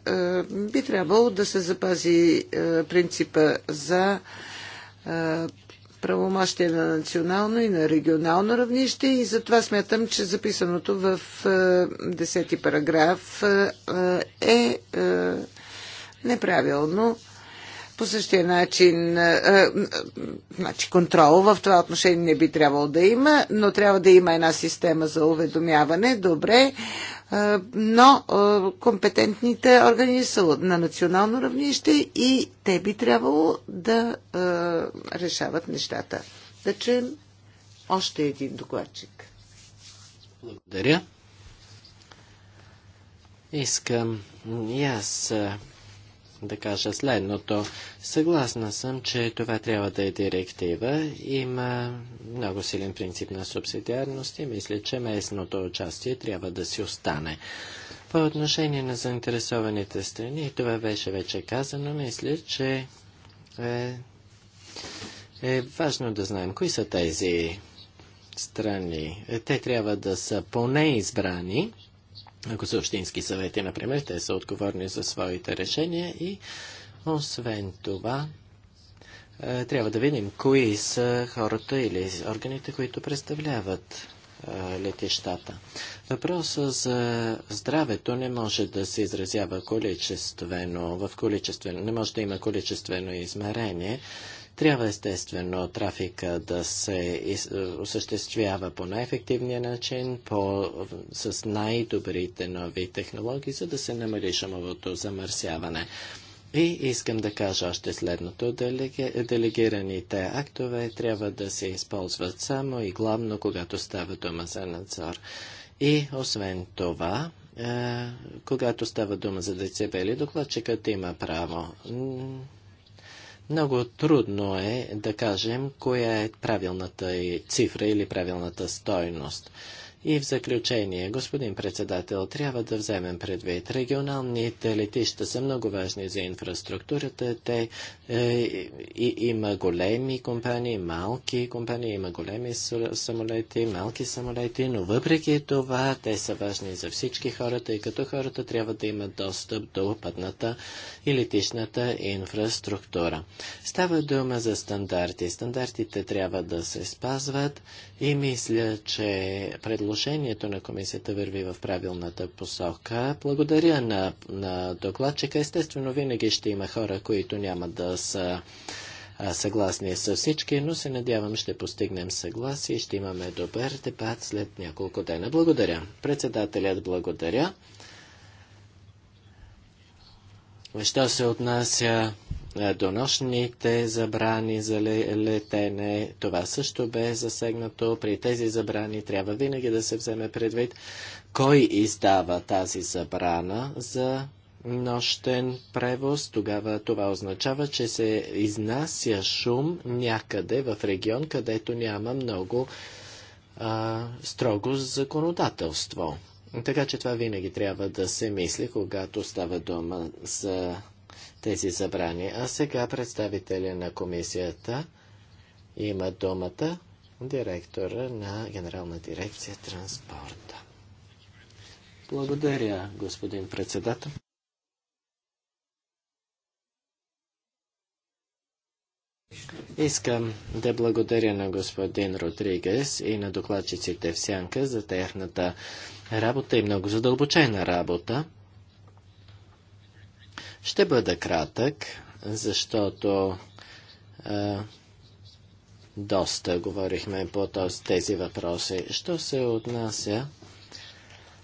Би трябвало да се запази принципа за правомощия на национално и на регионално равнище и затова смятам, че записаното в 10 е, параграф е, е, е неправилно по същия начин значи контрол в това отношение не би трябвало да има, но трябва да има една система за уведомяване, добре, но компетентните органи са на национално равнище и те би трябвало да решават нещата. Да чуем още един докладчик. Благодаря. Искам и аз да кажа следното. Съгласна съм, че това трябва да е директива. Има много силен принцип на субсидиарност и мисля, че местното участие трябва да си остане. По отношение на заинтересованите страни, това беше вече казано, мисля, че е, е важно да знаем кои са тези страни. Те трябва да са поне избрани ако са общински съвети, например, те са отговорни за своите решения и освен това е, трябва да видим кои са хората или органите, които представляват е, летищата. Въпросът за здравето не може да се изразява количествено, в количествено, не може да има количествено измерение, трябва естествено трафика да се осъществява по най-ефективния начин, по, с най-добрите нови технологии, за да се намали шумовото замърсяване. И искам да кажа още следното. Делегираните актове трябва да се използват само и главно, когато става дума за надзор. И освен това, е, когато става дума за децибели, докладчикът има право. Много трудно е да кажем коя е правилната цифра или правилната стойност. И в заключение, господин председател, трябва да вземем предвид. Регионалните летища са много важни за инфраструктурата. Те е, и, има големи компании, малки компании, има големи самолети, малки самолети, но въпреки това те са важни за всички хора, тъй като хората трябва да имат достъп до пътната и летишната инфраструктура. Става дума за стандарти. Стандартите трябва да се спазват и мисля, че предложението на комисията върви в правилната посока. Благодаря на, на докладчика. Естествено, винаги ще има хора, които няма да са съгласни с всички, но се надявам ще постигнем съгласие и ще имаме добър дебат след няколко дена. Благодаря. Председателят благодаря. Що се отнася до нощните забрани за летене, това също бе засегнато. При тези забрани трябва винаги да се вземе предвид кой издава тази забрана за нощен превоз, тогава това означава, че се изнася шум някъде в регион, където няма много а, строго законодателство. Така че това винаги трябва да се мисли, когато става дума за тези забрани. А сега представителя на комисията има думата директора на Генерална дирекция транспорта. Благодаря, господин председател. Искам да благодаря на господин Родригес и на докладчиците в Сянка за техната работа и много задълбочена работа. Ще бъда кратък, защото а, доста говорихме по този, тези въпроси. Що се отнася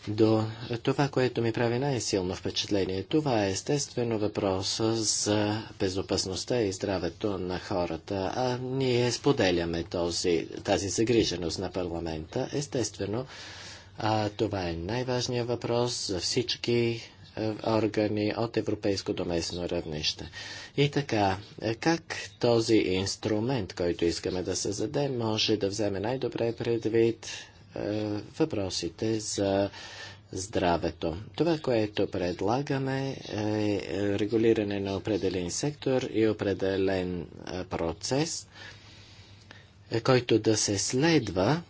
до това, което ми прави най-силно впечатление. Това е естествено въпроса за безопасността и здравето на хората, а ние споделяме този, тази загриженост на парламента. Естествено, а, това е най-важният въпрос за всички е, органи от европейско до местно равнище. И така, е, как този инструмент, който искаме да създаде, може да вземе най-добре предвид е, въпросите за здравето. Това, което предлагаме е, е регулиране на определен сектор и определен е, процес, е, който да се следва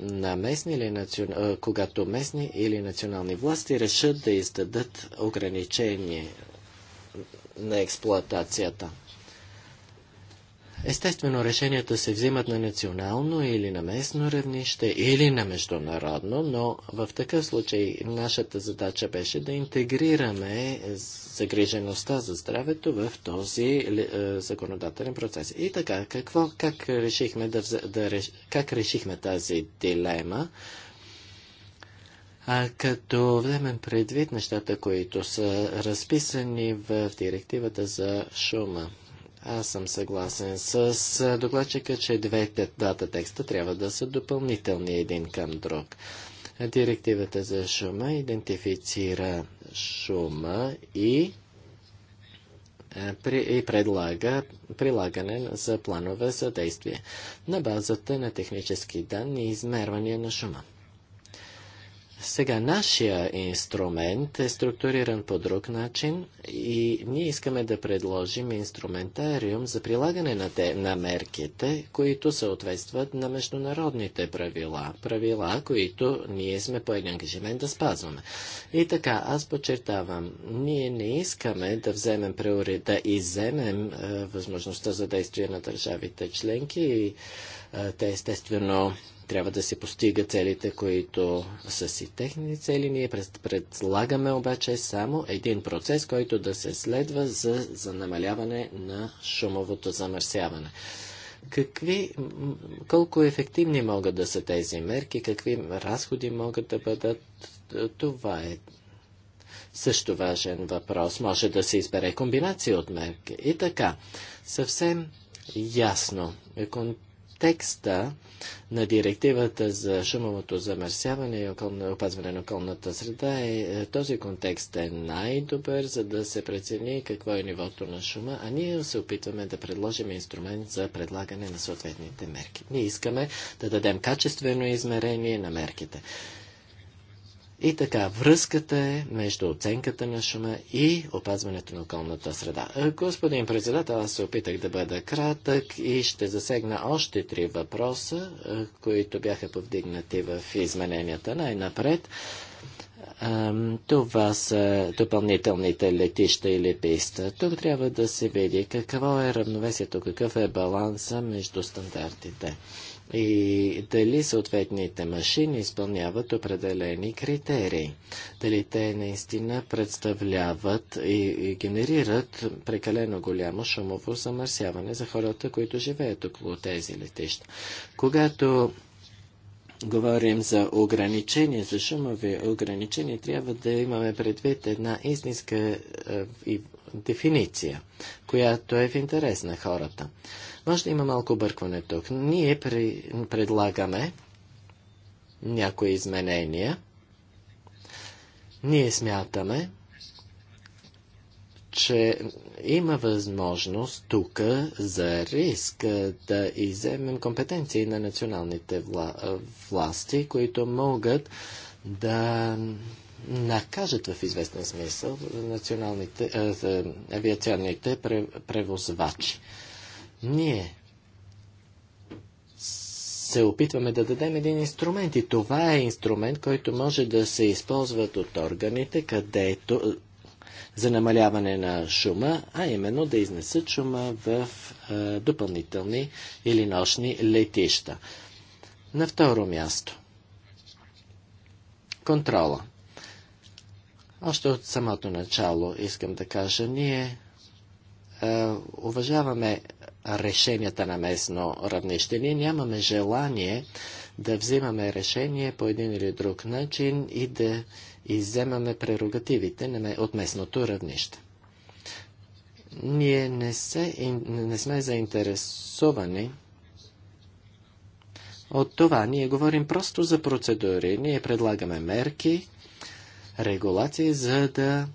на местни или национ... когато местни или национални власти решат да издадат ограничение на експлоатацията. Естествено, решенията се взимат на национално или на местно равнище, или на международно, но в такъв случай нашата задача беше да интегрираме загрижеността за здравето в този е, законодателен процес. И така, какво, как, решихме да, да, как решихме тази дилема? А като вземем предвид нещата, които са разписани в директивата за шума. Аз съм съгласен с докладчика, че двете дата текста трябва да са допълнителни един към друг. Директивата за шума идентифицира шума и, и предлага прилагане за планове за действие на базата на технически данни и измервания на шума. Сега нашия инструмент е структуриран по друг начин и ние искаме да предложим инструментариум за прилагане на, те, на мерките, които съответстват на международните правила. Правила, които ние сме един ангажимент да спазваме. И така, аз подчертавам, ние не искаме да вземем приори, да иземем е, възможността за действие на държавите членки и е, те естествено трябва да се постига целите, които са си техни цели. Ние предлагаме обаче само един процес, който да се следва за, за намаляване на шумовото замърсяване. Какви, колко ефективни могат да са тези мерки, какви разходи могат да бъдат, това е също важен въпрос. Може да се избере комбинация от мерки. И така, съвсем ясно, текста на директивата за шумовото замърсяване и опазване на околната среда е, е този контекст е най-добър, за да се прецени какво е нивото на шума, а ние се опитваме да предложим инструмент за предлагане на съответните мерки. Ние искаме да дадем качествено измерение на мерките. И така, връзката е между оценката на шума и опазването на околната среда. Е, господин председател, аз се опитах да бъда кратък и ще засегна още три въпроса, е, които бяха повдигнати в измененията. Най-напред, това са допълнителните летища или писта. Тук трябва да се види какво е равновесието, какъв е баланса между стандартите и дали съответните машини изпълняват определени критерии. Дали те наистина представляват и, генерират прекалено голямо шумово замърсяване за хората, които живеят около тези летища. Когато говорим за ограничения, за шумови ограничения, трябва да имаме предвид една истинска е, дефиниция, която е в интерес на хората. Може да има малко объркване тук. Ние при, предлагаме някои изменения. Ние смятаме, че има възможност тук за риск да иземем компетенции на националните вла... власти, които могат да накажат в известен смисъл националните, а, авиационните превозвачи. Ние се опитваме да дадем един инструмент и това е инструмент, който може да се използват от органите, където е, за намаляване на шума, а именно да изнесат шума в е, допълнителни или нощни летища. На второ място. Контрола. Още от самото начало искам да кажа, ние е, уважаваме решенията на местно равнище. Ние нямаме желание да взимаме решение по един или друг начин и да изземаме прерогативите от местното равнище. Ние не, се, не сме заинтересовани от това. Ние говорим просто за процедури. Ние предлагаме мерки, регулации, за да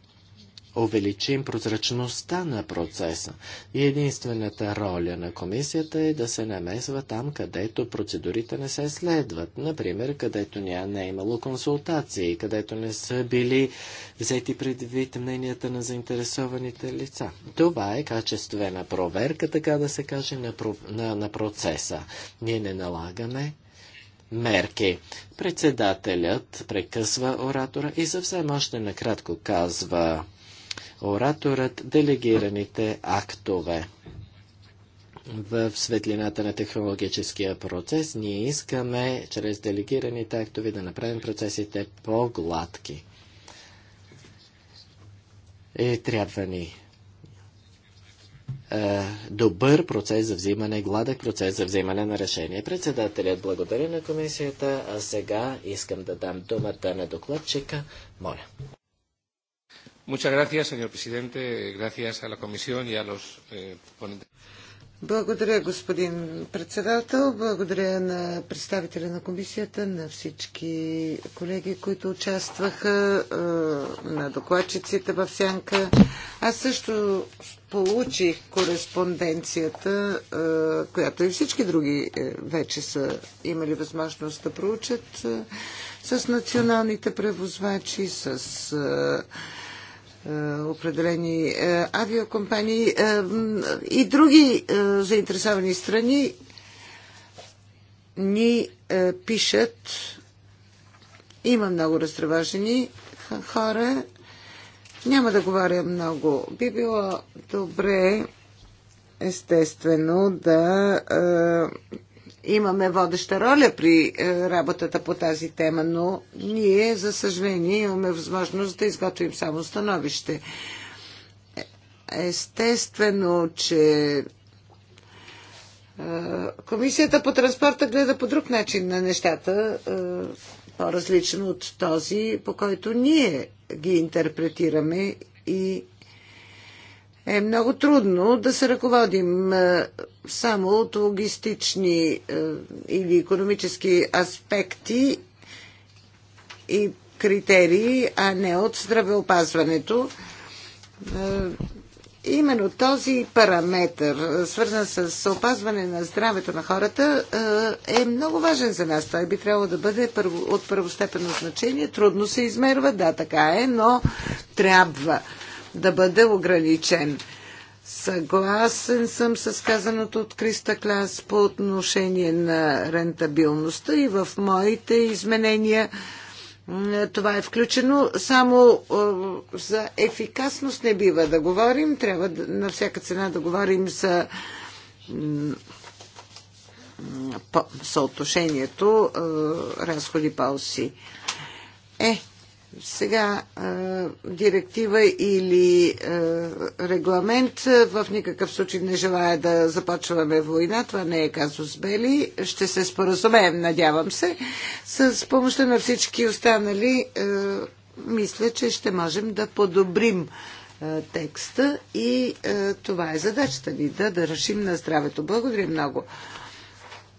увеличим прозрачността на процеса. И единствената роля на комисията е да се намесва там, където процедурите не се следват. Например, където ня не е имало консултации, където не са били взети предвид мненията на заинтересованите лица. Това е качествена проверка, така да се каже, на, про... на, на процеса. Ние не налагаме мерки. Председателят прекъсва оратора и съвсем още накратко казва ораторът делегираните актове. В светлината на технологическия процес ние искаме чрез делегираните актове да направим процесите по-гладки. Е, трябва ни е, добър процес за взимане, гладък процес за взимане на решение. Председателят благодаря на комисията, а сега искам да дам думата на докладчика. Моля. Muchas gracias, señor presidente. Gracias a la comisión y a los eh, ponentes. Благодаря, господин председател. Благодаря на представителя на комисията, на всички колеги, които участваха, е, на докладчиците в Сянка. Аз също получих кореспонденцията, е, която и всички други е, вече са имали възможност да проучат с националните превозвачи, с е, определени е, авиокомпании е, и други заинтересовани страни ни пишат. Има много разтревожени хора. Няма да говоря много. Би било добре, естествено, да имаме водеща роля при е, работата по тази тема, но ние, за съжаление, имаме възможност да изготвим само становище. Естествено, че е, Комисията по транспорта гледа по друг начин на нещата, е, по-различно от този, по който ние ги интерпретираме и е много трудно да се ръководим е, само от логистични е, или економически аспекти и критерии, а не от здравеопазването. Е, именно този параметр, свързан с опазване на здравето на хората, е много важен за нас. Той би трябвало да бъде от първостепенно значение. Трудно се измерва, да, така е, но трябва да бъде ограничен. Съгласен съм с казаното от Криста Клас по отношение на рентабилността и в моите изменения това е включено. Само за ефикасност не бива да говорим. Трябва на всяка цена да говорим за съотношението разходи-пауси. Е, сега директива или регламент в никакъв случай не желая да започваме война. Това не е казус Бели. Ще се споразумеем, надявам се. С помощта на всички останали мисля, че ще можем да подобрим текста и това е задачата ни да, да решим на здравето. Благодаря много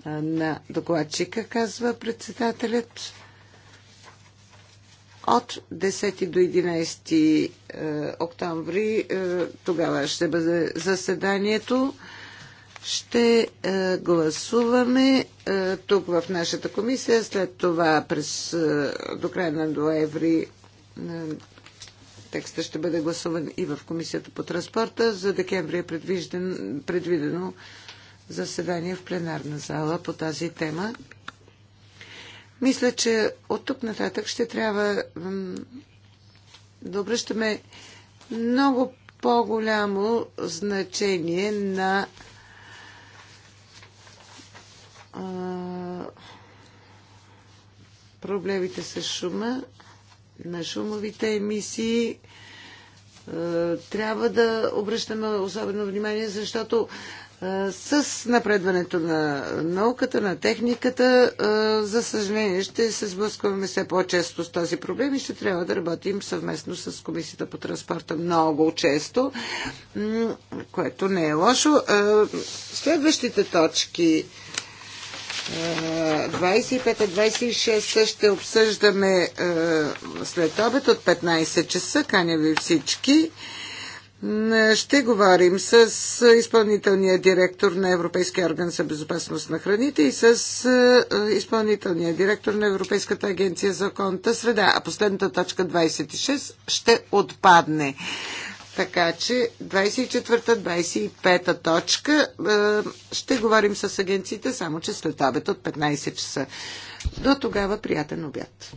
на докладчика, казва председателят от 10 до 11 е, октомври. Е, тогава ще бъде заседанието. Ще е, гласуваме тук в нашата комисия, след това през, до края на ноември текста ще бъде гласуван и в комисията по транспорта. За декември е предвидено заседание в пленарна зала по тази тема. Мисля, че от тук нататък ще трябва да обръщаме много по-голямо значение на проблемите с шума, на шумовите емисии. Трябва да обръщаме особено внимание, защото с напредването на науката, на техниката, за съжаление, ще се сблъскваме все по-често с този проблем и ще трябва да работим съвместно с Комисията по транспорта много често, което не е лошо. Следващите точки 25-26 ще обсъждаме след обед от 15 часа. Каня ви всички. Ще говорим с изпълнителния директор на Европейския орган за безопасност на храните и с е, е, изпълнителния директор на Европейската агенция за околната среда. А последната точка 26 ще отпадне. Така че 24-25 точка е, ще говорим с агенциите само че след обед от 15 часа. До тогава приятен обяд.